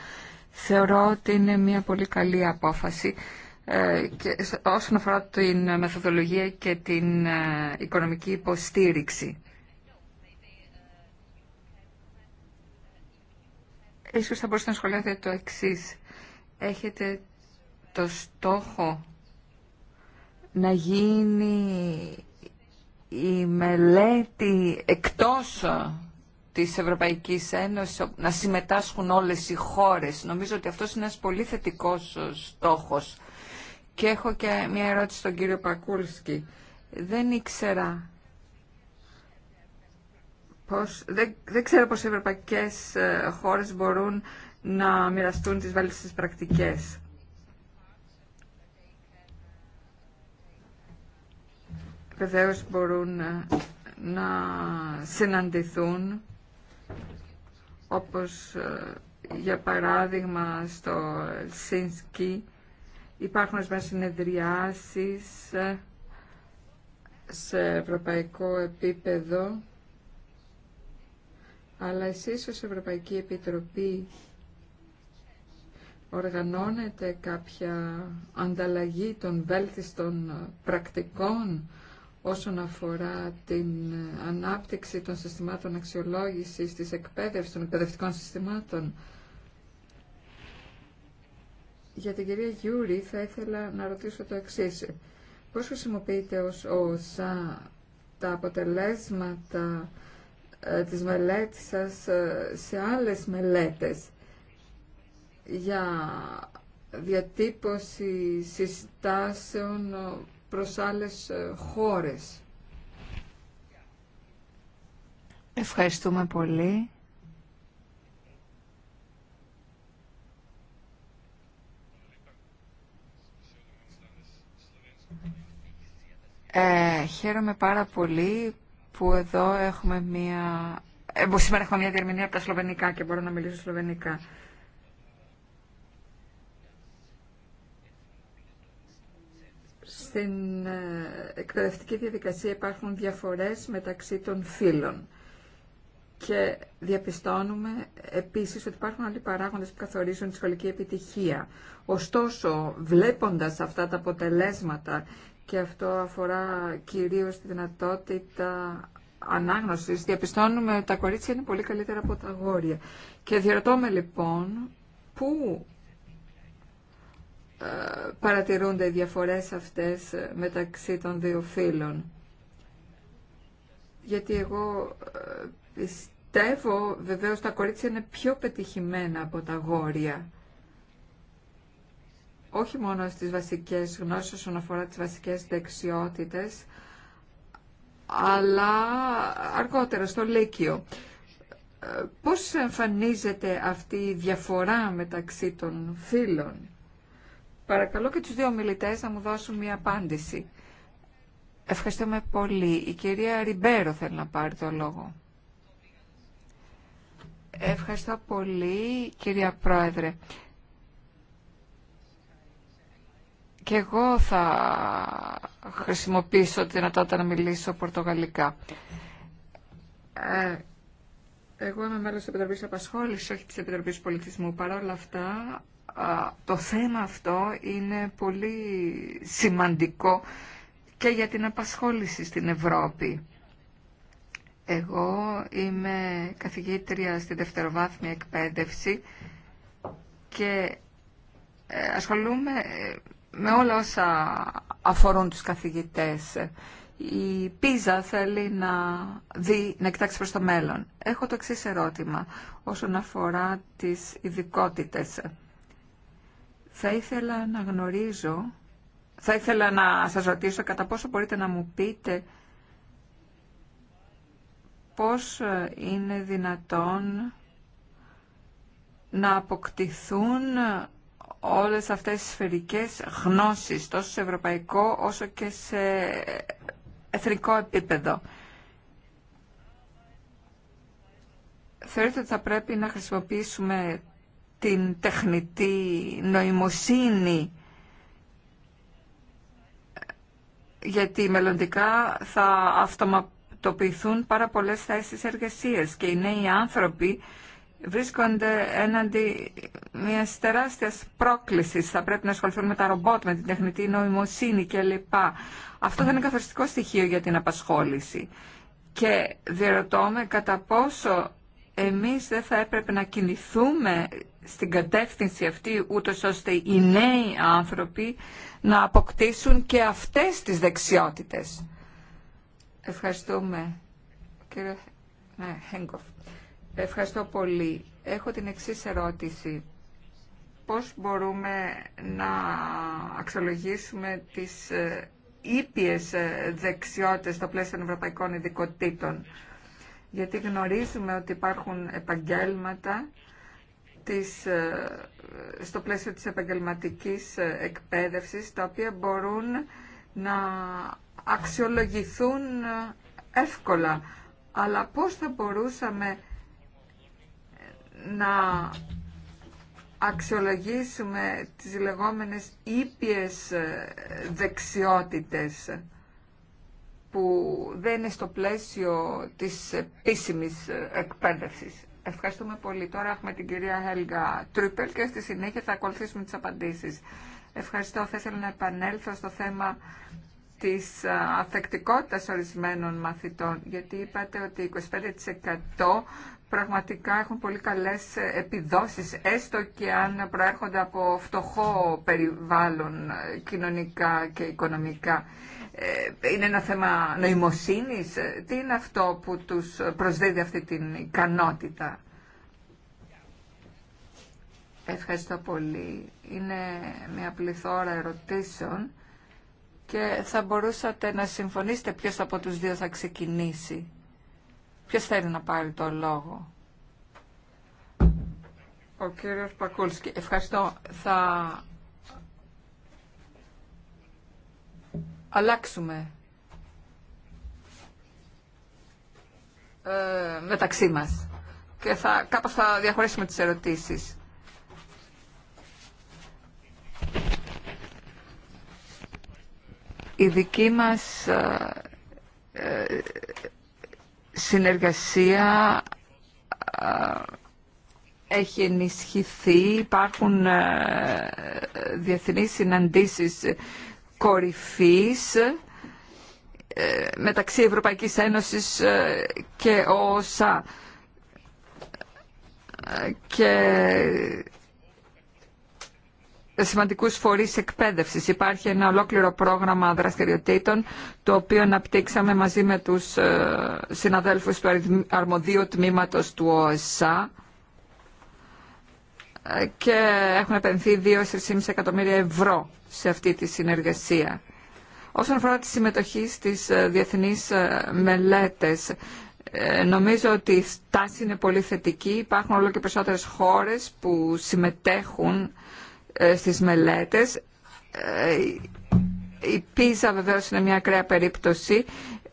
Θεωρώ ότι είναι μια πολύ καλή απόφαση ε, και όσον αφορά την μεθοδολογία και την ε, οικονομική υποστήριξη. Ίσως θα μπορούσατε να σχολιάσετε το εξής. Έχετε το στόχο να γίνει η μελέτη εκτός της Ευρωπαϊκής Ένωσης να συμμετάσχουν όλες οι χώρες. Νομίζω ότι αυτός είναι ένας πολύ θετικός στόχος. Και έχω και μια ερώτηση στον κύριο Πακούλσκι. Δεν ήξερα πώς, δεν, ξέρω πώς οι ευρωπαϊκές ε, χώρες μπορούν να μοιραστούν τις βαλίστες πρακτικές. Βεβαίως μπορούν ε, να συναντηθούν όπως ε, για παράδειγμα στο Ελσίνσκι υπάρχουν ορισμένες συνεδριάσεις ε, σε ευρωπαϊκό επίπεδο αλλά εσείς ως Ευρωπαϊκή Επιτροπή οργανώνετε κάποια ανταλλαγή των βέλτιστων πρακτικών όσον αφορά την ανάπτυξη των συστημάτων αξιολόγησης, της εκπαίδευση των εκπαιδευτικών συστημάτων. Για την κυρία Γιούρη θα ήθελα να ρωτήσω το εξής. Πώς χρησιμοποιείτε ως όσα τα αποτελέσματα ε, της μελέτης σας ε, σε άλλες μελέτες για διατύπωση συστάσεων προς άλλες ε, χώρες. Ευχαριστούμε πολύ. Ε, χαίρομαι πάρα πολύ που εδώ έχουμε μία... Ε, σήμερα έχουμε μία διερμηνία από τα σλοβενικά και μπορώ να μιλήσω σλοβενικά. στην ε, εκπαιδευτική διαδικασία υπάρχουν διαφορές μεταξύ των φύλων. Και διαπιστώνουμε επίσης ότι υπάρχουν άλλοι παράγοντες που καθορίζουν τη σχολική επιτυχία. Ωστόσο, βλέποντας αυτά τα αποτελέσματα, και αυτό αφορά κυρίως τη δυνατότητα ανάγνωσης, διαπιστώνουμε ότι τα κορίτσια είναι πολύ καλύτερα από τα αγόρια. Και διερωτώμε λοιπόν πού παρατηρούνται οι διαφορές αυτές ε, μεταξύ των δύο φύλων. Γιατί εγώ ε, πιστεύω βεβαίως τα κορίτσια είναι πιο πετυχημένα από τα γόρια. Όχι μόνο στις βασικές γνώσεις όσον αφορά τις βασικές δεξιότητες, αλλά αργότερα στο Λύκειο. Ε, πώς εμφανίζεται αυτή η διαφορά μεταξύ των φύλων. Παρακαλώ και τους δύο μιλητές να μου δώσουν μια απάντηση. Ευχαριστούμε πολύ. Η κυρία Ριμπέρο θέλει να πάρει το λόγο. Ευχαριστώ πολύ, κυρία Πρόεδρε. Και εγώ θα χρησιμοποιήσω τη δυνατότητα να μιλήσω πορτογαλικά. Ε, εγώ είμαι μέλος της Επιτροπής Απασχόλησης, όχι της Επιτροπής Πολιτισμού. Παρ' όλα αυτά, το θέμα αυτό είναι πολύ σημαντικό και για την απασχόληση στην Ευρώπη. Εγώ είμαι καθηγήτρια στη δευτεροβάθμια εκπαίδευση και ε, ασχολούμαι ε, με όλα όσα αφορούν τους καθηγητές. Η Πίζα θέλει να, δει, να κοιτάξει προς το μέλλον. Έχω το εξής ερώτημα όσον αφορά τις ειδικότητες. Θα ήθελα να γνωρίζω, θα ήθελα να σας ρωτήσω κατά πόσο μπορείτε να μου πείτε πώς ε, είναι δυνατόν να αποκτηθούν ε, όλες αυτές τις σφαιρικές γνώσεις τόσο σε ευρωπαϊκό όσο και σε εθνικό επίπεδο. Θεωρείτε ότι θα πρέπει να χρησιμοποιήσουμε την τεχνητή νοημοσύνη γιατί μελλοντικά θα αυτοματοποιηθούν πάρα πολλές θέσεις εργασίας και οι νέοι άνθρωποι βρίσκονται έναντι μια τεράστια πρόκληση. Θα πρέπει να ασχοληθούν με τα ρομπότ, με την τεχνητή νοημοσύνη κλπ. Αυτό θα είναι καθοριστικό στοιχείο για την απασχόληση. Και διερωτώ κατά πόσο εμείς δεν θα έπρεπε να κινηθούμε στην κατεύθυνση αυτή ούτως ώστε οι νέοι άνθρωποι να αποκτήσουν και αυτές τις δεξιότητες. Ευχαριστούμε. Κύριε ναι, Χέγκοφ. Ευχαριστώ πολύ. Έχω την εξής ερώτηση. Πώς μπορούμε να αξιολογήσουμε τις ε, ήπιες ε, δεξιότητες στο πλαίσιο των ευρωπαϊκών ειδικοτήτων. Γιατί γνωρίζουμε ότι υπάρχουν επαγγέλματα της, ε, στο πλαίσιο της επαγγελματικής ε, εκπαίδευσης, τα οποία μπορούν να αξιολογηθούν ε, εύκολα. Αλλά πώς θα μπορούσαμε να αξιολογήσουμε τις λεγόμενες ήπιες δεξιότητες που δεν είναι στο πλαίσιο της επίσημης εκπαίδευσης. Ευχαριστούμε πολύ. Τώρα έχουμε την κυρία Χέλγα Τρούπελ και στη συνέχεια θα ακολουθήσουμε τις απαντήσεις. Ευχαριστώ. Θα ήθελα να επανέλθω στο θέμα της αφεκτικότητας ορισμένων μαθητών, γιατί είπατε ότι 25% πραγματικά έχουν πολύ καλές επιδόσεις, έστω και αν προέρχονται από φτωχό περιβάλλον ε, κοινωνικά και οικονομικά. Ε, είναι ένα θέμα νοημοσύνης. Ε, τι είναι αυτό που τους προσδίδει αυτή την ικανότητα. Ευχαριστώ πολύ. Είναι μια πληθώρα ερωτήσεων και θα μπορούσατε να συμφωνήσετε ποιος από τους δύο θα ξεκινήσει. Ποιος θέλει να πάρει το λόγο. Ο κύριος Πακούλσκι. Ευχαριστώ. Θα αλλάξουμε ε, μεταξύ μας και θα, κάπως θα διαχωρίσουμε τις ερωτήσεις. Η δική μας ε, ε, συνεργασία ε, έχει ενισχυθεί, υπάρχουν διεθνείς συναντήσεις κορυφής ε, μεταξύ Ευρωπαϊκής Ένωσης ε, και ΟΣΑ. Ε, και σημαντικούς φορείς εκπαίδευσης. Υπάρχει ένα ολόκληρο πρόγραμμα δραστηριοτήτων το οποίο αναπτύξαμε μαζί με τους συναδέλφους του αρμοδίου τμήματος του ΟΣΑ και εχουν επενθει επενδυθεί 2-3,5 εκατομμύρια ευρώ σε αυτή τη συνεργασία. Όσον αφορά τη συμμετοχή στις ε, διεθνείς ε, μελέτες, ε, νομίζω ότι η στάση είναι πολύ θετική. Υπάρχουν όλο και περισσότερες χώρες που συμμετέχουν στις μελέτες. Η Πίζα βεβαίως είναι μια ακραία περίπτωση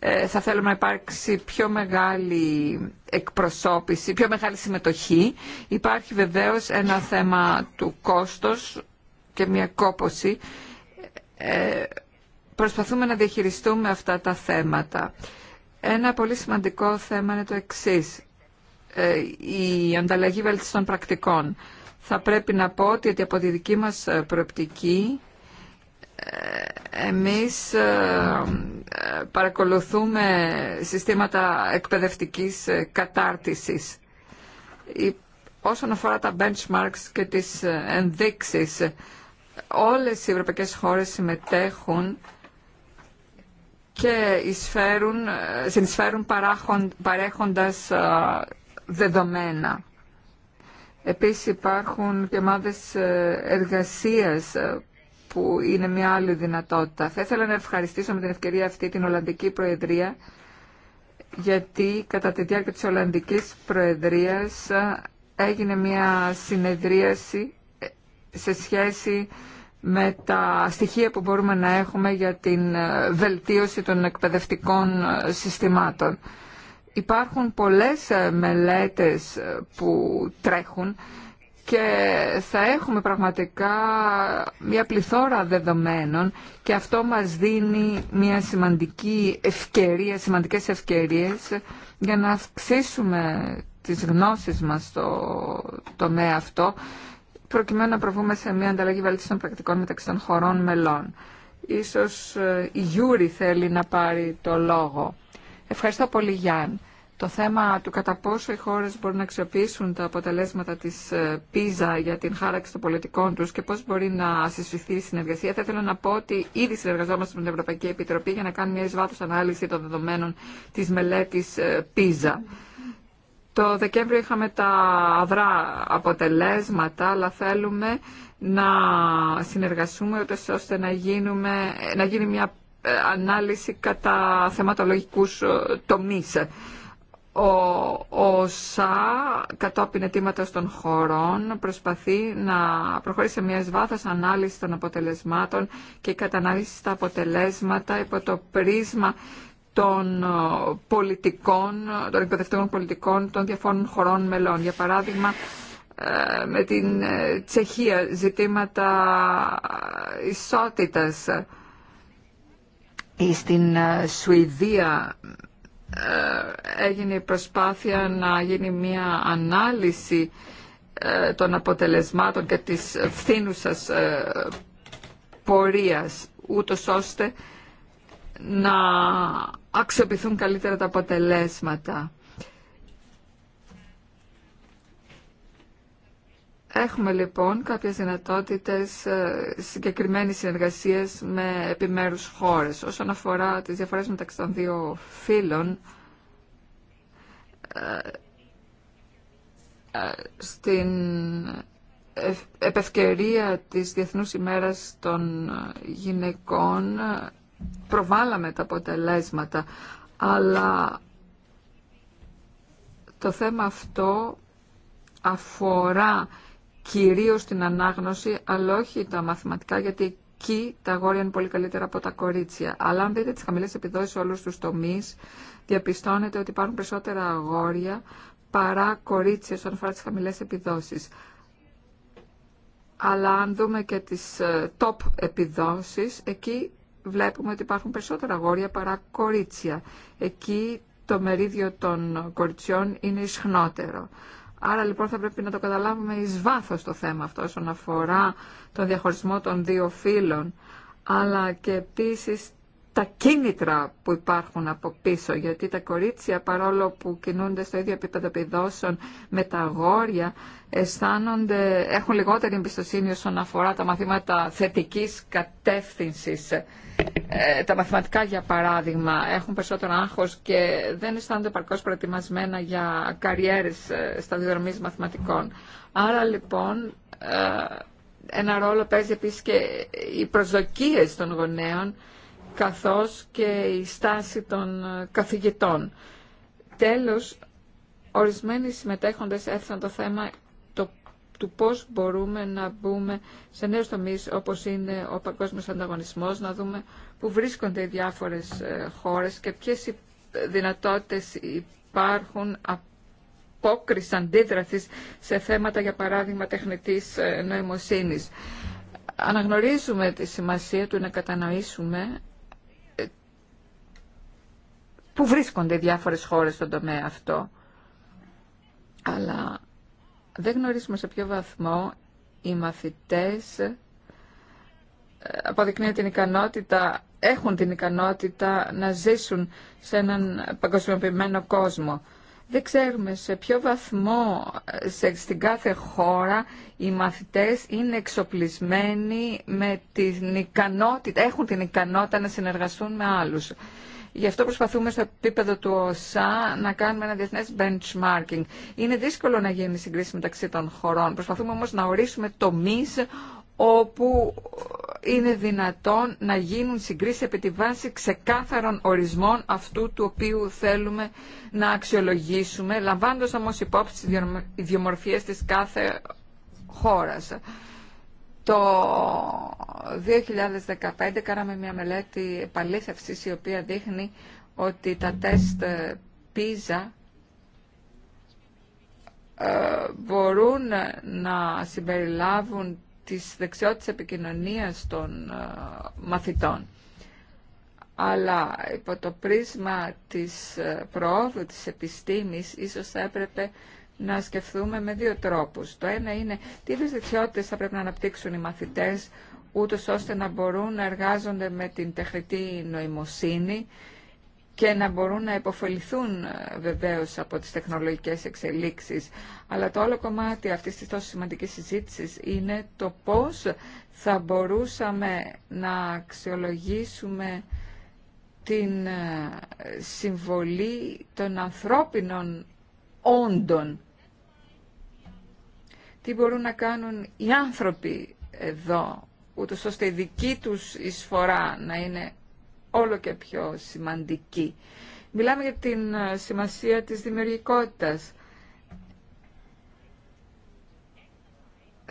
ε, θα θέλουμε να υπάρξει πιο μεγάλη εκπροσώπηση, πιο μεγάλη συμμετοχή. Υπάρχει βεβαίως ένα θέμα του κόστος και μια κόποση. Ε, προσπαθούμε να διαχειριστούμε αυτά τα θέματα. Ένα πολύ σημαντικό θέμα είναι το εξής. Ε, η ανταλλαγή βελτιστών πρακτικών. Θα πρέπει να πω ότι από τη δική μας προεπτική εμείς ε, παρακολουθούμε συστήματα εκπαιδευτικής ε, κατάρτισης. Όσον αφορά τα benchmarks και τις ε, ενδείξεις, όλες οι ευρωπαϊκές χώρες συμμετέχουν και εισφέρουν, συνεισφέρουν παράχον, παρέχοντας δεδομένα. Επίσης υπάρχουν και ομάδες εργασίας που είναι μια άλλη δυνατότητα. Θα ήθελα να ευχαριστήσω με την ευκαιρία αυτή την Ολλανδική Προεδρία γιατί κατά τη διάρκεια της Ολλανδικής Προεδρίας ε, έγινε μια συνεδρίαση ε, σε σχέση με τα στοιχεία που μπορούμε να έχουμε για την ε, βελτίωση των εκπαιδευτικών συστημάτων. Υπάρχουν πολλές μελέτες που τρέχουν και θα έχουμε πραγματικά μια πληθώρα δεδομένων και αυτό μας δίνει μια σημαντική ευκαιρία, σημαντικές ευκαιρίες για να αυξήσουμε τις γνώσεις μας στο τομέα αυτό προκειμένου να προβούμε σε μια ανταλλαγή βαλτίστων πρακτικών μεταξύ των χωρών μελών. Ίσως ε, η Γιούρη θέλει να πάρει το λόγο. Ευχαριστώ πολύ Γιάννη. Το θέμα του κατά πόσο οι χώρε μπορούν να αξιοποιήσουν τα αποτελέσματα τη ΠΙΖΑ ε, για την χάραξη των πολιτικών του και πώ μπορεί να συσφιχθεί η συνεργασία, θα ήθελα να πω ότι ήδη συνεργαζόμαστε με την Ευρωπαϊκή Επιτροπή για να κάνουμε μια εισβάθος ανάλυση των δεδομένων τη μελέτη ΠΙΖΑ. Ε, Το Δεκέμβριο είχαμε τα αδρά αποτελέσματα, αλλά θέλουμε να συνεργαστούμε ώστε να, γίνουμε, να γίνει μια ε, ανάλυση κατά θεματολογικούς τομείς ο ΣΑ κατόπιν αιτήματος των χωρών προσπαθεί να προχωρήσει σε μια σβάθα ανάλυση των αποτελεσμάτων και κατανάλυση στα αποτελέσματα υπό το πρίσμα των ε, πολιτικών, των εκπαιδευτικών πολιτικών των διαφόρων χωρών μελών. Για παράδειγμα, ε, με την ε, Τσεχία ζητήματα ισότητας ή στην Σουηδία ε, έγινε η προσπάθεια να γίνει μια ανάλυση ε, των αποτελεσμάτων και της φθήνουσας ε, πορείας, ούτως ώστε να αξιοποιηθούν καλύτερα τα αποτελέσματα. Έχουμε λοιπόν κάποιες δυνατότητες ε, συγκεκριμένης συνεργασίας με επιμέρους χώρες. Όσον αφορά τις διαφορές μεταξύ των δύο φύλων, ε, ε, στην επευκαιρία της Διεθνούς ημέρας των γυναικών προβάλαμε τα αποτελέσματα, αλλά το θέμα αυτό αφορά κυρίως την ανάγνωση, αλλά όχι τα μαθηματικά, γιατί εκεί τα αγόρια είναι πολύ καλύτερα από τα κορίτσια. Αλλά αν δείτε τις χαμηλές επιδόσεις σε όλους τους τομείς, διαπιστώνετε ότι υπάρχουν περισσότερα αγόρια παρά κορίτσια όσον αφορά τις χαμηλές επιδόσεις. Αλλά αν δούμε και τις ε, top επιδόσεις, εκεί βλέπουμε ότι υπάρχουν περισσότερα αγόρια παρά κορίτσια. Εκεί το μερίδιο των κοριτσιών είναι ισχνότερο. Άρα λοιπόν θα πρέπει να το καταλάβουμε εις βάθος το θέμα αυτό όσον αφορά τον διαχωρισμό των δύο φύλων, αλλά και επίσης τα κίνητρα που υπάρχουν από πίσω, γιατί τα κορίτσια παρόλο που κινούνται στο ίδιο επίπεδο επιδόσεων με τα αγόρια, έχουν λιγότερη εμπιστοσύνη όσον αφορά τα μαθήματα θετικής κατεύθυνσης ε, τα μαθηματικά για παράδειγμα έχουν περισσότερο άγχος και δεν αισθάνονται παρκώς προετοιμασμένα για καριέρες ε, στα σταδιοδρομή μαθηματικών. Άρα λοιπόν ε, ένα ρόλο παίζει επίσης και οι προσδοκίες των γονέων καθώς και η στάση των καθηγητών. Τέλος, ορισμένοι συμμετέχοντες έφτιαν το θέμα του πώς μπορούμε να μπούμε σε νέους τομείς όπως είναι ο παγκόσμιος ανταγωνισμός, να δούμε πού βρίσκονται οι διάφορες ε, χώρες και ποιες δυνατότητες υπάρχουν απόκριση αντίδρασης σε θέματα, για παράδειγμα, τεχνητής ε, νοημοσύνης. Αναγνωρίζουμε τη σημασία του να κατανοήσουμε ε, πού βρίσκονται οι διάφορες χώρες στον τομέα αυτό. Αλλά δεν γνωρίζουμε σε ποιο βαθμό οι μαθητές ε, αποδεικνύουν την ικανότητα, έχουν την ικανότητα να ζήσουν σε έναν παγκοσμιοποιημένο κόσμο. Δεν ξέρουμε σε ποιο βαθμό ε, σε, στην κάθε χώρα οι μαθητές είναι εξοπλισμένοι με την ικανότητα, έχουν την ικανότητα να συνεργαστούν με άλλους. Γι' αυτό προσπαθούμε στο επίπεδο του ΟΣΑ να κάνουμε ένα διεθνές benchmarking. Είναι δύσκολο να γίνει συγκρίση μεταξύ των χωρών. Προσπαθούμε όμως να ορίσουμε τομείς όπου είναι δυνατόν να γίνουν συγκρίσεις επί τη βάση ξεκάθαρων ορισμών αυτού του οποίου θέλουμε να αξιολογήσουμε, λαμβάνοντας όμως υπόψη τις ιδιομορφίες της κάθε χώρας. Το 2015 κάναμε μια μελέτη επαλήθευσης η οποία δείχνει ότι τα τεστ πίζα ε, ε, μπορούν να συμπεριλάβουν τις δεξιότητες επικοινωνίας των ε, μαθητών. Αλλά υπό το πρίσμα της προόδου της επιστήμης ίσως θα έπρεπε να σκεφτούμε με δύο τρόπους. Το ένα είναι τι δεξιότητε θα πρέπει να αναπτύξουν οι μαθητές ούτω ώστε να μπορούν να εργάζονται με την τεχνητή νοημοσύνη και να μπορούν να υποφεληθούν ε, βεβαίως από τις τεχνολογικές εξελίξεις. Αλλά το άλλο κομμάτι αυτής της τόσο σημαντικής συζήτησης είναι το πώς θα μπορούσαμε να αξιολογήσουμε την ε, συμβολή των ανθρώπινων όντων τι μπορούν να κάνουν οι άνθρωποι εδώ, ούτω ώστε η δική τους εισφορά να είναι όλο και πιο σημαντική. Μιλάμε για την ε, σημασία της δημιουργικότητας.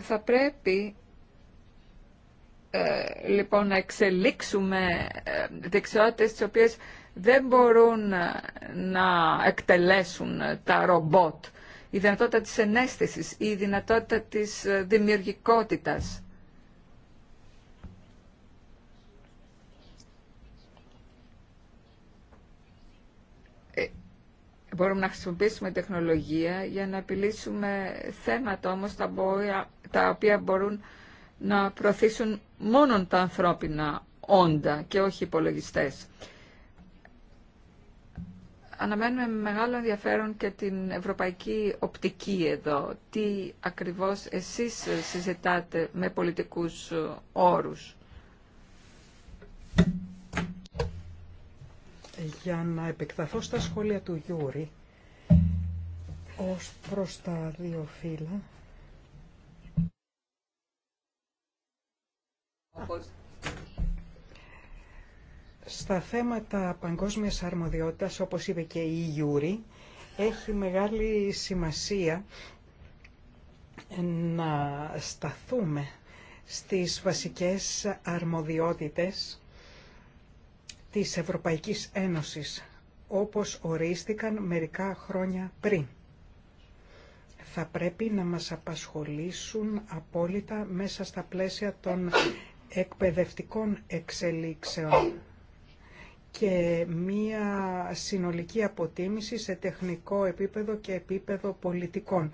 Θα πρέπει ε, λοιπόν να εξελίξουμε ε, δεξιότητες τις οποίες δεν μπορούν ε, να εκτελέσουν τα ρομπότ η δυνατότητα της ενέστησης, η δυνατότητα της ε, δημιουργικότητας. Ε, μπορούμε να χρησιμοποιήσουμε τεχνολογία για να απειλήσουμε θέματα όμως τα οποία μπορούν να προωθήσουν μόνο τα ανθρώπινα όντα και όχι υπολογιστές αναμένουμε με μεγάλο ενδιαφέρον και την ευρωπαϊκή οπτική εδώ. Τι ακριβώς εσείς συζητάτε με πολιτικούς όρους. Για να επεκταθώ στα σχόλια του Γιούρη, ως προς τα δύο φύλλα, στα θέματα παγκόσμιας αρμοδιότητας, όπως είπε και η Γιούρη, έχει μεγάλη σημασία να σταθούμε στις βασικές αρμοδιότητες της Ευρωπαϊκής Ένωσης, όπως ορίστηκαν μερικά χρόνια πριν. Θα πρέπει να μας απασχολήσουν απόλυτα μέσα στα πλαίσια των εκπαιδευτικών εξελίξεων και μία συνολική αποτίμηση σε τεχνικό επίπεδο και επίπεδο πολιτικών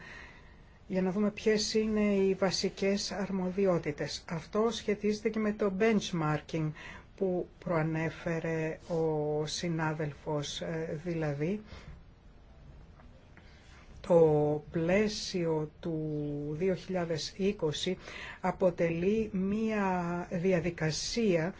για να δούμε ποιες είναι οι βασικές αρμοδιότητες. Αυτό σχετίζεται και με το benchmarking που προανέφερε ο συνάδελφος ε, δηλαδή το πλαίσιο του 2020 αποτελεί μία διαδικασία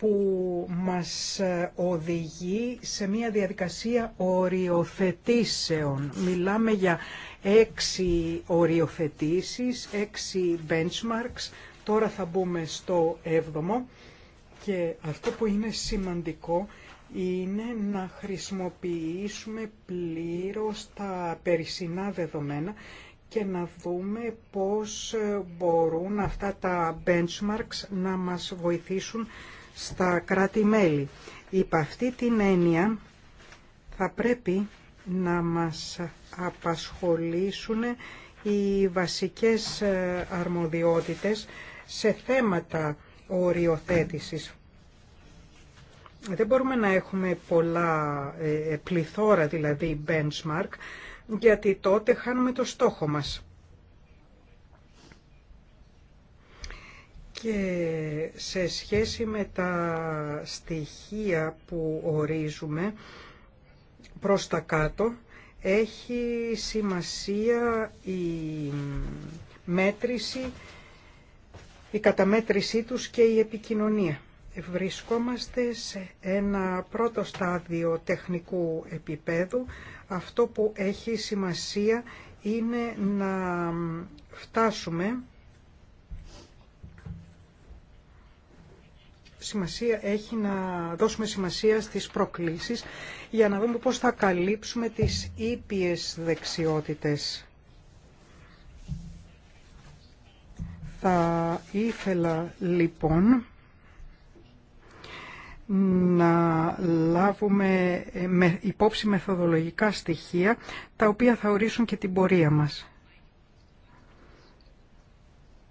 που μας ε, οδηγεί σε μια διαδικασία οριοθετήσεων. Μιλάμε για έξι οριοθετήσεις, έξι benchmarks. Τώρα θα μπούμε στο έβδομο και αυτό που είναι σημαντικό είναι να χρησιμοποιήσουμε πλήρως τα περισσινά δεδομένα και να δούμε πώς ε, μπορούν αυτά τα benchmarks να μας βοηθήσουν στα κράτη-μέλη. Υπ' αυτή την έννοια θα πρέπει να μας απασχολήσουν οι βασικές ε, αρμοδιότητες σε θέματα οριοθέτησης. Δεν μπορούμε να έχουμε πολλά ε, ε, πληθώρα δηλαδή benchmark γιατί τότε χάνουμε το στόχο μας. και σε σχέση με τα στοιχεία που ορίζουμε προς τα κάτω, έχει σημασία η μέτρηση, η καταμέτρησή τους και η επικοινωνία. Βρισκόμαστε σε ένα πρώτο στάδιο τεχνικού επίπεδου. Αυτό που έχει σημασία είναι να φτάσουμε σημασία έχει να δώσουμε σημασία στις προκλήσεις για να δούμε πώς θα καλύψουμε τις ήπιες δεξιότητες. Θα ήθελα λοιπόν να λάβουμε ε, υπόψη μεθοδολογικά στοιχεία τα οποία θα ορίσουν και την πορεία μας.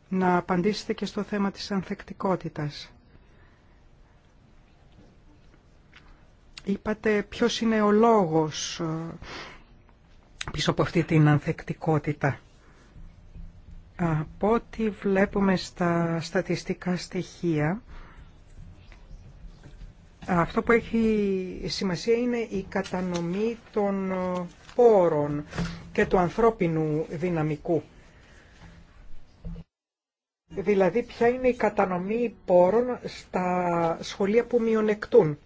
Να απαντήσετε και στο θέμα της ανθεκτικότητας. Είπατε ποιος είναι ο λόγος ε, πίσω από αυτή την ανθεκτικότητα. Από ό,τι βλέπουμε στα στατιστικά στοιχεία, αυτό που έχει σημασία είναι η κατανομή των πόρων και του ανθρώπινου δυναμικού. Δηλαδή, ποια είναι η κατανομή πόρων στα σχολεία που μειονεκτούν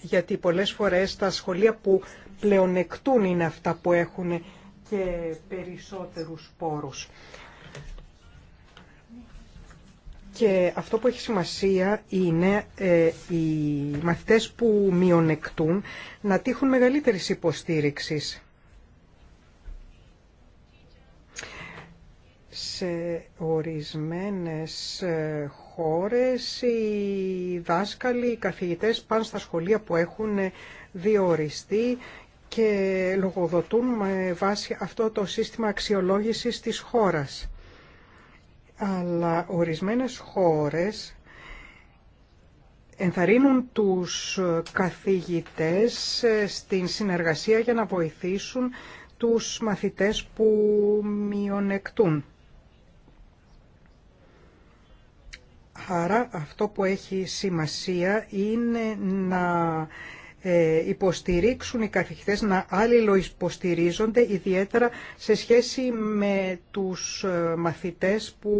γιατί πολλές φορές τα σχολεία που πλεονεκτούν είναι αυτά που έχουν και περισσότερους πόρους. Και αυτό που έχει σημασία είναι ε, οι μαθητές που μειονεκτούν να τύχουν μεγαλύτερης υποστήριξης. Σε ορισμένες ε, χώρες οι δάσκαλοι, οι καθηγητές πάνε στα σχολεία που έχουν διοριστεί και λογοδοτούν με βάση αυτό το σύστημα αξιολόγησης της χώρας. Αλλά ορισμένες χώρες ενθαρρύνουν τους καθηγητές στην συνεργασία για να βοηθήσουν τους μαθητές που μειονεκτούν. Άρα αυτό που έχει σημασία είναι να ε, υποστηρίξουν οι καθηγητές, να υποστηρίζονται, ιδιαίτερα σε σχέση με τους ε, μαθητές που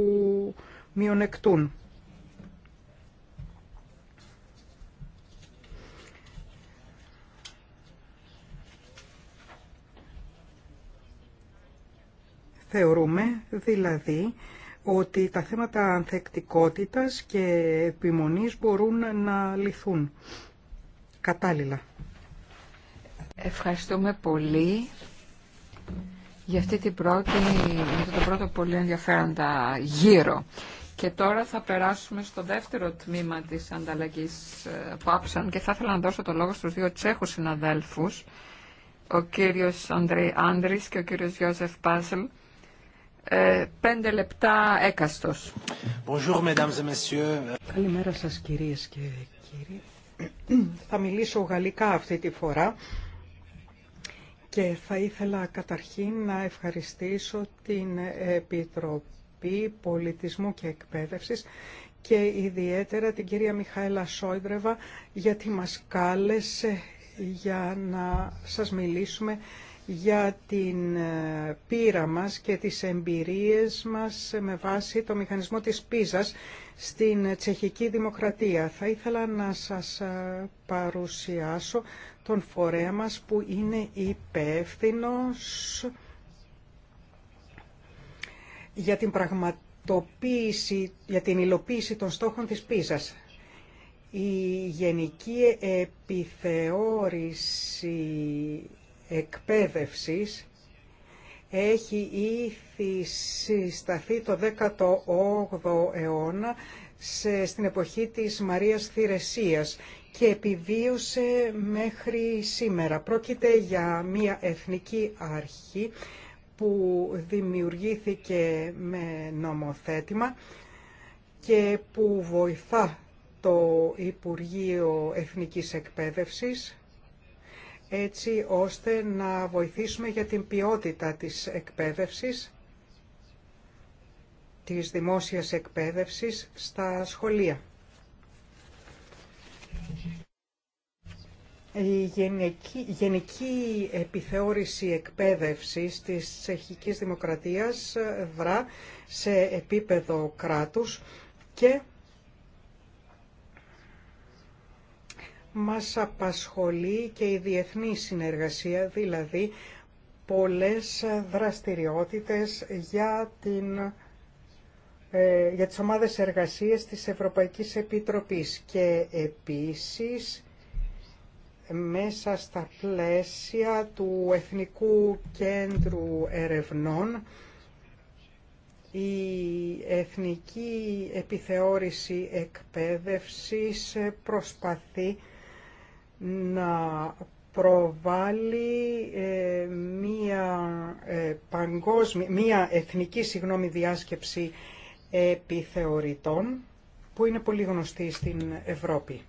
μειονεκτούν. Θεωρούμε δηλαδή ότι τα θέματα ανθεκτικότητας και επιμονής μπορούν να λυθούν κατάλληλα. Ευχαριστούμε πολύ για αυτή την πρώτη, το πρώτο πολύ ενδιαφέροντα γύρο. Και τώρα θα περάσουμε στο δεύτερο τμήμα της ανταλλαγής ε, Πάψαν και θα ήθελα να δώσω το λόγο στους δύο Τσέχους συναδέλφους, ο κύριος Ανδρέη Άντρης και ο κύριος Γιώσεφ Πάσελ, ε, πέντε λεπτά έκαστος. Καλημέρα σας κυρίες και κύριοι. θα μιλήσω γαλλικά αυτή τη φορά και θα ήθελα καταρχήν να ευχαριστήσω την Επιτροπή Πολιτισμού και Εκπαίδευσης και ιδιαίτερα την κυρία Μιχαέλα Σόιδρεβα γιατί μας κάλεσε για να σας μιλήσουμε για την ε, πείρα μας και τις εμπειρίες μας με βάση το μηχανισμό της πίζας στην τσεχική δημοκρατία. Θα ήθελα να σας ε, παρουσιάσω τον φορέα μας που είναι υπεύθυνο για την πραγματοποίηση, για την υλοποίηση των στόχων της πίζας. Η γενική επιθεώρηση εκπαίδευσης έχει ήδη συσταθεί το 18ο αιώνα σε, στην εποχή της Μαρίας Θηρεσίας και επιβίωσε μέχρι σήμερα. Πρόκειται για μια εθνική αρχή που δημιουργήθηκε με νομοθέτημα και που βοηθά το Υπουργείο Εθνικής Εκπαίδευσης έτσι ώστε να βοηθήσουμε για την ποιότητα της εκπαίδευσης, της δημόσιας εκπαίδευσης στα σχολεία. Η γενική, γενική επιθεώρηση εκπαίδευσης της τσεχικής δημοκρατίας βρά σε επίπεδο κράτους και μας απασχολεί και η διεθνή συνεργασία, δηλαδή πολλές δραστηριότητες για, την, ε, για τις ομάδες εργασίας της Ευρωπαϊκής Επιτροπής και επίσης μέσα στα πλαίσια του Εθνικού Κέντρου Ερευνών η Εθνική Επιθεώρηση Εκπαίδευσης προσπαθεί να προβάλλει ε, μία, ε, μία εθνική συγγνώμη, διάσκεψη επιθεωρητών που είναι πολύ γνωστή στην Ευρώπη.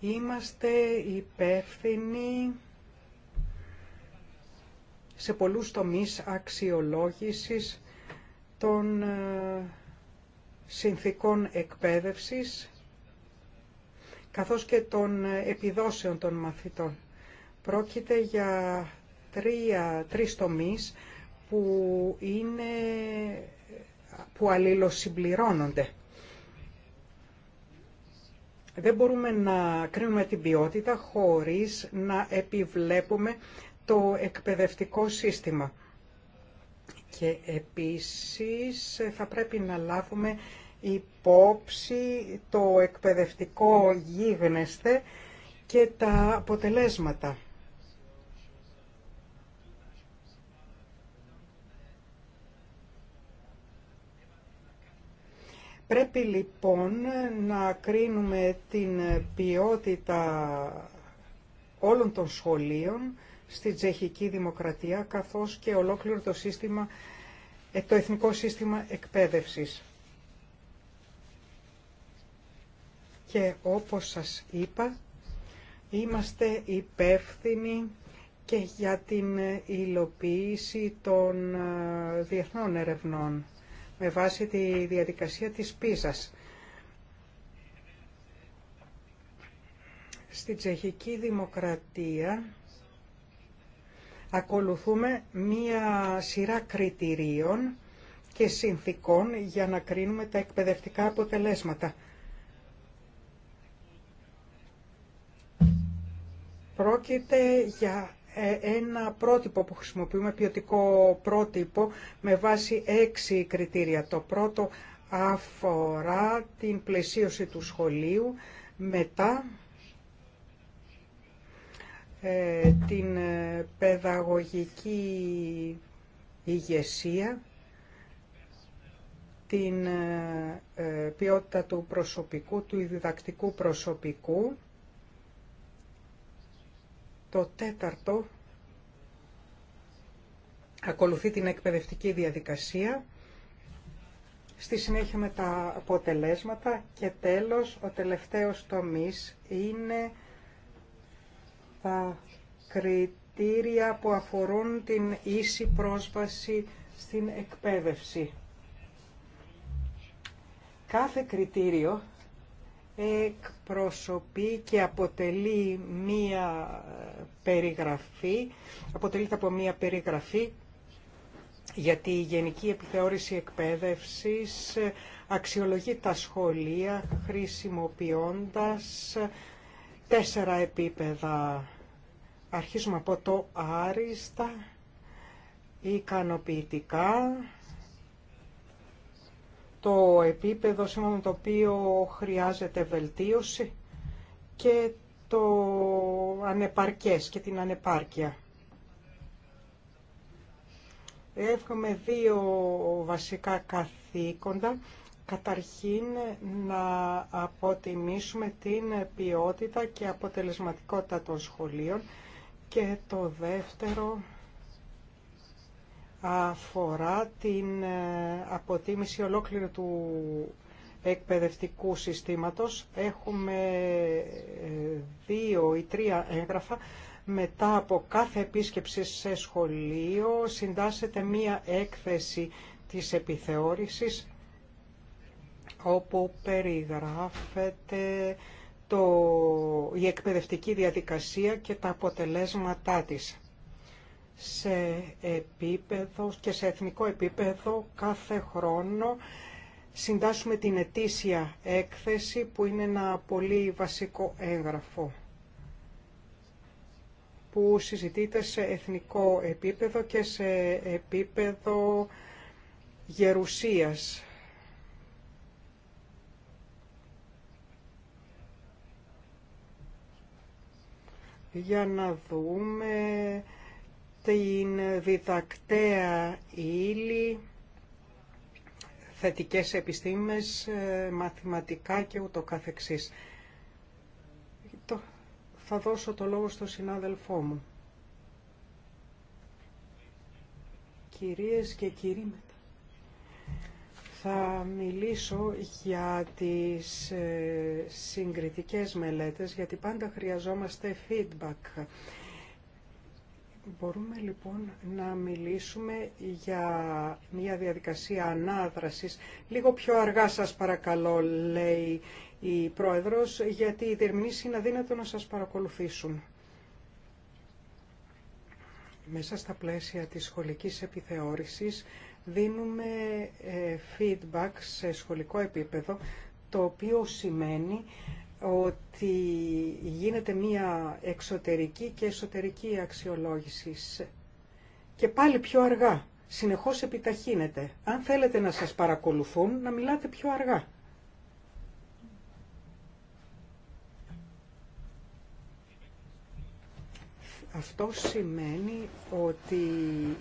Είμαστε υπεύθυνοι σε πολλούς τομείς αξιολόγησης των ε, συνθήκων εκπαίδευσης καθώς και των επιδόσεων των μαθητών. Πρόκειται για τρία, τρεις τομείς που, είναι, που αλληλοσυμπληρώνονται. Δεν μπορούμε να κρίνουμε την ποιότητα χωρίς να επιβλέπουμε το εκπαιδευτικό σύστημα. Και επίσης ε, θα πρέπει να λάβουμε υπόψη το εκπαιδευτικό γίγνεσθε και τα αποτελέσματα. Πρέπει λοιπόν να κρίνουμε την ποιότητα όλων των σχολείων στη τσεχική δημοκρατία, καθώς και ολόκληρο το, σύστημα, ε, το εθνικό σύστημα εκπαίδευσης. Και όπως σας είπα, είμαστε υπεύθυνοι και για την υλοποίηση των ε, διεθνών ερευνών με βάση τη διαδικασία της πίζας. Στην τσεχική δημοκρατία Ακολουθούμε μία σειρά κριτηρίων και συνθήκων για να κρίνουμε τα εκπαιδευτικά αποτελέσματα. Πρόκειται για ε, ένα πρότυπο που χρησιμοποιούμε, ποιοτικό πρότυπο, με βάση έξι κριτήρια. Το πρώτο αφορά την πλαισίωση του σχολείου, μετά ε, την ε, παιδαγωγική ηγεσία, την ε, ποιότητα του προσωπικού, του διδακτικού προσωπικού. Το τέταρτο ακολουθεί την εκπαιδευτική διαδικασία. Στη συνέχεια με τα αποτελέσματα και τέλος ο τελευταίος τομής είναι τα κριτήρια που αφορούν την ίση πρόσβαση στην εκπαίδευση. Κάθε κριτήριο εκπροσωπεί και αποτελεί μία περιγραφή, αποτελείται από μία περιγραφή γιατί η Γενική Επιθεώρηση Εκπαίδευσης αξιολογεί τα σχολεία χρησιμοποιώντας τέσσερα επίπεδα αρχίσουμε από το άριστα, ικανοποιητικά, το επίπεδο σύμφωνα το οποίο χρειάζεται βελτίωση και το ανεπαρκές και την ανεπάρκεια. Έχουμε δύο βασικά καθήκοντα. Καταρχήν να αποτιμήσουμε την ποιότητα και αποτελεσματικότητα των σχολείων και το δεύτερο αφορά την ε, αποτίμηση ολόκληρη του εκπαιδευτικού συστήματος. Έχουμε ε, δύο ή τρία έγγραφα. Μετά από κάθε επίσκεψη σε σχολείο συντάσσεται μία έκθεση της επιθεώρησης όπου περιγράφεται το, η εκπαιδευτική διαδικασία και τα αποτελέσματά της σε επίπεδο και σε εθνικό επίπεδο κάθε χρόνο συντάσσουμε την ετήσια έκθεση που είναι ένα πολύ βασικό έγγραφο που συζητείται σε εθνικό επίπεδο και σε επίπεδο γερουσίας για να δούμε την διδακτέα ύλη, θετικές επιστήμες, ε, μαθηματικά και ούτω καθεξής. Θα δώσω το λόγο στον συνάδελφό μου. Κυρίες και κύριοι, θα μιλήσω για τις ε, συγκριτικές μελέτες, γιατί πάντα χρειαζόμαστε feedback. Μπορούμε λοιπόν να μιλήσουμε για μια διαδικασία ανάδρασης. Λίγο πιο αργά σας παρακαλώ, λέει η Πρόεδρος, γιατί οι διερμήσει είναι αδύνατο να σας παρακολουθήσουν. Μέσα στα πλαίσια της σχολικής επιθεώρησης δίνουμε ε, feedback σε σχολικό επίπεδο, το οποίο σημαίνει ότι γίνεται μία εξωτερική και εσωτερική αξιολόγηση και πάλι πιο αργά. Συνεχώς επιταχύνεται. Αν θέλετε να σας παρακολουθούν, να μιλάτε πιο αργά. Αυτό σημαίνει ότι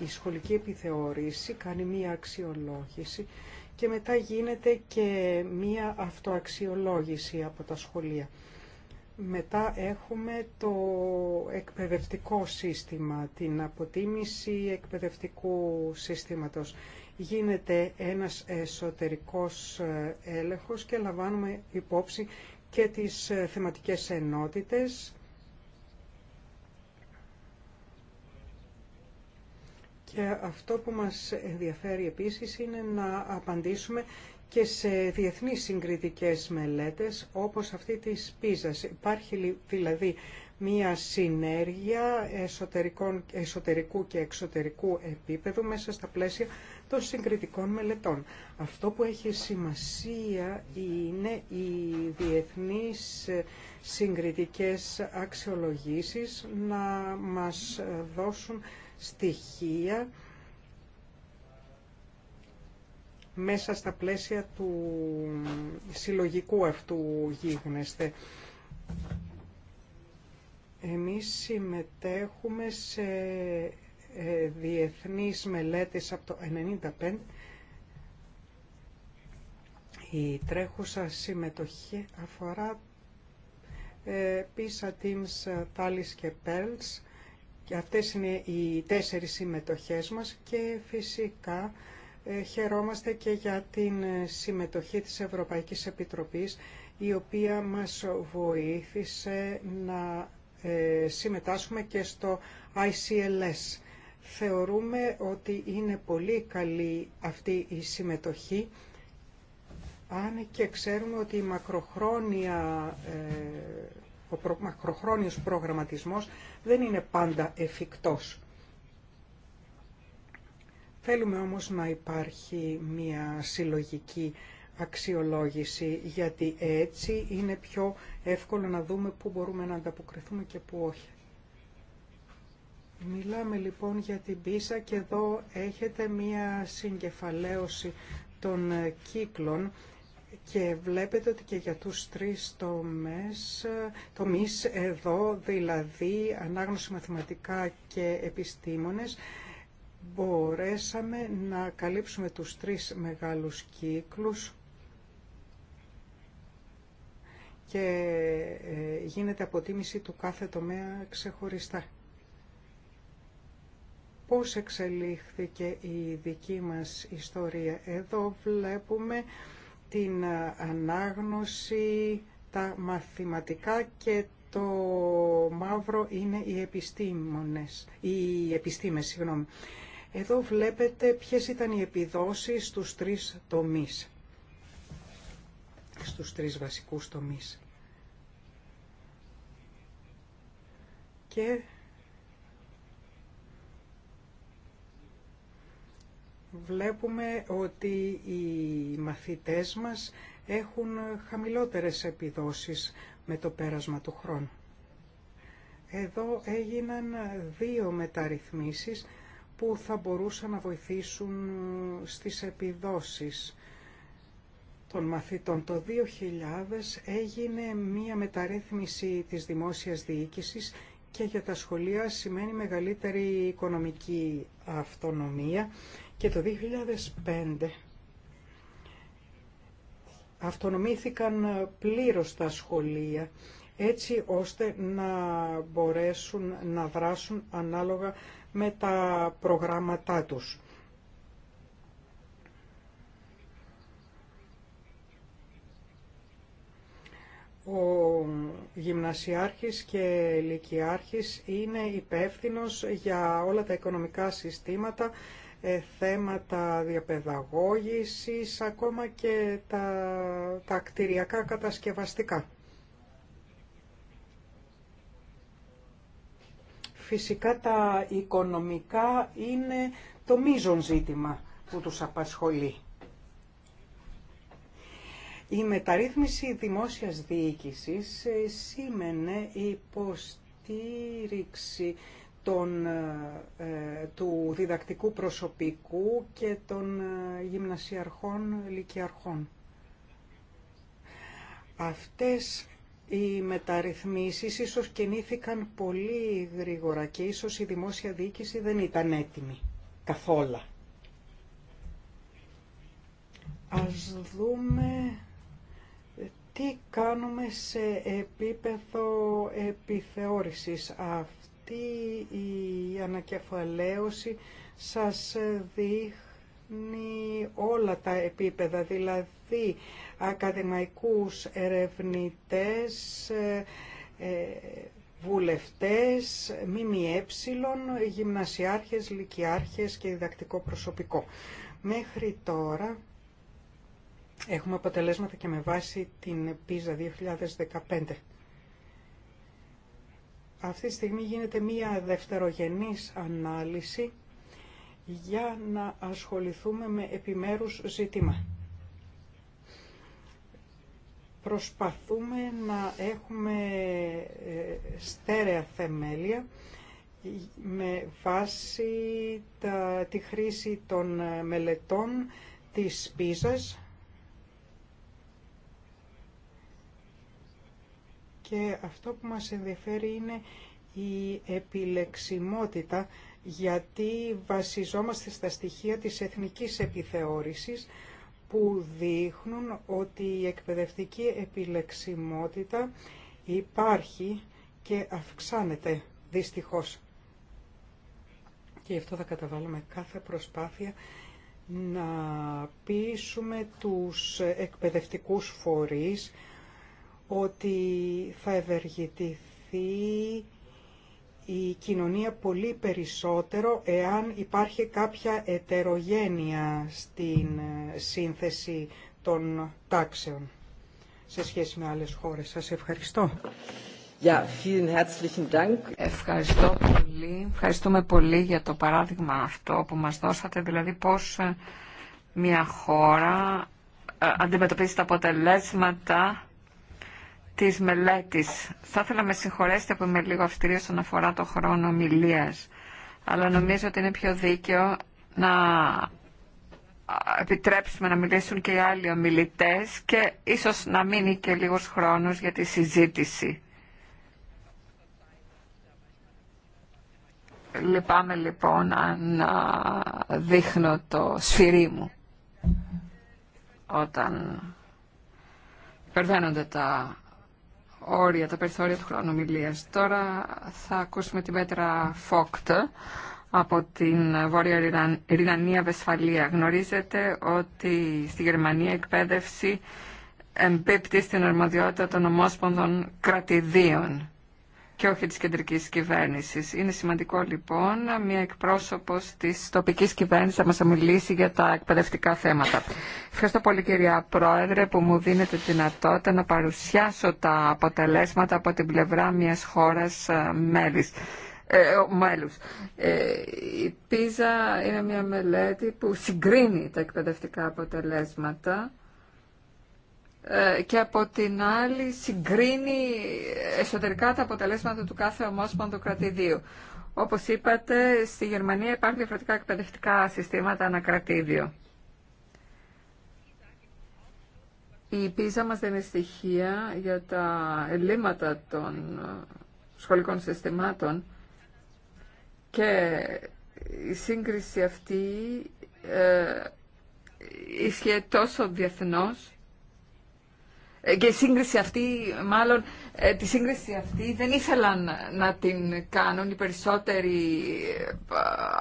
η σχολική επιθεώρηση κάνει μία αξιολόγηση και μετά γίνεται και μία αυτοαξιολόγηση από τα σχολεία. Μετά έχουμε το εκπαιδευτικό σύστημα, την αποτίμηση εκπαιδευτικού συστήματος. Γίνεται ένας εσωτερικός ε, έλεγχος και λαμβάνουμε υπόψη και τις ε, θεματικές ενότητες Και αυτό που μας ενδιαφέρει επίσης είναι να απαντήσουμε και σε διεθνείς συγκριτικές μελέτες όπως αυτή της πίζας. Υπάρχει δηλαδή μία συνέργεια εσωτερικού και εξωτερικού επίπεδου μέσα στα πλαίσια των συγκριτικών μελετών. Αυτό που έχει σημασία είναι οι διεθνείς συγκριτικές αξιολογήσεις να μας δώσουν στοιχεία μέσα στα πλαίσια του συλλογικού αυτού γίγνεσθε. Εμείς συμμετέχουμε σε ε, διεθνείς μελέτες από το 1995. Η τρέχουσα συμμετοχή αφορά ε, πίσω teams Τάλις και Πέλτ. Και αυτές είναι οι τέσσερις συμμετοχές μας και φυσικά ε, χαιρόμαστε και για την ε, συμμετοχή της Ευρωπαϊκής Επιτροπής η οποία μας βοήθησε να ε, συμμετάσχουμε και στο ICLS. Θεωρούμε ότι είναι πολύ καλή αυτή η συμμετοχή αν και ξέρουμε ότι η μακροχρόνια ο μακροχρόνιος προγραμματισμός δεν είναι πάντα εφικτός. Θέλουμε όμως να υπάρχει μια συλλογική αξιολόγηση, γιατί έτσι είναι πιο εύκολο να δούμε πού μπορούμε να ανταποκριθούμε και πού όχι. Μιλάμε λοιπόν για την πίσα και εδώ έχετε μία συγκεφαλαίωση των κύκλων και βλέπετε ότι και για τους τρεις τομές, τομείς εδώ, δηλαδή ανάγνωση μαθηματικά και επιστήμονες, μπορέσαμε να καλύψουμε τους τρεις μεγάλους κύκλους και ε, γίνεται αποτίμηση του κάθε τομέα ξεχωριστά. Πώς εξελίχθηκε η δική μας ιστορία. Εδώ βλέπουμε την ε, ανάγνωση, τα μαθηματικά και το μαύρο είναι οι επιστήμονες, οι επιστήμες, συγγνώμη. Εδώ βλέπετε ποιες ήταν οι επιδόσεις στους τρεις τομείς, στους τρεις βασικούς τομείς. Και βλέπουμε ότι οι μαθητές μας έχουν χαμηλότερες επιδόσεις με το πέρασμα του χρόνου. Εδώ έγιναν δύο μεταρρυθμίσεις που θα μπορούσαν να βοηθήσουν στις επιδόσεις των μαθητών. Το 2000 έγινε μία μεταρρύθμιση της δημόσιας διοίκησης και για τα σχολεία σημαίνει μεγαλύτερη οικονομική αυτονομία και το 2005 αυτονομήθηκαν πλήρως τα σχολεία έτσι ώστε να μπορέσουν να δράσουν ανάλογα με τα προγράμματά τους. ο γυμνασιάρχης και λυκιάρχης είναι υπεύθυνος για όλα τα οικονομικά συστήματα ε, θέματα διαπαιδαγώγησης, ακόμα και τα, τα κτηριακά κατασκευαστικά. Φυσικά τα οικονομικά είναι το μείζον ζήτημα που τους απασχολεί. Η μεταρρύθμιση δημόσιας διοίκησης ε, σήμαινε υποστήριξη των, ε, του διδακτικού προσωπικού και των ε, γυμνασιαρχών λυκιαρχών. Αυτές οι μεταρρυθμίσεις ίσως κινήθηκαν πολύ γρήγορα και ίσως η δημόσια διοίκηση δεν ήταν έτοιμη καθόλου. Ας δούμε τι κάνουμε σε επίπεδο επιθεώρησης. αυτού αυτή η ανακεφαλαίωση σας δείχνει όλα τα επίπεδα, δηλαδή ακαδημαϊκούς ερευνητές, ε, βουλευτές, ΜΜΕ, γυμνασιάρχες, λυκιάρχες και διδακτικό προσωπικό. Μέχρι τώρα έχουμε αποτελέσματα και με βάση την PISA 2015. Αυτή τη στιγμή γίνεται μία δευτερογενής ανάλυση για να ασχοληθούμε με επιμέρους ζήτημα. Προσπαθούμε να έχουμε ε, στέρεα θεμέλια με βάση τη χρήση των ε, μελετών της πίζας και αυτό που μας ενδιαφέρει είναι η επιλεξιμότητα γιατί βασιζόμαστε στα στοιχεία της εθνικής επιθεώρησης που δείχνουν ότι η εκπαιδευτική επιλεξιμότητα υπάρχει και αυξάνεται δυστυχώς. Και αυτό θα καταβάλουμε κάθε προσπάθεια να πείσουμε τους εκπαιδευτικούς φορείς ότι θα ευεργετηθεί η κοινωνία πολύ περισσότερο εάν υπάρχει κάποια ετερογένεια στην ε, σύνθεση των τάξεων σε σχέση με άλλες χώρες. Σας ευχαριστώ. vielen herzlichen Dank. Ευχαριστώ πολύ. Ευχαριστούμε πολύ για το παράδειγμα αυτό που μας δώσατε, δηλαδή πώς ε, μια χώρα ε, αντιμετωπίζει τα αποτελέσματα της μελέτης. Θα ήθελα να με συγχωρέσετε που είμαι λίγο αυστηρή όσον αφορά το χρόνο ομιλία. αλλά νομίζω ότι είναι πιο δίκαιο να επιτρέψουμε να μιλήσουν και οι άλλοι ομιλητές και ίσως να μείνει και λίγος χρόνος για τη συζήτηση. Λυπάμαι λοιπόν αν δείχνω το σφυρί μου όταν υπερβαίνονται τα όρια, τα περιθώρια του χρόνου μιλίας. Τώρα θα ακούσουμε την Πέτρα Φόκτ από την Βόρεια Ρινανία Βεσφαλία. Γνωρίζετε ότι στη Γερμανία η εκπαίδευση εμπίπτει στην αρμοδιότητα των ομόσπονδων κρατηδίων και όχι της κεντρικής κυβέρνησης. Είναι σημαντικό λοιπόν μια εκπρόσωπος της τοπικής κυβέρνησης να μας μιλήσει για τα εκπαιδευτικά θέματα. Ευχαριστώ πολύ κυρία Πρόεδρε που μου δίνετε τη δυνατότητα να παρουσιάσω τα αποτελέσματα από την πλευρά μιας χώρας ε, μέλης. Ε, μέλους. Ε, η Πίζα είναι μια μελέτη που συγκρίνει τα εκπαιδευτικά αποτελέσματα ε, και από την άλλη συγκρίνει εσωτερικά τα αποτελέσματα του κάθε ομόσπονδου κρατηδίου. Όπως είπατε, στη Γερμανία υπάρχουν διαφορετικά εκπαιδευτικά συστήματα ανακρατήδιο. Η πίζα μας δεν είναι στοιχεία για τα ελλείμματα των σχολικών συστημάτων και η σύγκριση αυτή ε, τόσο διεθνώς και η σύγκριση αυτή, μάλλον ε, τη σύγκριση αυτή δεν ήθελαν να την κάνουν οι περισσότεροι ε,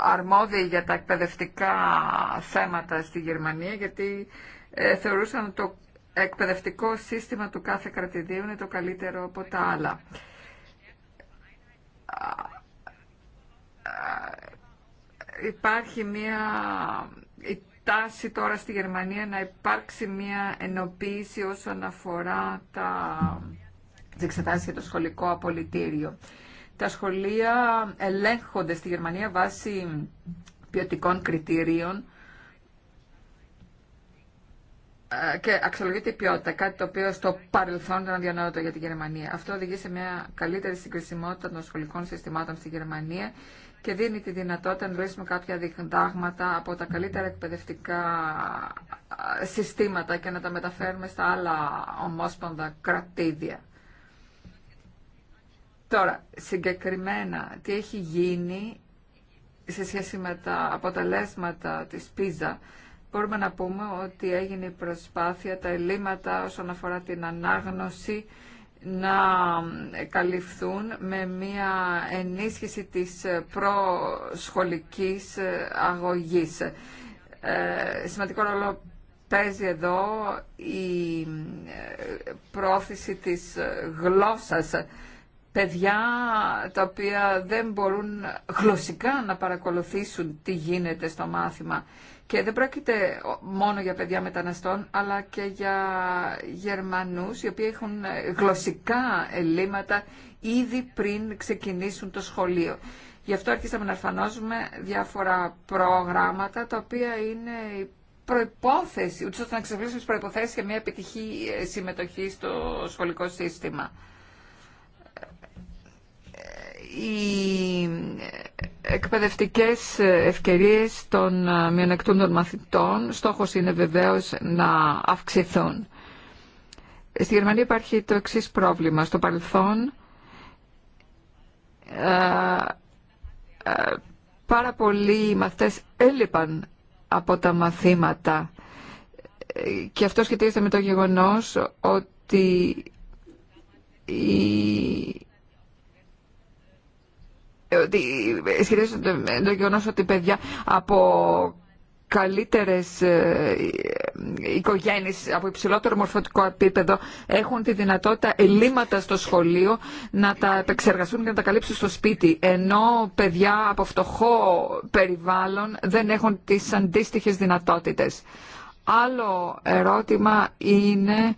αρμόδιοι για τα εκπαιδευτικά θέματα στη Γερμανία γιατί ε, θεωρούσαν ότι το εκπαιδευτικό σύστημα του κάθε κρατηδίου είναι το καλύτερο από τα άλλα. Υπάρχει μια τάση τώρα στη Γερμανία να υπάρξει μια ενοποίηση όσον αφορά τα τις εξετάσεις για το σχολικό απολυτήριο. Τα σχολεία ελέγχονται στη Γερμανία βάσει ποιοτικών κριτηρίων ε, και αξιολογείται η ποιότητα, κάτι το οποίο στο παρελθόν ήταν αδιανόητο για τη Γερμανία. Αυτό οδηγεί σε μια καλύτερη συγκρισιμότητα των σχολικών συστημάτων στη Γερμανία και δίνει τη δυνατότητα να βρίσκουμε κάποια διδάγματα από τα καλύτερα εκπαιδευτικά ε, συστήματα και να τα μεταφέρουμε στα άλλα ομόσπονδα κρατήδια. Τώρα, συγκεκριμένα, τι έχει γίνει σε σχέση με τα αποτελέσματα της ΠΙΖΑ, μπορούμε να πούμε ότι έγινε η προσπάθεια, τα ελλείμματα όσον αφορά την ανάγνωση να καλυφθούν με μια ενίσχυση της προσχολικής αγωγής. Ε, σημαντικό ρόλο παίζει εδώ η ε, πρόθεση της γλώσσας. Παιδιά τα οποία δεν μπορούν γλωσσικά να παρακολουθήσουν τι γίνεται στο μάθημα. Και δεν πρόκειται μόνο για παιδιά μεταναστών, αλλά και για Γερμανούς, οι οποίοι έχουν γλωσσικά ελλείμματα ήδη πριν ξεκινήσουν το σχολείο. Γι' αυτό αρχίσαμε να αρφανώζουμε διάφορα προγράμματα, τα οποία είναι προϋπόθεση, ούτως ώστε να ξεχωρίσουμε τις προϋποθέσεις για μια επιτυχή συμμετοχή στο σχολικό σύστημα οι εκπαιδευτικές ευκαιρίες των ε, μειονεκτούντων μαθητών στόχος είναι βεβαίως να αυξηθούν. Στη Γερμανία υπάρχει το εξή πρόβλημα. Στο παρελθόν ε, ε, πάρα πολλοί μαθητές έλειπαν από τα μαθήματα και αυτό σχετίζεται με το γεγονός ότι ότι ισχυρίζονται το γεγονό ότι παιδιά από καλύτερες ε, οικογένειε, από υψηλότερο μορφωτικό επίπεδο έχουν τη δυνατότητα ελλείμματα στο σχολείο να τα επεξεργαστούν και να τα καλύψουν στο σπίτι ενώ παιδιά από φτωχό περιβάλλον δεν έχουν τι αντίστοιχε δυνατότητες. Άλλο ερώτημα είναι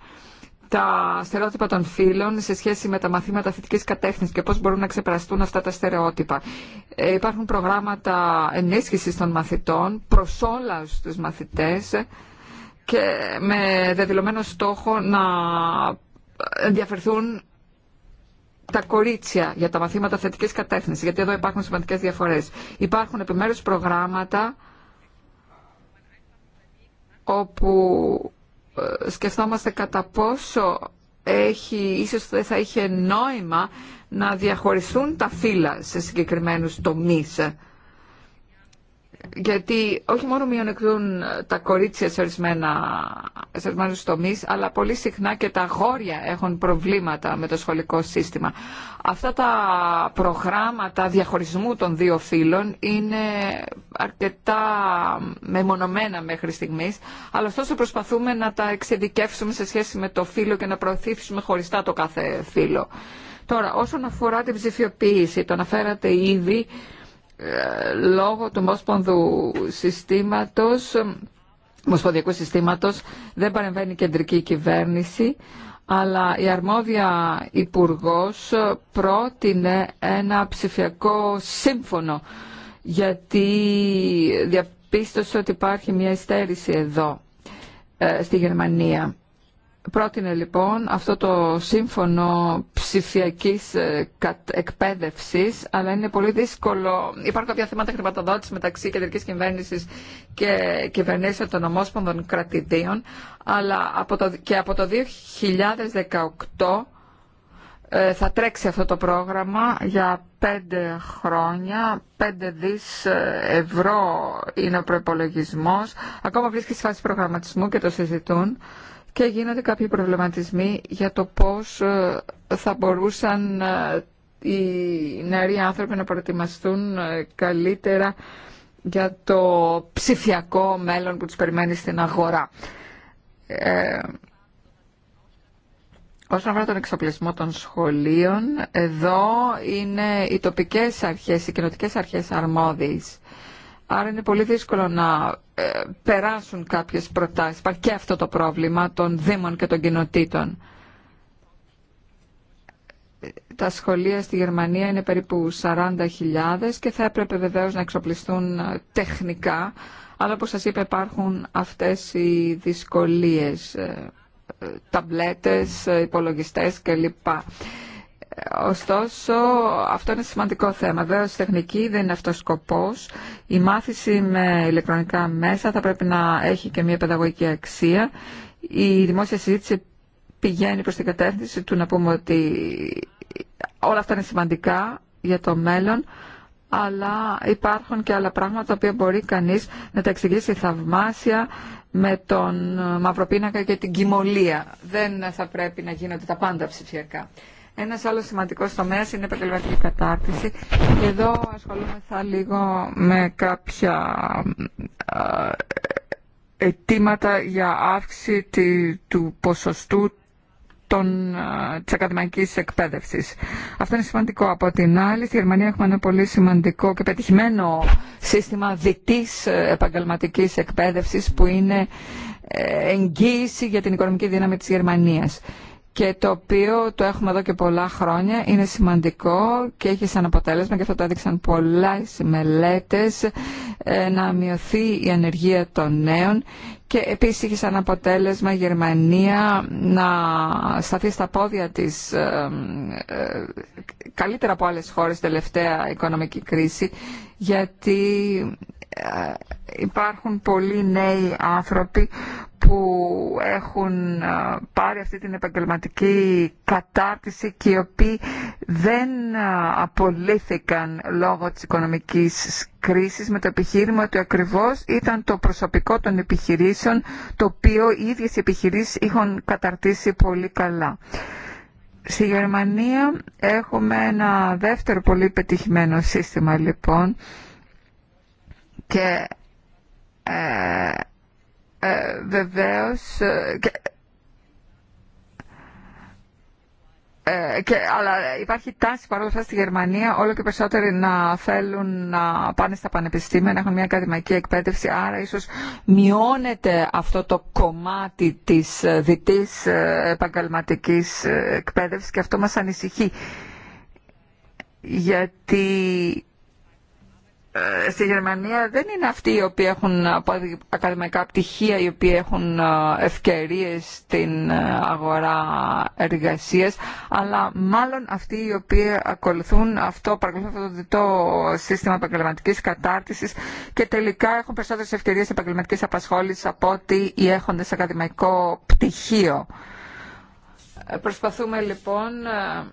τα στερεότυπα των φύλων σε σχέση με τα μαθήματα θετικής κατεύθυνσης και πώς μπορούν να ξεπεραστούν αυτά τα στερεότυπα. Ε, υπάρχουν προγράμματα ενίσχυσης των μαθητών προς όλα τους μαθητές και με δεδηλωμένο στόχο να ενδιαφερθούν τα κορίτσια για τα μαθήματα θετικής κατεύθυνσης, γιατί εδώ υπάρχουν σημαντικές διαφορές. Υπάρχουν επιμέρους προγράμματα όπου ε, σκεφτόμαστε κατά πόσο έχει, ίσως δεν θα είχε νόημα να διαχωριστούν τα φύλλα σε συγκεκριμένους τομείς γιατί όχι μόνο μειονεκτούν τα κορίτσια σε, ορισμένα, σε ορισμένους τομείς, αλλά πολύ συχνά και τα γόρια έχουν προβλήματα με το σχολικό σύστημα. Αυτά τα προγράμματα διαχωρισμού των δύο φύλων είναι αρκετά μεμονωμένα μέχρι στιγμής, αλλά ωστόσο προσπαθούμε να τα εξειδικεύσουμε σε σχέση με το φύλο και να προωθήσουμε χωριστά το κάθε φύλο. Τώρα, όσον αφορά την ψηφιοποίηση, το αναφέρατε ήδη, ε, λόγω του μόσπονδου συστήματος, μοσπονδιακού συστήματος δεν παρεμβαίνει η κεντρική κυβέρνηση αλλά η αρμόδια υπουργός πρότεινε ένα ψηφιακό σύμφωνο γιατί διαπίστωσε ότι υπάρχει μια υστέρηση εδώ ε, στη Γερμανία. Πρότεινε λοιπόν αυτό το σύμφωνο ψηφιακής ε, εκπαίδευσης, αλλά είναι πολύ δύσκολο. Υπάρχουν κάποια θέματα χρηματοδότηση μεταξύ κεντρικής κυβέρνησης και κυβερνήσεων των ομόσπονδων κρατηδίων, αλλά από το, και από το 2018 ε, θα τρέξει αυτό το πρόγραμμα για πέντε χρόνια, πέντε δις ε, ευρώ είναι ο προπολογισμό. Ακόμα βρίσκει στη φάση προγραμματισμού και το συζητούν και γίνονται κάποιοι προβληματισμοί για το πώς ε, θα μπορούσαν ε, οι νεαροί άνθρωποι να προετοιμαστούν ε, καλύτερα για το ψηφιακό μέλλον που τους περιμένει στην αγορά. όσον αφορά τον εξοπλισμό των σχολείων, εδώ είναι οι τοπικές αρχές, οι κοινωτικές αρχές αρμόδιες Άρα είναι πολύ δύσκολο να ε, περάσουν κάποιες προτάσεις. Υπάρχει και αυτό το πρόβλημα των δήμων και των κοινοτήτων. Τα σχολεία στη Γερμανία είναι περίπου 40.000 και θα έπρεπε βεβαίως να εξοπλιστούν ε, τεχνικά, αλλά όπως σας είπα υπάρχουν αυτές οι δυσκολίες, ε, ταμπλέτες, υπολογιστές κλπ. Ωστόσο, αυτό είναι σημαντικό θέμα. Βέβαια, η τεχνική δεν είναι αυτό σκοπό. Η μάθηση με ηλεκτρονικά μέσα θα πρέπει να έχει και μια παιδαγωγική αξία. Η δημόσια συζήτηση πηγαίνει προ την κατεύθυνση του να πούμε ότι όλα αυτά είναι σημαντικά για το μέλλον, αλλά υπάρχουν και άλλα πράγματα τα οποία μπορεί κανείς να τα εξηγήσει θαυμάσια με τον μαυροπίνακα και την κοιμωλία. Δεν θα πρέπει να γίνονται τα πάντα ψηφιακά. Ένας άλλος σημαντικός τομέας είναι η επαγγελματική κατάρτιση. Και εδώ θα λίγο με κάποια αιτήματα για αύξηση του ποσοστού των, της ακαδημαϊκής εκπαίδευσης. Αυτό είναι σημαντικό. Από την άλλη, στη Γερμανία έχουμε ένα πολύ σημαντικό και πετυχημένο σύστημα διτής ε, επαγγελματικής εκπαίδευσης που είναι ε, εγγύηση για την οικονομική δύναμη της Γερμανίας και το οποίο το έχουμε εδώ και πολλά χρόνια, είναι σημαντικό και έχει σαν αποτέλεσμα, και αυτό το έδειξαν πολλέ μελέτε ε, να μειωθεί η ανεργία των νέων και επίσης είχε σαν αποτέλεσμα η Γερμανία να σταθεί στα πόδια της ε, ε, καλύτερα από άλλες χώρες τελευταία οικονομική κρίση, γιατί υπάρχουν πολλοί νέοι άνθρωποι που έχουν ε, πάρει αυτή την επαγγελματική κατάρτιση και οι οποίοι δεν ε, απολύθηκαν λόγω της οικονομικής κρίσης με το επιχείρημα ότι ακριβώς ήταν το προσωπικό των επιχειρήσεων το οποίο οι ίδιες οι επιχειρήσεις είχαν καταρτήσει πολύ καλά. Στη Γερμανία έχουμε ένα δεύτερο πολύ πετυχημένο σύστημα λοιπόν ε, ε, ε, και ε, και, αλλά υπάρχει τάση παρόλα αυτά στη Γερμανία όλο και περισσότεροι να θέλουν να πάνε στα πανεπιστήμια, να έχουν μια ακαδημαϊκή εκπαίδευση, άρα ίσως μειώνεται αυτό το κομμάτι της διτής επαγγελματικής εκπαίδευσης και αυτό μας ανησυχεί. Γιατί ε, στη Γερμανία δεν είναι αυτοί οι οποίοι έχουν ακαδημαϊκά πτυχία, οι οποίοι έχουν ε, ευκαιρίες στην ε, αγορά εργασίας, αλλά μάλλον αυτοί οι οποίοι ακολουθούν αυτό, παρακολουθούν αυτό το διτό σύστημα επαγγελματική κατάρτισης και τελικά έχουν περισσότερες ευκαιρίες επαγγελματικής απασχόλησης από ό,τι οι έχοντες ακαδημαϊκό πτυχίο. Προσπαθούμε λοιπόν να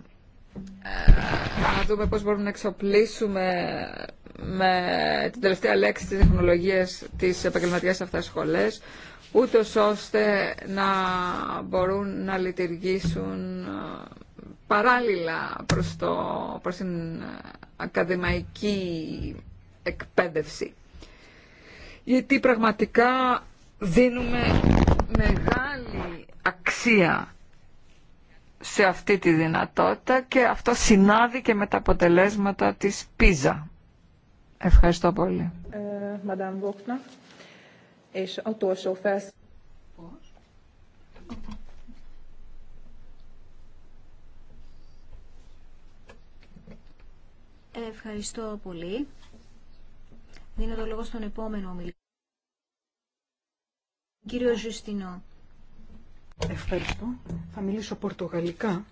δούμε πώς μπορούμε να εξοπλίσουμε με την τελευταία λέξη της τεχνολογίας της επαγγελματικές αυτές σχολές, ούτω ώστε να μπορούν να λειτουργήσουν ε, παράλληλα προς, το, την ακαδημαϊκή εκπαίδευση. Γιατί πραγματικά δίνουμε μεγάλη αξία σε αυτή τη δυνατότητα και αυτό συνάδει και με τα αποτελέσματα της πίζα. Ευχαριστώ πολύ. Ε, Ευχαριστώ πολύ. Δίνω το λόγο στον επόμενο ομιλητή. Κύριο Ζουστινό. Ευχαριστώ. Θα μιλήσω πορτογαλικά,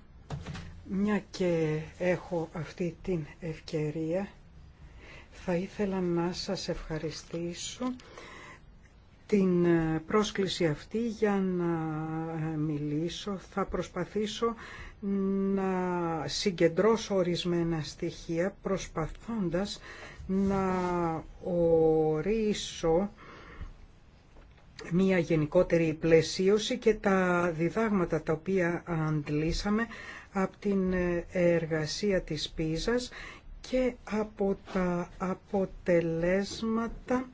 μια και έχω αυτή την ευκαιρία θα ήθελα να σας ευχαριστήσω την πρόσκληση αυτή για να ε, μιλήσω. Θα προσπαθήσω να συγκεντρώσω ορισμένα στοιχεία προσπαθώντας να ορίσω μια γενικότερη πλαισίωση και τα διδάγματα τα οποία αντλήσαμε από την εργασία της Πίζας και από τα αποτελέσματα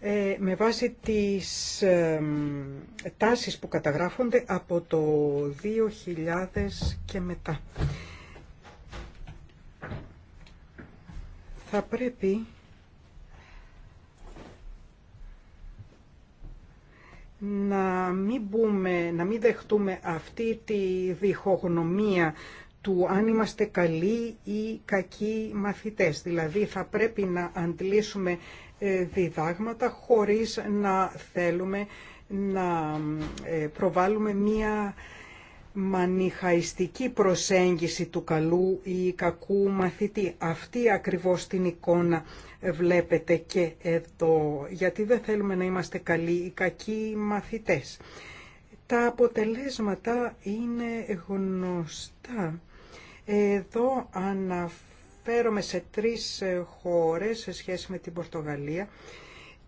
ε, με βάση τις ε, τάσεις που καταγράφονται από το 2000 και μετά. Θα πρέπει να μην, μπούμε, να μην δεχτούμε αυτή τη διχογνωμία του αν είμαστε καλοί ή κακοί μαθητές. Δηλαδή θα πρέπει να αντλήσουμε ε, διδάγματα χωρίς να θέλουμε να ε, προβάλλουμε μία μανιχαϊστική προσέγγιση του καλού ή κακού μαθητή. Αυτή ακριβώς την εικόνα βλέπετε και εδώ, γιατί δεν θέλουμε να είμαστε καλοί ή κακοί μαθητές. Τα αποτελέσματα είναι γνωστά εδώ αναφέρομαι σε τρεις ε, χώρες σε σχέση με την Πορτογαλία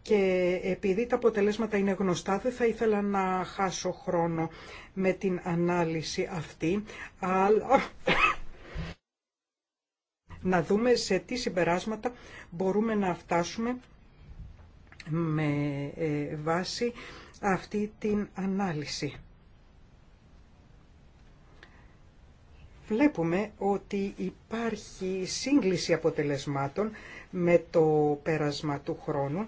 και επειδή τα αποτελέσματα είναι γνωστά δεν θα ήθελα να χάσω χρόνο με την ανάλυση αυτή, αλλά να δούμε σε τι συμπεράσματα μπορούμε να φτάσουμε με ε, βάση αυτή την ανάλυση. βλέπουμε ότι υπάρχει σύγκληση αποτελεσμάτων με το πέρασμα του χρόνου.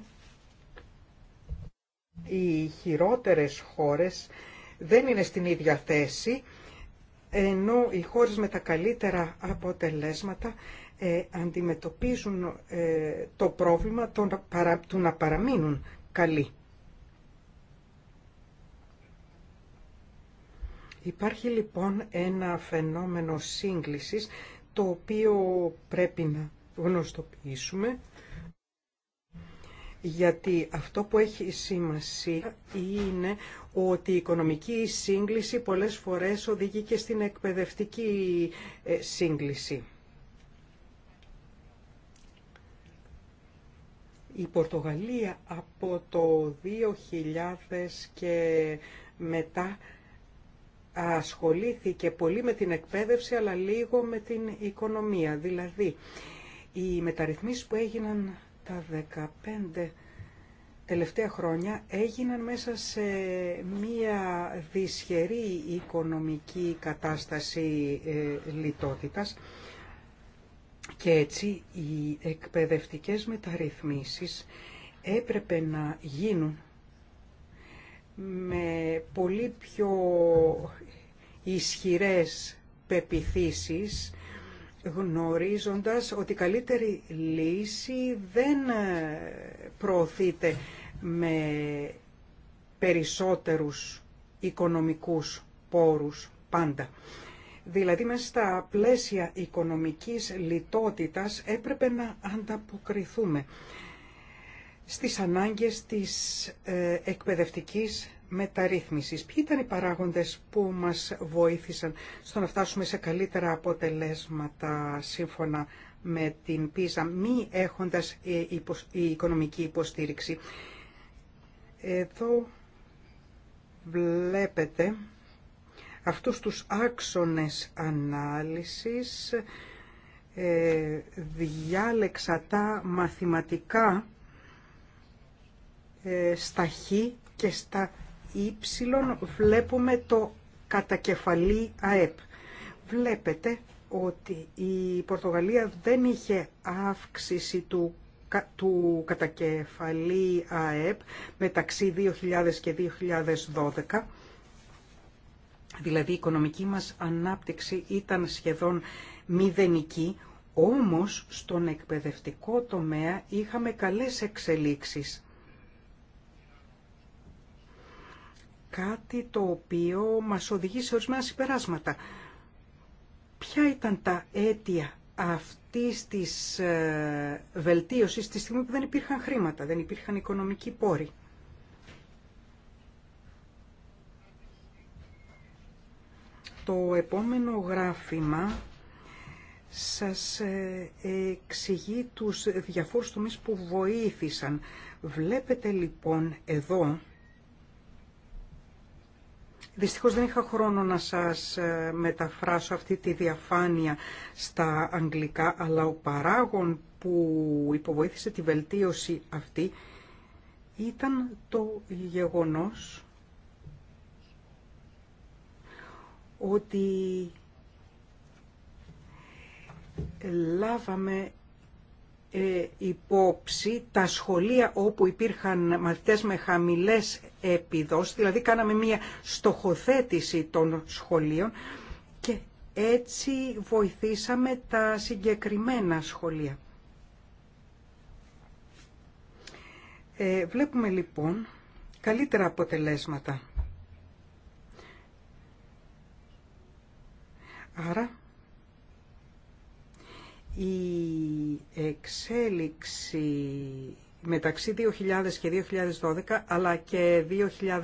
Οι χειρότερες χώρες δεν είναι στην ίδια θέση, ενώ οι χώρες με τα καλύτερα αποτελέσματα ε, αντιμετωπίζουν ε, το πρόβλημα του να παραμείνουν καλοί. Υπάρχει λοιπόν ένα φαινόμενο σύγκλησης το οποίο πρέπει να γνωστοποιήσουμε γιατί αυτό που έχει σημασία είναι ότι η οικονομική σύγκληση πολλές φορές οδηγεί και στην εκπαιδευτική ε, σύγκληση. Η Πορτογαλία από το 2000 και μετά ασχολήθηκε πολύ με την εκπαίδευση αλλά λίγο με την οικονομία. Δηλαδή, οι μεταρρυθμίσεις που έγιναν τα 15 τελευταία χρόνια έγιναν μέσα σε μία δυσχερή οικονομική κατάσταση ε, λιτότητας και έτσι οι εκπαιδευτικές μεταρρυθμίσεις έπρεπε να γίνουν με πολύ πιο ισχυρές πεπιθήσεις γνωρίζοντας ότι η καλύτερη λύση δεν προωθείται με περισσότερους οικονομικούς πόρους πάντα. Δηλαδή μέσα στα πλαίσια οικονομικής λιτότητας έπρεπε να ανταποκριθούμε στις ανάγκες της ε, εκπαιδευτικής μεταρρύθμισης. Ποιοι ήταν οι παράγοντες που μας βοήθησαν στο να φτάσουμε σε καλύτερα αποτελέσματα σύμφωνα με την πίζα, μη έχοντας ε, η οικονομική υποστήριξη. Εδώ βλέπετε αυτούς τους άξονες ανάλυσης. Ε, διάλεξα τα μαθηματικά ε, στα χ και στα Y ε βλέπουμε το κατακεφαλή ΑΕΠ. Βλέπετε ότι η Πορτογαλία δεν είχε αύξηση του, του κατακεφαλή ΑΕΠ μεταξύ 2000 και 2012. Δηλαδή η οικονομική μας ανάπτυξη ήταν σχεδόν μηδενική, όμως στον εκπαιδευτικό τομέα είχαμε καλές εξελίξεις κάτι το οποίο μας οδηγεί σε ορισμένα συμπεράσματα. Ποια ήταν τα αίτια αυτής της ε, βελτίωσης τη στιγμή που δεν υπήρχαν χρήματα, δεν υπήρχαν οικονομικοί πόροι. Το επόμενο γράφημα σας ε, εξηγεί τους διαφόρους τομείς που βοήθησαν. Βλέπετε λοιπόν εδώ Δυστυχώς δεν είχα χρόνο να σας ε, μεταφράσω αυτή τη διαφάνεια στα αγγλικά, αλλά ο παράγων που υποβοήθησε τη βελτίωση αυτή ήταν το γεγονός ότι λάβαμε ε, υπόψη τα σχολεία όπου υπήρχαν μαθητές με χαμηλές επιδόσεις, δηλαδή κάναμε μία στοχοθέτηση των σχολείων και έτσι βοηθήσαμε τα συγκεκριμένα σχολεία. Ε, βλέπουμε λοιπόν καλύτερα αποτελέσματα. Άρα η εξέλιξη μεταξύ 2000 και 2012 αλλά και 2015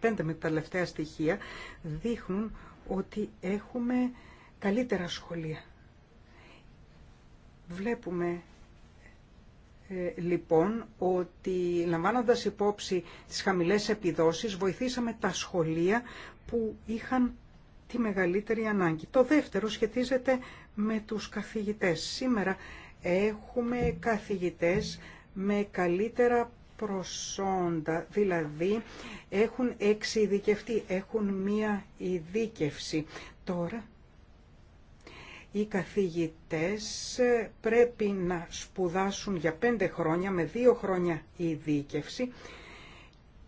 με τα τελευταία στοιχεία δείχνουν ότι έχουμε καλύτερα σχολεία. Βλέπουμε ε, λοιπόν ότι λαμβάνοντας υπόψη τις χαμηλές επιδόσεις βοηθήσαμε τα σχολεία που είχαν τη μεγαλύτερη ανάγκη. Το δεύτερο σχετίζεται με τους καθηγητές. Σήμερα έχουμε καθηγητές με καλύτερα προσόντα, δηλαδή έχουν εξειδικευτεί, έχουν μία ειδίκευση. Τώρα οι καθηγητές πρέπει να σπουδάσουν για πέντε χρόνια με δύο χρόνια ειδίκευση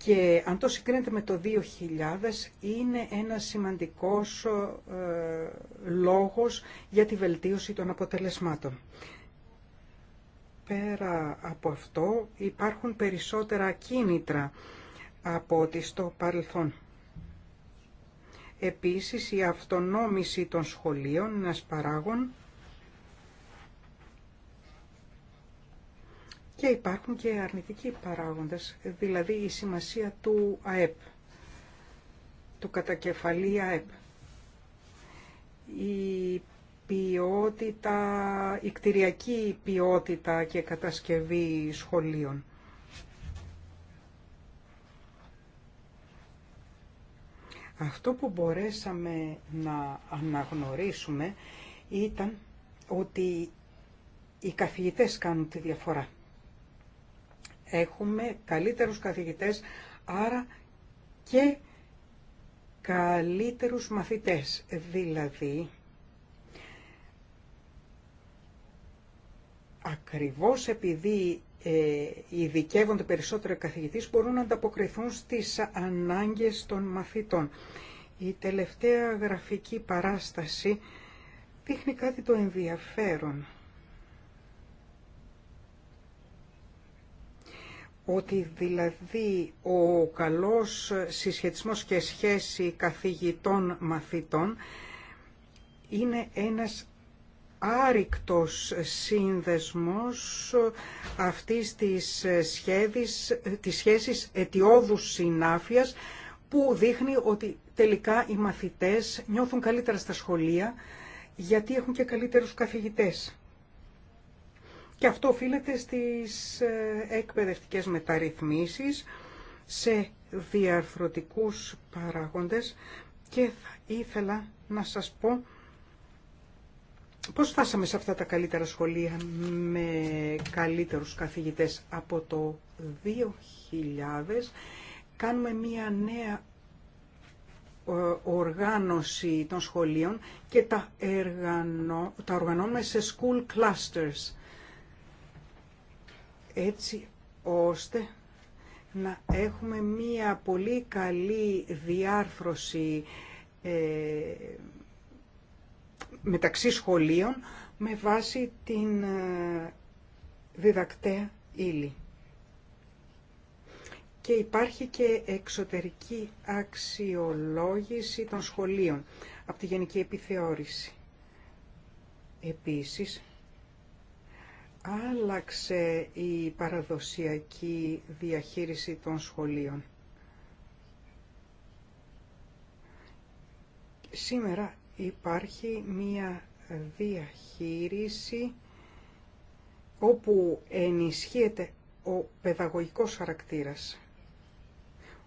και αν το συγκρίνετε με το 2000 είναι ένα σημαντικός ε, λόγος για τη βελτίωση των αποτελεσμάτων. Πέρα από αυτό υπάρχουν περισσότερα κίνητρα από ό,τι στο παρελθόν. Επίσης η αυτονόμηση των σχολείων, ένας παράγων Και υπάρχουν και αρνητικοί παράγοντες, δηλαδή η σημασία του ΑΕΠ, του κατακεφαλή ΑΕΠ. Η ποιότητα, η κτηριακή ποιότητα και κατασκευή σχολείων. Αυτό που μπορέσαμε να αναγνωρίσουμε ήταν ότι οι καθηγητές κάνουν τη διαφορά έχουμε καλύτερους καθηγητές, άρα και καλύτερους μαθητές. Δηλαδή, ακριβώς επειδή ε, ειδικεύονται περισσότερο οι καθηγητές, μπορούν να ανταποκριθούν στις ανάγκες των μαθητών. Η τελευταία γραφική παράσταση δείχνει κάτι το ενδιαφέρον. ότι δηλαδή ο καλός συσχετισμός και σχέση καθηγητών μαθητών είναι ένας άρρηκτος σύνδεσμος αυτής της, σχέδης, της σχέσης αιτιόδους συνάφειας που δείχνει ότι τελικά οι μαθητές νιώθουν καλύτερα στα σχολεία γιατί έχουν και καλύτερους καθηγητές. Και αυτό οφείλεται στις ε, εκπαιδευτικές μεταρρυθμίσεις, σε διαρθρωτικούς παράγοντες και θα ήθελα να σας πω πώς φτάσαμε σε αυτά τα καλύτερα σχολεία με καλύτερους καθηγητές από το 2000 κάνουμε μία νέα ε, οργάνωση των σχολείων και τα, έργανο τα οργανώνουμε σε school clusters έτσι ώστε να έχουμε μία πολύ καλή διάρθρωση ε, μεταξύ σχολείων με βάση την ε, διδακτέα ύλη. Και υπάρχει και εξωτερική αξιολόγηση των σχολείων από τη Γενική Επιθεώρηση. Επίσης, άλλαξε η παραδοσιακή διαχείριση των σχολείων. Σήμερα υπάρχει μία διαχείριση όπου ενισχύεται ο παιδαγωγικός χαρακτήρας.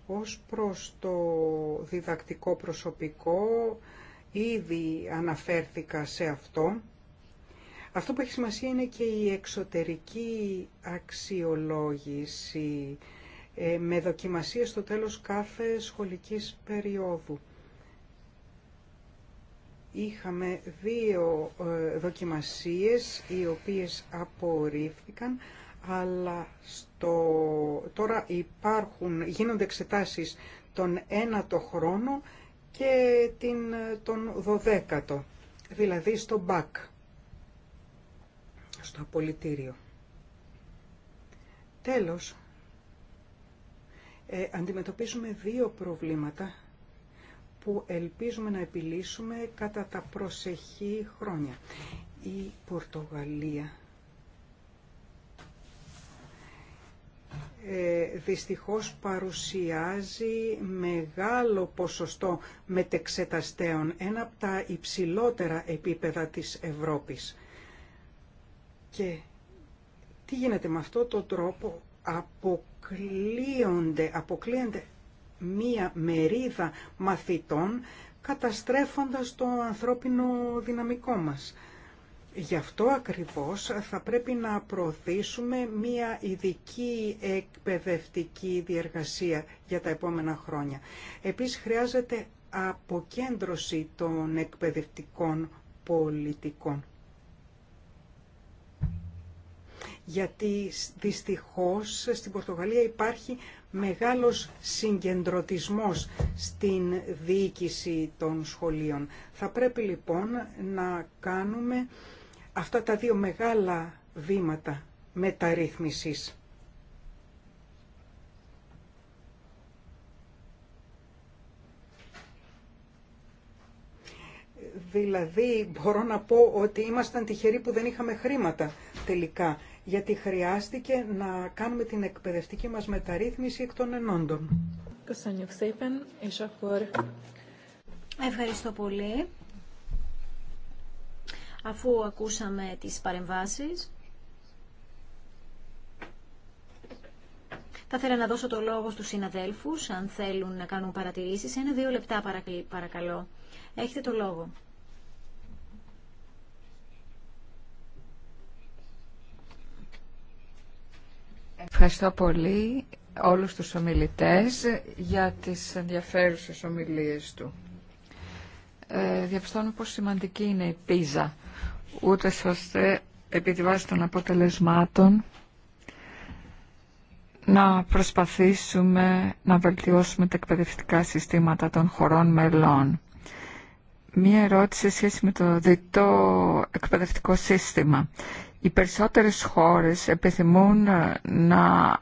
Ως προς το διδακτικό προσωπικό, ήδη αναφέρθηκα σε αυτό αυτό που έχει σημασία είναι και η εξωτερική αξιολόγηση ε, με δοκιμασία στο τέλος κάθε σχολικής περίοδου. Είχαμε δύο ε, δοκιμασίες οι οποίες απορρίφθηκαν, αλλά στο... τώρα υπάρχουν, γίνονται εξετάσεις τον ένατο χρόνο και την, ε, τον δωδέκατο, δηλαδή στο ΜΠΑΚ στο απολυτήριο. Τέλος, ε, αντιμετωπίζουμε δύο προβλήματα που ελπίζουμε να επιλύσουμε κατά τα προσεχή χρόνια. Η Πορτογαλία ε, δυστυχώς παρουσιάζει μεγάλο ποσοστό μετεξεταστέων, ένα από τα υψηλότερα επίπεδα της Ευρώπης. Και τι γίνεται με αυτό το τρόπο αποκλείονται, αποκλείονται μία μερίδα μαθητών καταστρέφοντας το ανθρώπινο δυναμικό μας. Γι' αυτό ακριβώς θα πρέπει να προωθήσουμε μία ειδική εκπαιδευτική διεργασία για τα επόμενα χρόνια. Επίσης χρειάζεται αποκέντρωση των εκπαιδευτικών πολιτικών. γιατί δυστυχώς στην Πορτογαλία υπάρχει μεγάλος συγκεντρωτισμός στην διοίκηση των σχολείων. Θα πρέπει λοιπόν να κάνουμε αυτά τα δύο μεγάλα βήματα μεταρρύθμισης. Δηλαδή μπορώ να πω ότι ήμασταν τυχεροί που δεν είχαμε χρήματα τελικά γιατί χρειάστηκε να κάνουμε την εκπαιδευτική μας μεταρρύθμιση εκ των ενόντων. Ευχαριστώ πολύ. Αφού ακούσαμε τις παρεμβάσεις, Θα ήθελα να δώσω το λόγο στους συναδέλφους, αν θέλουν να κάνουν παρατηρήσεις. Ένα-δύο λεπτά παρακαλώ. Έχετε το λόγο. Ευχαριστώ πολύ όλους τους ομιλητές για τις ενδιαφέρουσες ομιλίες του. Ε, διαπιστώνω πόσο σημαντική είναι η πίζα, ούτε ώστε επί τη βάση των αποτελεσμάτων να προσπαθήσουμε να βελτιώσουμε τα εκπαιδευτικά συστήματα των χωρών μελών. Μία ερώτηση σε σχέση με το διτό εκπαιδευτικό σύστημα οι περισσότερες χώρες επιθυμούν ε, να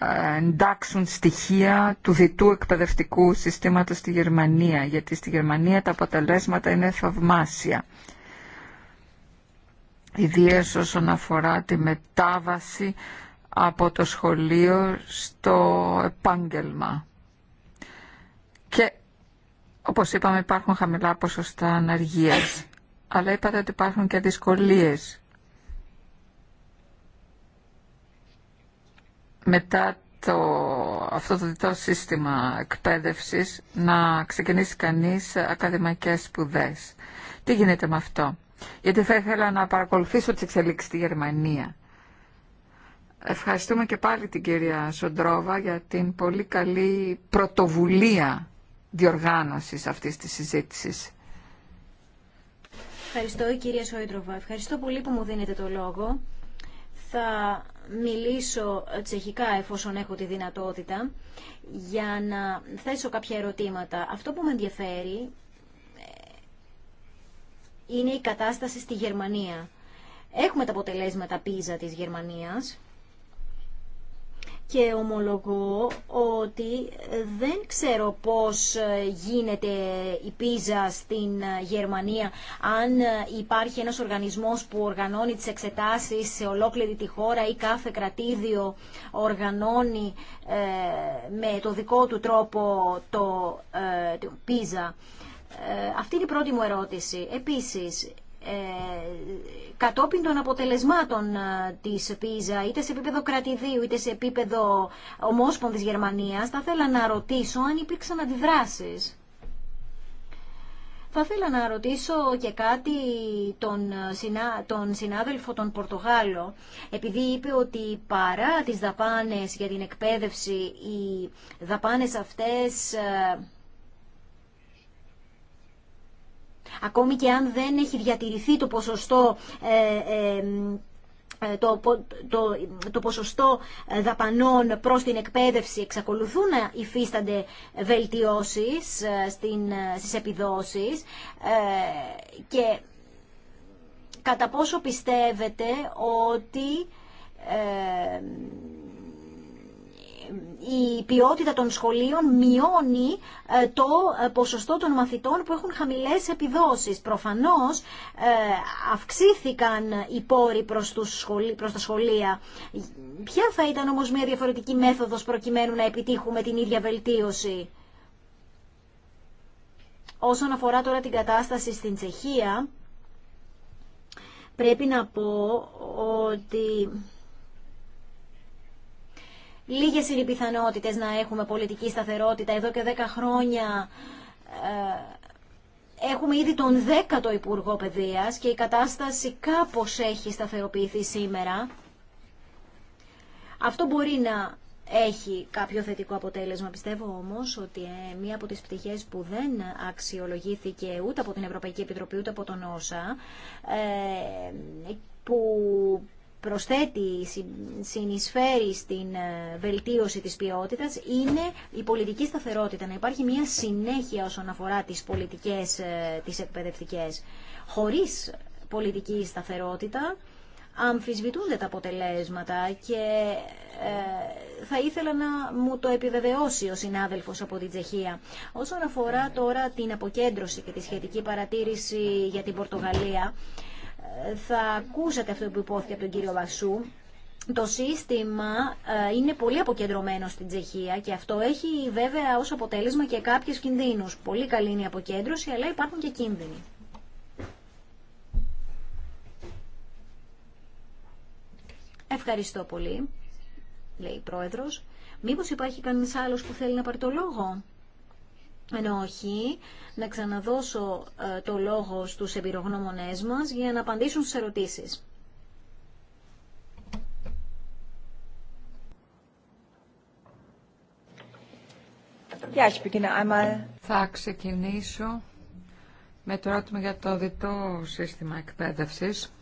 ε, εντάξουν στοιχεία του διτού εκπαιδευτικού συστήματος στη Γερμανία, γιατί στη Γερμανία τα αποτελέσματα είναι θαυμάσια. Ιδίως όσον αφορά τη μετάβαση από το σχολείο στο επάγγελμα. Και όπως είπαμε υπάρχουν χαμηλά ποσοστά αναργίας, αλλά είπατε ότι υπάρχουν και δυσκολίες μετά το, αυτό το διτό σύστημα εκπαίδευσης να ξεκινήσει κανείς ακαδημαϊκές σπουδές. Τι γίνεται με αυτό. Γιατί θα ήθελα να παρακολουθήσω τις εξελίξεις στη Γερμανία. Ευχαριστούμε και πάλι την κυρία Σοντρόβα για την πολύ καλή πρωτοβουλία διοργάνωσης αυτής της συζήτησης. Ευχαριστώ η κυρία Σοντρόβα. Ευχαριστώ πολύ που μου δίνετε το λόγο μιλήσω τσεχικά εφόσον έχω τη δυνατότητα για να θέσω κάποια ερωτήματα. Αυτό που με ενδιαφέρει ε, είναι η κατάσταση στη Γερμανία. Έχουμε τα αποτελέσματα πίζα της Γερμανίας και ομολογώ ότι δεν ξέρω πώς γίνεται η πίζα στην Γερμανία αν υπάρχει ένας οργανισμός που οργανώνει τις εξετάσεις σε ολόκληρη τη χώρα ή κάθε κρατήδιο οργανώνει ε, με το δικό του τρόπο το ε, πίζα. Ε, αυτή είναι η πρώτη μου ερώτηση. Επίσης, ε, κατόπιν των αποτελεσμάτων ε, της ΠΙΖΑ, είτε σε επίπεδο κρατηδίου, είτε σε επίπεδο ομόσπονδης Γερμανίας, θα ήθελα να ρωτήσω αν υπήρξαν αντιδράσεις. Θα ήθελα να ρωτήσω και κάτι τον, ε, συνά, τον συνάδελφο τον Πορτογάλο, επειδή είπε ότι παρά τις δαπάνες για την εκπαίδευση, οι δαπάνες αυτές ακόμη και αν δεν έχει διατηρηθεί το ποσοστό ε, ε, ε, το, το, ποσοστό δαπανών προς την εκπαίδευση εξακολουθούν να υφίστανται βελτιώσεις στην, στις επιδόσεις και κατά πόσο πιστεύετε ότι η ποιότητα των σχολείων μειώνει ε, το ε, ποσοστό των μαθητών που έχουν χαμηλές επιδόσεις. Προφανώς ε, αυξήθηκαν οι πόροι προς, τους προς τα σχολεία. Ποια θα ήταν όμως μια διαφορετική μέθοδος προκειμένου να επιτύχουμε την ίδια βελτίωση. Όσον αφορά τώρα την κατάσταση στην Τσεχία, πρέπει να πω ότι Λίγες είναι οι πιθανότητε να έχουμε πολιτική σταθερότητα. Εδώ και 10 χρόνια ε, έχουμε ήδη τον 10ο Υπουργό Παιδείας και η κατάσταση κάπως έχει σταθεροποιηθεί σήμερα. Αυτό μπορεί να έχει κάποιο θετικό αποτέλεσμα. Πιστεύω όμως ότι ε, μία από τις πτυχές που δεν αξιολογήθηκε ούτε από την Ευρωπαϊκή Επιτροπή ούτε από τον ΩΣΑ ε, που προσθέτει, συνεισφέρει στην ε, βελτίωση της ποιότητας είναι η πολιτική σταθερότητα. Να υπάρχει μια συνέχεια όσον αφορά τις πολιτικές, ε, τις εκπαιδευτικές. Χωρίς πολιτική σταθερότητα αμφισβητούνται τα αποτελέσματα και ε, θα ήθελα να μου το επιβεβαιώσει ο συνάδελφος από την Τσεχία. Όσον αφορά τώρα την αποκέντρωση και τη σχετική παρατήρηση για την Πορτογαλία, θα ακούσατε αυτό που υπόθηκε από τον κύριο Βασού. Το σύστημα ε, είναι πολύ αποκεντρωμένο στην Τσεχία και αυτό έχει βέβαια ως αποτέλεσμα και κάποιες κινδύνους. Πολύ καλή είναι η αποκέντρωση, αλλά υπάρχουν και κίνδυνοι. Ευχαριστώ πολύ, λέει η Πρόεδρος. Μήπως υπάρχει κανείς άλλος που θέλει να πάρει το λόγο ενώ όχι, να ξαναδώσω ε, το λόγο στους εμπειρογνώμονές μας για να απαντήσουν στις ερωτήσεις. Θα ξεκινήσω με το ερώτημα για το διτό σύστημα εκπαίδευσης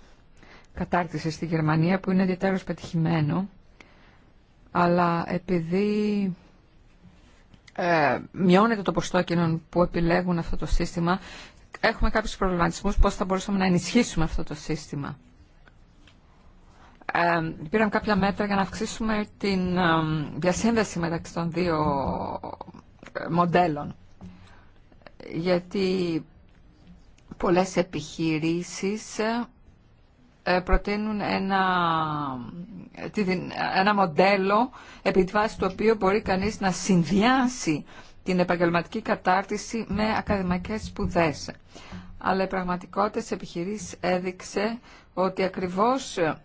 κατάρτιση στη Γερμανία που είναι ιδιαίτερο πετυχημένο αλλά επειδή ε, μειώνεται το ποστό εκείνων που επιλέγουν αυτό το σύστημα, έχουμε κάποιους προβληματισμούς πώς θα μπορούσαμε να ενισχύσουμε αυτό το σύστημα. Ε, πήραμε κάποια μέτρα για να αυξήσουμε την ε, διασύνδεση μεταξύ των δύο μοντέλων. Γιατί πολλές επιχειρήσεις ε, προτείνουν ένα, ένα μοντέλο επί βάση του οποίου μπορεί κανείς να συνδυάσει την επαγγελματική κατάρτιση με ακαδημαϊκές σπουδές. Αλλά η πραγματικότητα της επιχειρήσης έδειξε ότι ακριβώς ε,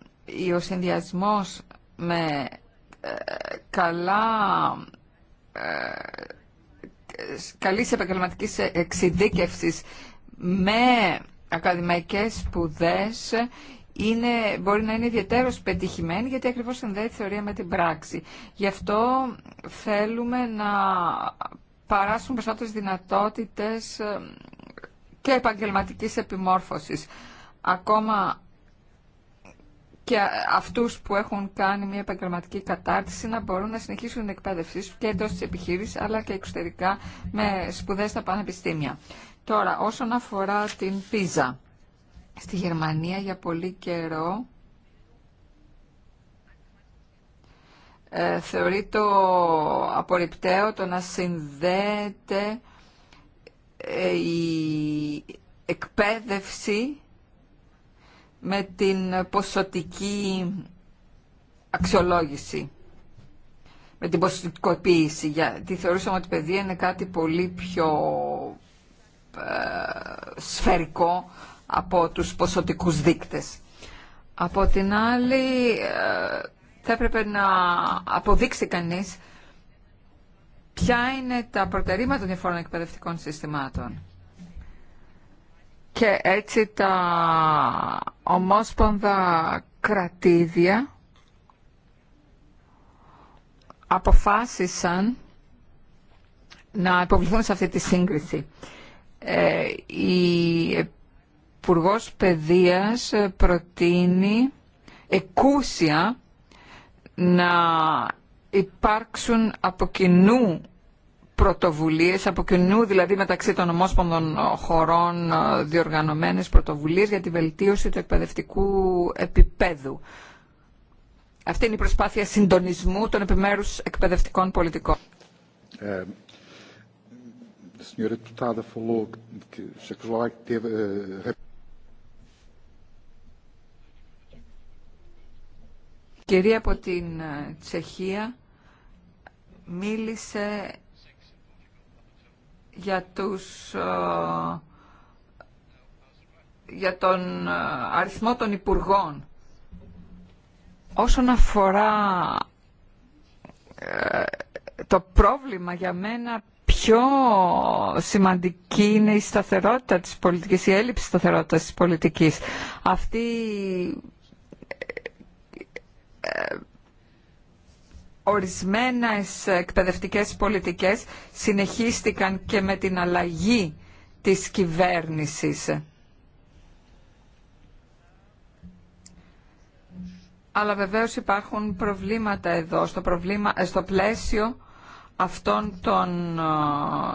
ο συνδυασμός με ε, καλά καλής επαγγελματικής εξειδίκευσης με ακαδημαϊκές σπουδές είναι, μπορεί να είναι ιδιαίτερος πετυχημένη γιατί ακριβώς συνδέει τη θεωρία με την πράξη. Γι' αυτό θέλουμε να παράσουν περισσότερες δυνατότητες ε, και επαγγελματικής επιμόρφωσης. Ακόμα και αυτούς που έχουν κάνει μια επαγγελματική κατάρτιση να μπορούν να συνεχίσουν την εκπαίδευσή και εντός της επιχείρησης αλλά και εξωτερικά με σπουδές στα πανεπιστήμια. Τώρα, όσον αφορά την πίζα, Στη Γερμανία για πολύ καιρό ε, θεωρεί το απορριπταίο το να συνδέεται ε, η εκπαίδευση με την ποσοτική αξιολόγηση, με την ποσοτικοποίηση, γιατί θεωρούσαμε ότι η παιδεία είναι κάτι πολύ πιο ε, σφαιρικό από τους ποσοτικούς δείκτες. Από την άλλη, ε, θα έπρεπε να αποδείξει κανείς ποια είναι τα προτερήματα των διαφόρων εκπαιδευτικών συστημάτων. Και έτσι τα ομόσπονδα κρατήδια αποφάσισαν να υποβληθούν σε αυτή τη σύγκριση. Ε, η Υπουργό Παιδείας προτείνει εκούσια να υπάρξουν από κοινού πρωτοβουλίες, από κοινού δηλαδή μεταξύ των ομόσπονδων χωρών ε, διοργανωμένες πρωτοβουλίες για τη βελτίωση του εκπαιδευτικού επίπεδου. Αυτή είναι η προσπάθεια συντονισμού των επιμέρους εκπαιδευτικών πολιτικών. Ε, κυρία από την ε, Τσεχία μίλησε για τους ε, για τον ε, αριθμό των υπουργών. Όσον αφορά το πρόβλημα για μένα πιο σημαντική είναι η σταθερότητα της πολιτικής, η έλλειψη σταθερότητας της πολιτικής. Αυτή ορισμένες εκπαιδευτικές πολιτικές συνεχίστηκαν και με την αλλαγή της κυβέρνησης. Αλλά βεβαίως υπάρχουν προβλήματα εδώ, στο, προβλήμα, στο πλαίσιο αυτών των ε,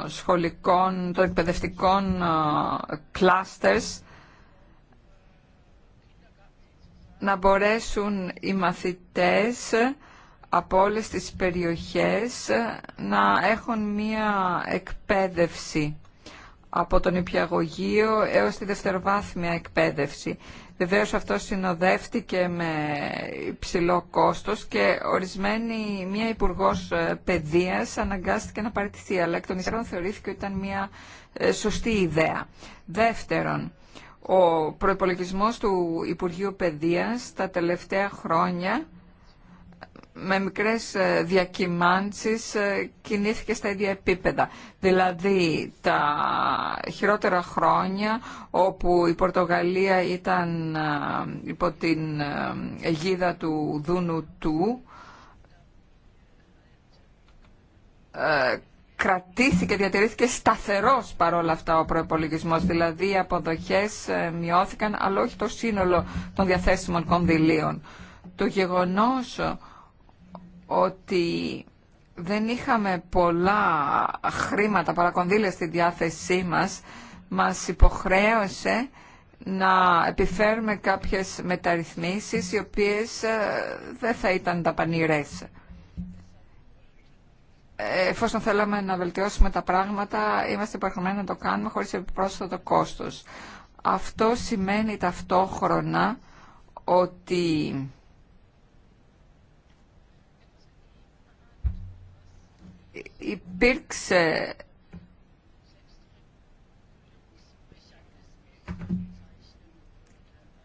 σχολικών, των εκπαιδευτικών κλάστερς, να μπορέσουν οι μαθητές από όλες τις περιοχές να έχουν μία εκπαίδευση από τον υπηαγωγείο έως τη δευτεροβάθμια εκπαίδευση. Βεβαίως αυτό συνοδεύτηκε με υψηλό κόστος και ορισμένη μία υπουργός ε, παιδείας αναγκάστηκε να παραιτηθεί, αλλά εκ των υστέρων θεωρήθηκε ότι ήταν μία ε, σωστή ιδέα. Δεύτερον, ο προϋπολογισμός του Υπουργείου Παιδείας τα τελευταία χρόνια με μικρές ε, διακυμάνσεις ε, κινήθηκε στα ίδια επίπεδα. Δηλαδή τα χειρότερα χρόνια όπου η Πορτογαλία ήταν ε, υπό την αιγίδα του Δούνου του κρατήθηκε, διατηρήθηκε σταθερός παρόλα αυτά ο προϋπολογισμός, δηλαδή οι αποδοχές ε, μειώθηκαν, αλλά όχι το σύνολο των διαθέσιμων κονδυλίων. Το γεγονός ότι δεν είχαμε πολλά χρήματα, πολλά κονδύλια στη διάθεσή μας, μας υποχρέωσε να επιφέρουμε κάποιες μεταρρυθμίσεις οι οποίες ε, δεν θα ήταν τα πανηρές εφόσον θέλαμε να βελτιώσουμε τα πράγματα, είμαστε υπερχομένοι να το κάνουμε χωρίς επιπρόσθετο κόστος. Αυτό σημαίνει ταυτόχρονα ότι υπήρξε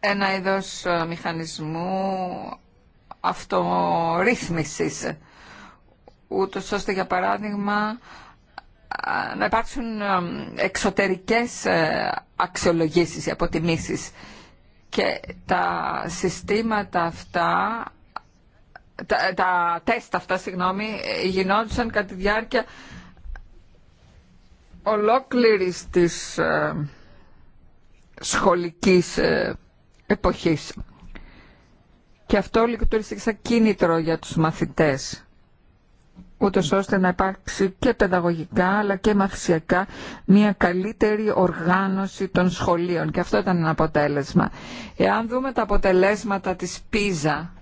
ένα είδος μηχανισμού αυτορύθμισης ούτως ώστε για παράδειγμα να υπάρξουν εξωτερικές ε, αξιολογήσεις, αποτιμήσεις και τα συστήματα αυτά τα, τα τεστ αυτά, συγγνώμη, γινόντουσαν κατά τη διάρκεια ολόκληρης της ε, σχολικής ε, εποχής. Και αυτό λειτουργήσε σαν κίνητρο για τους μαθητές ούτως ώστε να υπάρξει και παιδαγωγικά αλλά και μαθησιακά μια καλύτερη οργάνωση των σχολείων και αυτό ήταν ένα αποτέλεσμα. Εάν δούμε τα αποτελέσματα της πίζα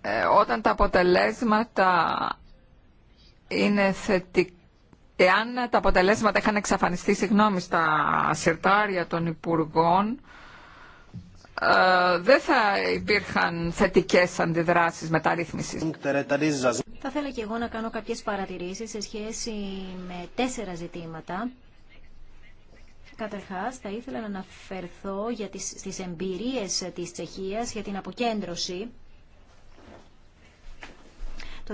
ε, όταν τα αποτελέσματα είναι θετικά Εάν τα αποτελέσματα είχαν εξαφανιστεί, συγγνώμη, στα σερτάρια των Υπουργών, ε, δεν θα υπήρχαν θετικές αντιδράσεις μεταρρύθμισης. Θα ήθελα και εγώ να κάνω κάποιες παρατηρήσεις σε σχέση με τέσσερα ζητήματα. Καταρχάς, θα ήθελα να αναφερθώ για τις, στις εμπειρίες της Τσεχίας για την αποκέντρωση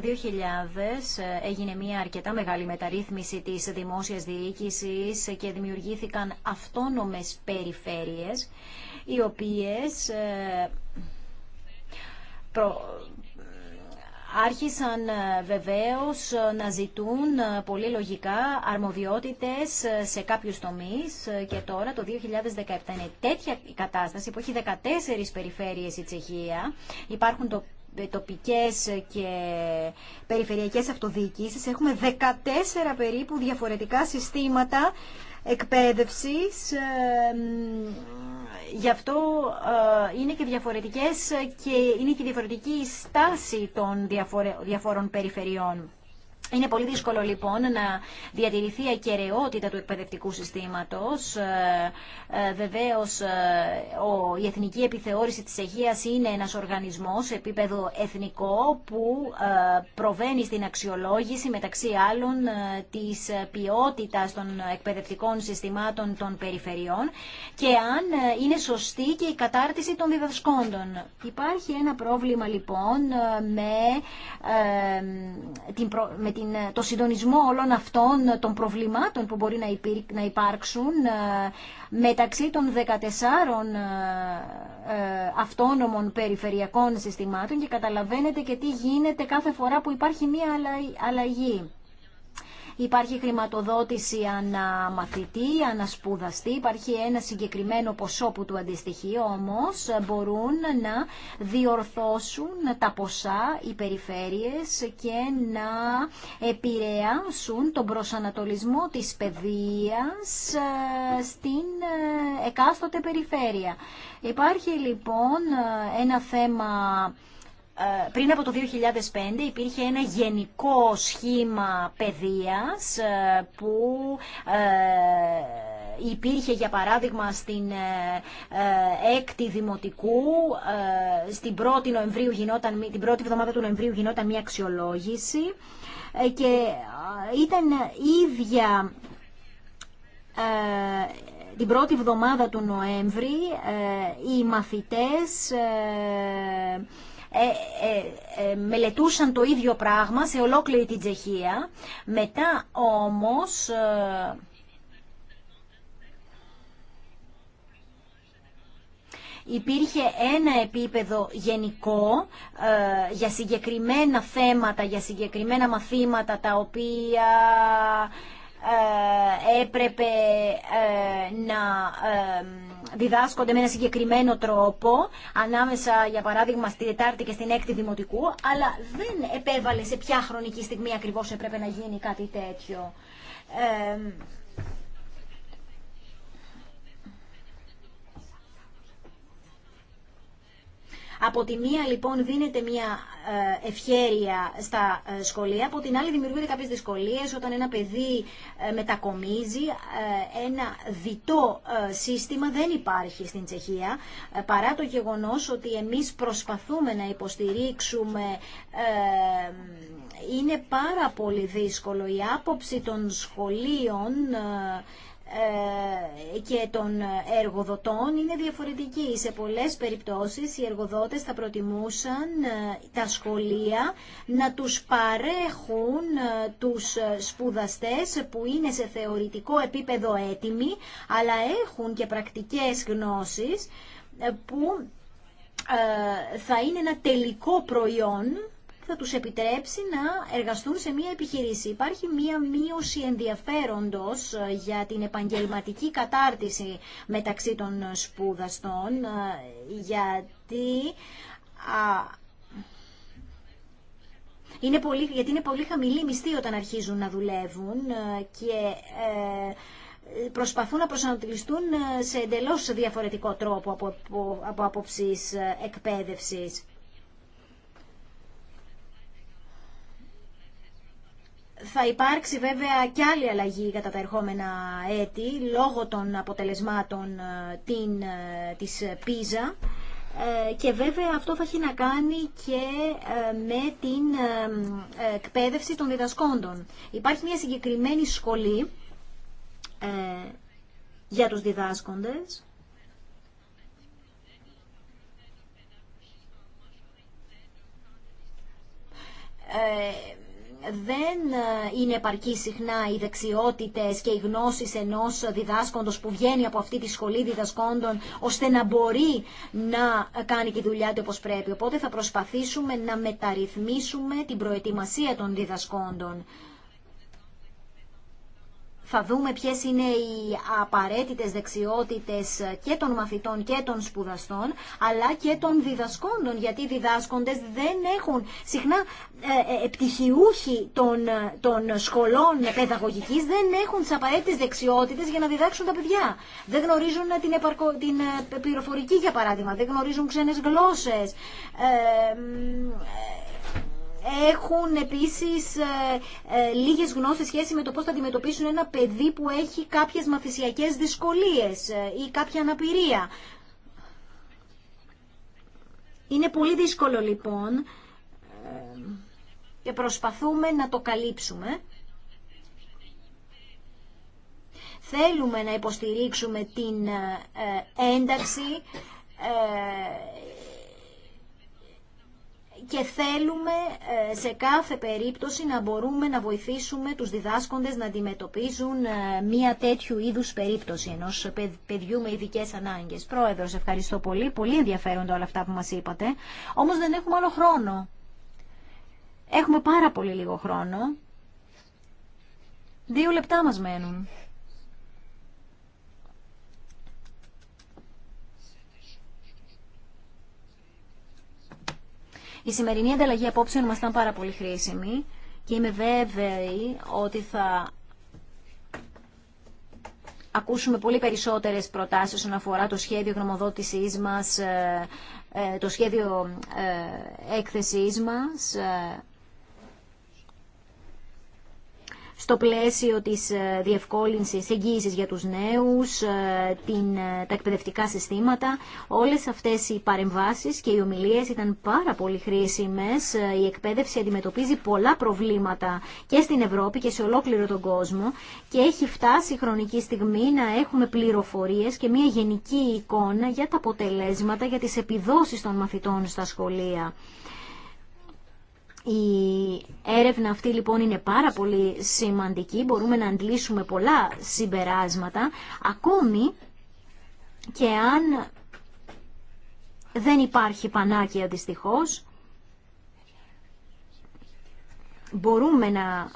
το 2000 ε, έγινε μια αρκετά μεγάλη μεταρρύθμιση της δημόσιας διοίκησης και δημιουργήθηκαν αυτόνομες περιφέρειες, οι οποίες ε, προ... άρχισαν ε, βεβαίως να ζητούν πολύ λογικά αρμοδιότητες σε κάποιους τομείς και τώρα το 2017 είναι τέτοια η κατάσταση που έχει 14 περιφέρειες η Τσεχία. Υπάρχουν το τοπικές και περιφερειακές αυτοδιοικήσεις. Έχουμε 14 περίπου διαφορετικά συστήματα εκπαίδευσης. Ε, γι' αυτό ε, είναι και διαφορετικές και είναι και διαφορετική η στάση των διαφορών περιφερειών. Είναι πολύ δύσκολο λοιπόν να διατηρηθεί η ακαιρεότητα του εκπαιδευτικού συστήματος. Ε, ε, βεβαίως ε, η Εθνική Επιθεώρηση της Αιγείας είναι ένας οργανισμός σε επίπεδο εθνικό που προβαίνει στην αξιολόγηση μεταξύ άλλων της ποιότητας των εκπαιδευτικών συστημάτων των περιφερειών και αν είναι σωστή και η κατάρτιση των διδασκόντων. Υπάρχει ένα πρόβλημα λοιπόν με την την, ε, το συντονισμό όλων αυτών ε, των προβλημάτων που μπορεί να, να υπάρξουν ε, μεταξύ των 14 αυτόνομων περιφερειακών συστημάτων και καταλαβαίνετε και τι γίνεται κάθε φορά που υπάρχει μία αλλαγή. Υπάρχει χρηματοδότηση αναμαθητή, ανασπούδαστη. Υπάρχει ένα συγκεκριμένο ποσό που του αντιστοιχεί, όμως μπορούν να διορθώσουν τα ποσά οι περιφέρειες και να επηρεάσουν τον προσανατολισμό της παιδείας ε, στην ε, εκάστοτε περιφέρεια. Υπάρχει λοιπόν ένα θέμα ε, πριν από το 2005 υπήρχε ένα γενικό σχήμα παιδείας ε, που ε, υπήρχε για παράδειγμα στην 6 Δημοτικού στην πρώτη Νοεμβρίου γινόταν, την πρώτη εβδομάδα του Νοεμβρίου γινόταν μια αξιολόγηση και ήταν ίδια την πρώτη εβδομάδα του Νοέμβρη οι μαθητές ε, ε, ε, μελετούσαν το ίδιο πράγμα σε ολόκληρη την Τσεχία. Μετά όμως... Υπήρχε ένα επίπεδο γενικό για συγκεκριμένα θέματα, για συγκεκριμένα μαθήματα τα οποία έπρεπε να διδάσκονται με ένα συγκεκριμένο τρόπο ανάμεσα για παράδειγμα στη Δετάρτη και στην Έκτη Δημοτικού αλλά δεν επέβαλε σε ποια χρονική στιγμή ακριβώς έπρεπε να γίνει κάτι τέτοιο. Από τη μία λοιπόν δίνεται μια ε, ευχέρεια στα ε, σχολεία. Από την άλλη δημιουργούνται κάποιες δυσκολίες όταν ένα παιδί ε, μετακομίζει. Ένα διτό σύστημα δεν υπάρχει στην Τσεχία παρά το γεγονός ότι εμείς προσπαθούμε να υποστηρίξουμε είναι πάρα πολύ δύσκολο. Η άποψη των σχολείων ε, και των εργοδοτών είναι διαφορετική. Σε πολλές περιπτώσεις οι εργοδότες θα προτιμούσαν ε, τα σχολεία να τους παρέχουν ε, τους σπουδαστές που είναι σε θεωρητικό επίπεδο έτοιμοι αλλά έχουν και πρακτικές γνώσεις που θα είναι ένα τελικό προϊόν θα τους επιτρέψει να εργαστούν σε μία επιχειρήση. Υπάρχει μία μείωση ενδιαφέροντος ε, για την επαγγελματική κατάρτιση μεταξύ των σπουδαστών, ε, γιατί... Είναι πολύ, γιατί είναι πολύ χαμηλή μισθή όταν αρχίζουν να δουλεύουν ε, και προσπαθούν να προσανατολιστούν σε εντελώς διαφορετικό τρόπο από, από, από απόψεις εκπαίδευσης. Θα υπάρξει βέβαια και άλλη αλλαγή κατά τα ερχόμενα έτη λόγω των αποτελεσμάτων ε, την, ε, της ε, πίζα και βέβαια αυτό θα έχει να κάνει και με την εκπαίδευση των διδασκόντων. Υπάρχει μια συγκεκριμένη σχολή για τους διδάσκοντες ε, δεν ε, είναι επαρκή συχνά οι δεξιότητες και οι γνώσεις ενός διδάσκοντος που βγαίνει από αυτή τη σχολή διδασκόντων ώστε να μπορεί να κάνει τη δουλειά του όπως πρέπει. Οπότε θα προσπαθήσουμε να μεταρρυθμίσουμε την προετοιμασία των διδασκόντων θα δούμε ποιες είναι οι απαραίτητες δεξιότητες και των μαθητών και των σπουδαστών, αλλά και των διδασκόντων, γιατί οι διδάσκοντες δεν έχουν συχνά ε, ε, επιτυχιούχοι των, ε, των σχολών παιδαγωγικής, δεν έχουν τις απαραίτητες δεξιότητες για να διδάξουν τα παιδιά. Δεν γνωρίζουν την, επαρκο, την πληροφορική, για παράδειγμα, δεν γνωρίζουν ξένες γλώσσες έχουν επίσης ε, ε, λίγες γνώσεις σχέση με το πώς θα αντιμετωπίσουν ένα παιδί που έχει κάποιες μαθησιακές δυσκολίες ε, ή κάποια αναπηρία. Είναι πολύ δύσκολο λοιπόν και προσπαθούμε να το καλύψουμε. Θέλουμε να υποστηρίξουμε την ένταξη και θέλουμε ε, σε κάθε περίπτωση να μπορούμε να βοηθήσουμε τους διδάσκοντες να αντιμετωπίζουν ε, μία τέτοιου είδους περίπτωση ενός παιδιού με ειδικέ ανάγκες. Πρόεδρος, ευχαριστώ πολύ. Πολύ ενδιαφέροντα όλα αυτά που μας είπατε. Όμως δεν έχουμε άλλο χρόνο. Έχουμε πάρα πολύ λίγο χρόνο. Δύο λεπτά μας μένουν. Η σημερινή ανταλλαγή απόψεων μας ήταν πάρα πολύ χρήσιμη και είμαι βέβαιη ότι θα ακούσουμε πολύ περισσότερες προτάσεις όσον αφορά το σχέδιο γνωμοδότησής μας, ε, ε, το σχέδιο ε, έκθεσής μας στο πλαίσιο της ε, διευκόλυνσης εγγύησης για τους νέους, ε, την, ε, τα εκπαιδευτικά συστήματα. Όλες αυτές οι παρεμβάσεις και οι ομιλίες ήταν πάρα πολύ χρήσιμες. Η εκπαίδευση αντιμετωπίζει πολλά προβλήματα και στην Ευρώπη και σε ολόκληρο τον κόσμο και έχει φτάσει η χρονική στιγμή να έχουμε πληροφορίες και μια γενική εικόνα για τα αποτελέσματα, για τις επιδόσεις των μαθητών στα σχολεία. Η έρευνα αυτή λοιπόν είναι πάρα πολύ σημαντική, μπορούμε να αντλήσουμε πολλά συμπεράσματα, ακόμη και αν δεν υπάρχει πανάκια δυστυχώς, μπορούμε να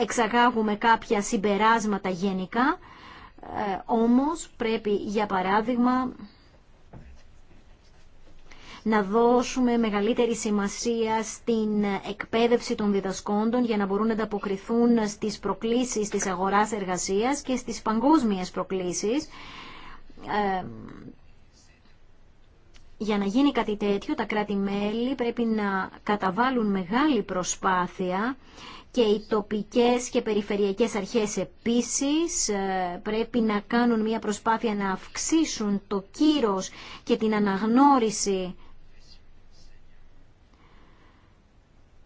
εξαγάγουμε κάποια συμπεράσματα γενικά, ε, όμως πρέπει για παράδειγμα να δώσουμε μεγαλύτερη σημασία στην εκπαίδευση των διδασκόντων για να μπορούν να ανταποκριθούν στις προκλήσεις της αγοράς εργασίας και στις παγκόσμιες προκλήσεις. Ε, για να γίνει κάτι τέτοιο, τα κράτη-μέλη πρέπει να καταβάλουν μεγάλη προσπάθεια και οι τοπικές και περιφερειακές αρχές επίσης ε, πρέπει να κάνουν μια προσπάθεια να αυξήσουν το κύρος και την αναγνώριση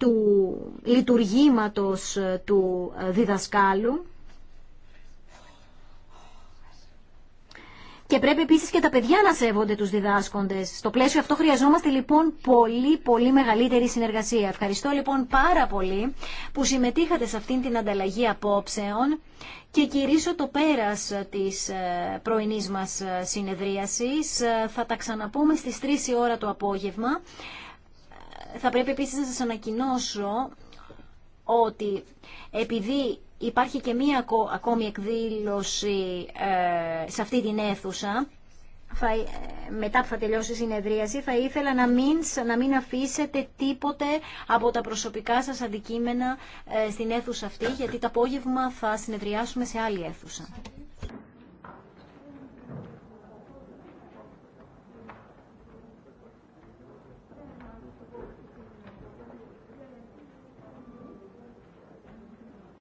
του λειτουργήματος ε, του ε, διδασκάλου. Και πρέπει επίσης και τα παιδιά να σέβονται τους διδάσκοντες. Στο πλαίσιο αυτό χρειαζόμαστε λοιπόν πολύ πολύ μεγαλύτερη συνεργασία. Ευχαριστώ λοιπόν πάρα πολύ που συμμετείχατε σε αυτήν την ανταλλαγή απόψεων και κυρίσω το πέρας της ε, πρωινής μας συνεδρίασης. Θα τα ξαναπούμε στις 3 η ώρα το απόγευμα θα πρέπει επίσης να σας ανακοινώσω ότι επειδή υπάρχει και μία ακόμη εκδήλωση ε, σε αυτή την αίθουσα, ε, μετά που θα τελειώσει η συνεδρίαση, θα ήθελα να μην, να μην αφήσετε τίποτε από τα προσωπικά σας αντικείμενα ε, στην αίθουσα αυτή, γιατί το απόγευμα θα συνεδριάσουμε σε άλλη αίθουσα.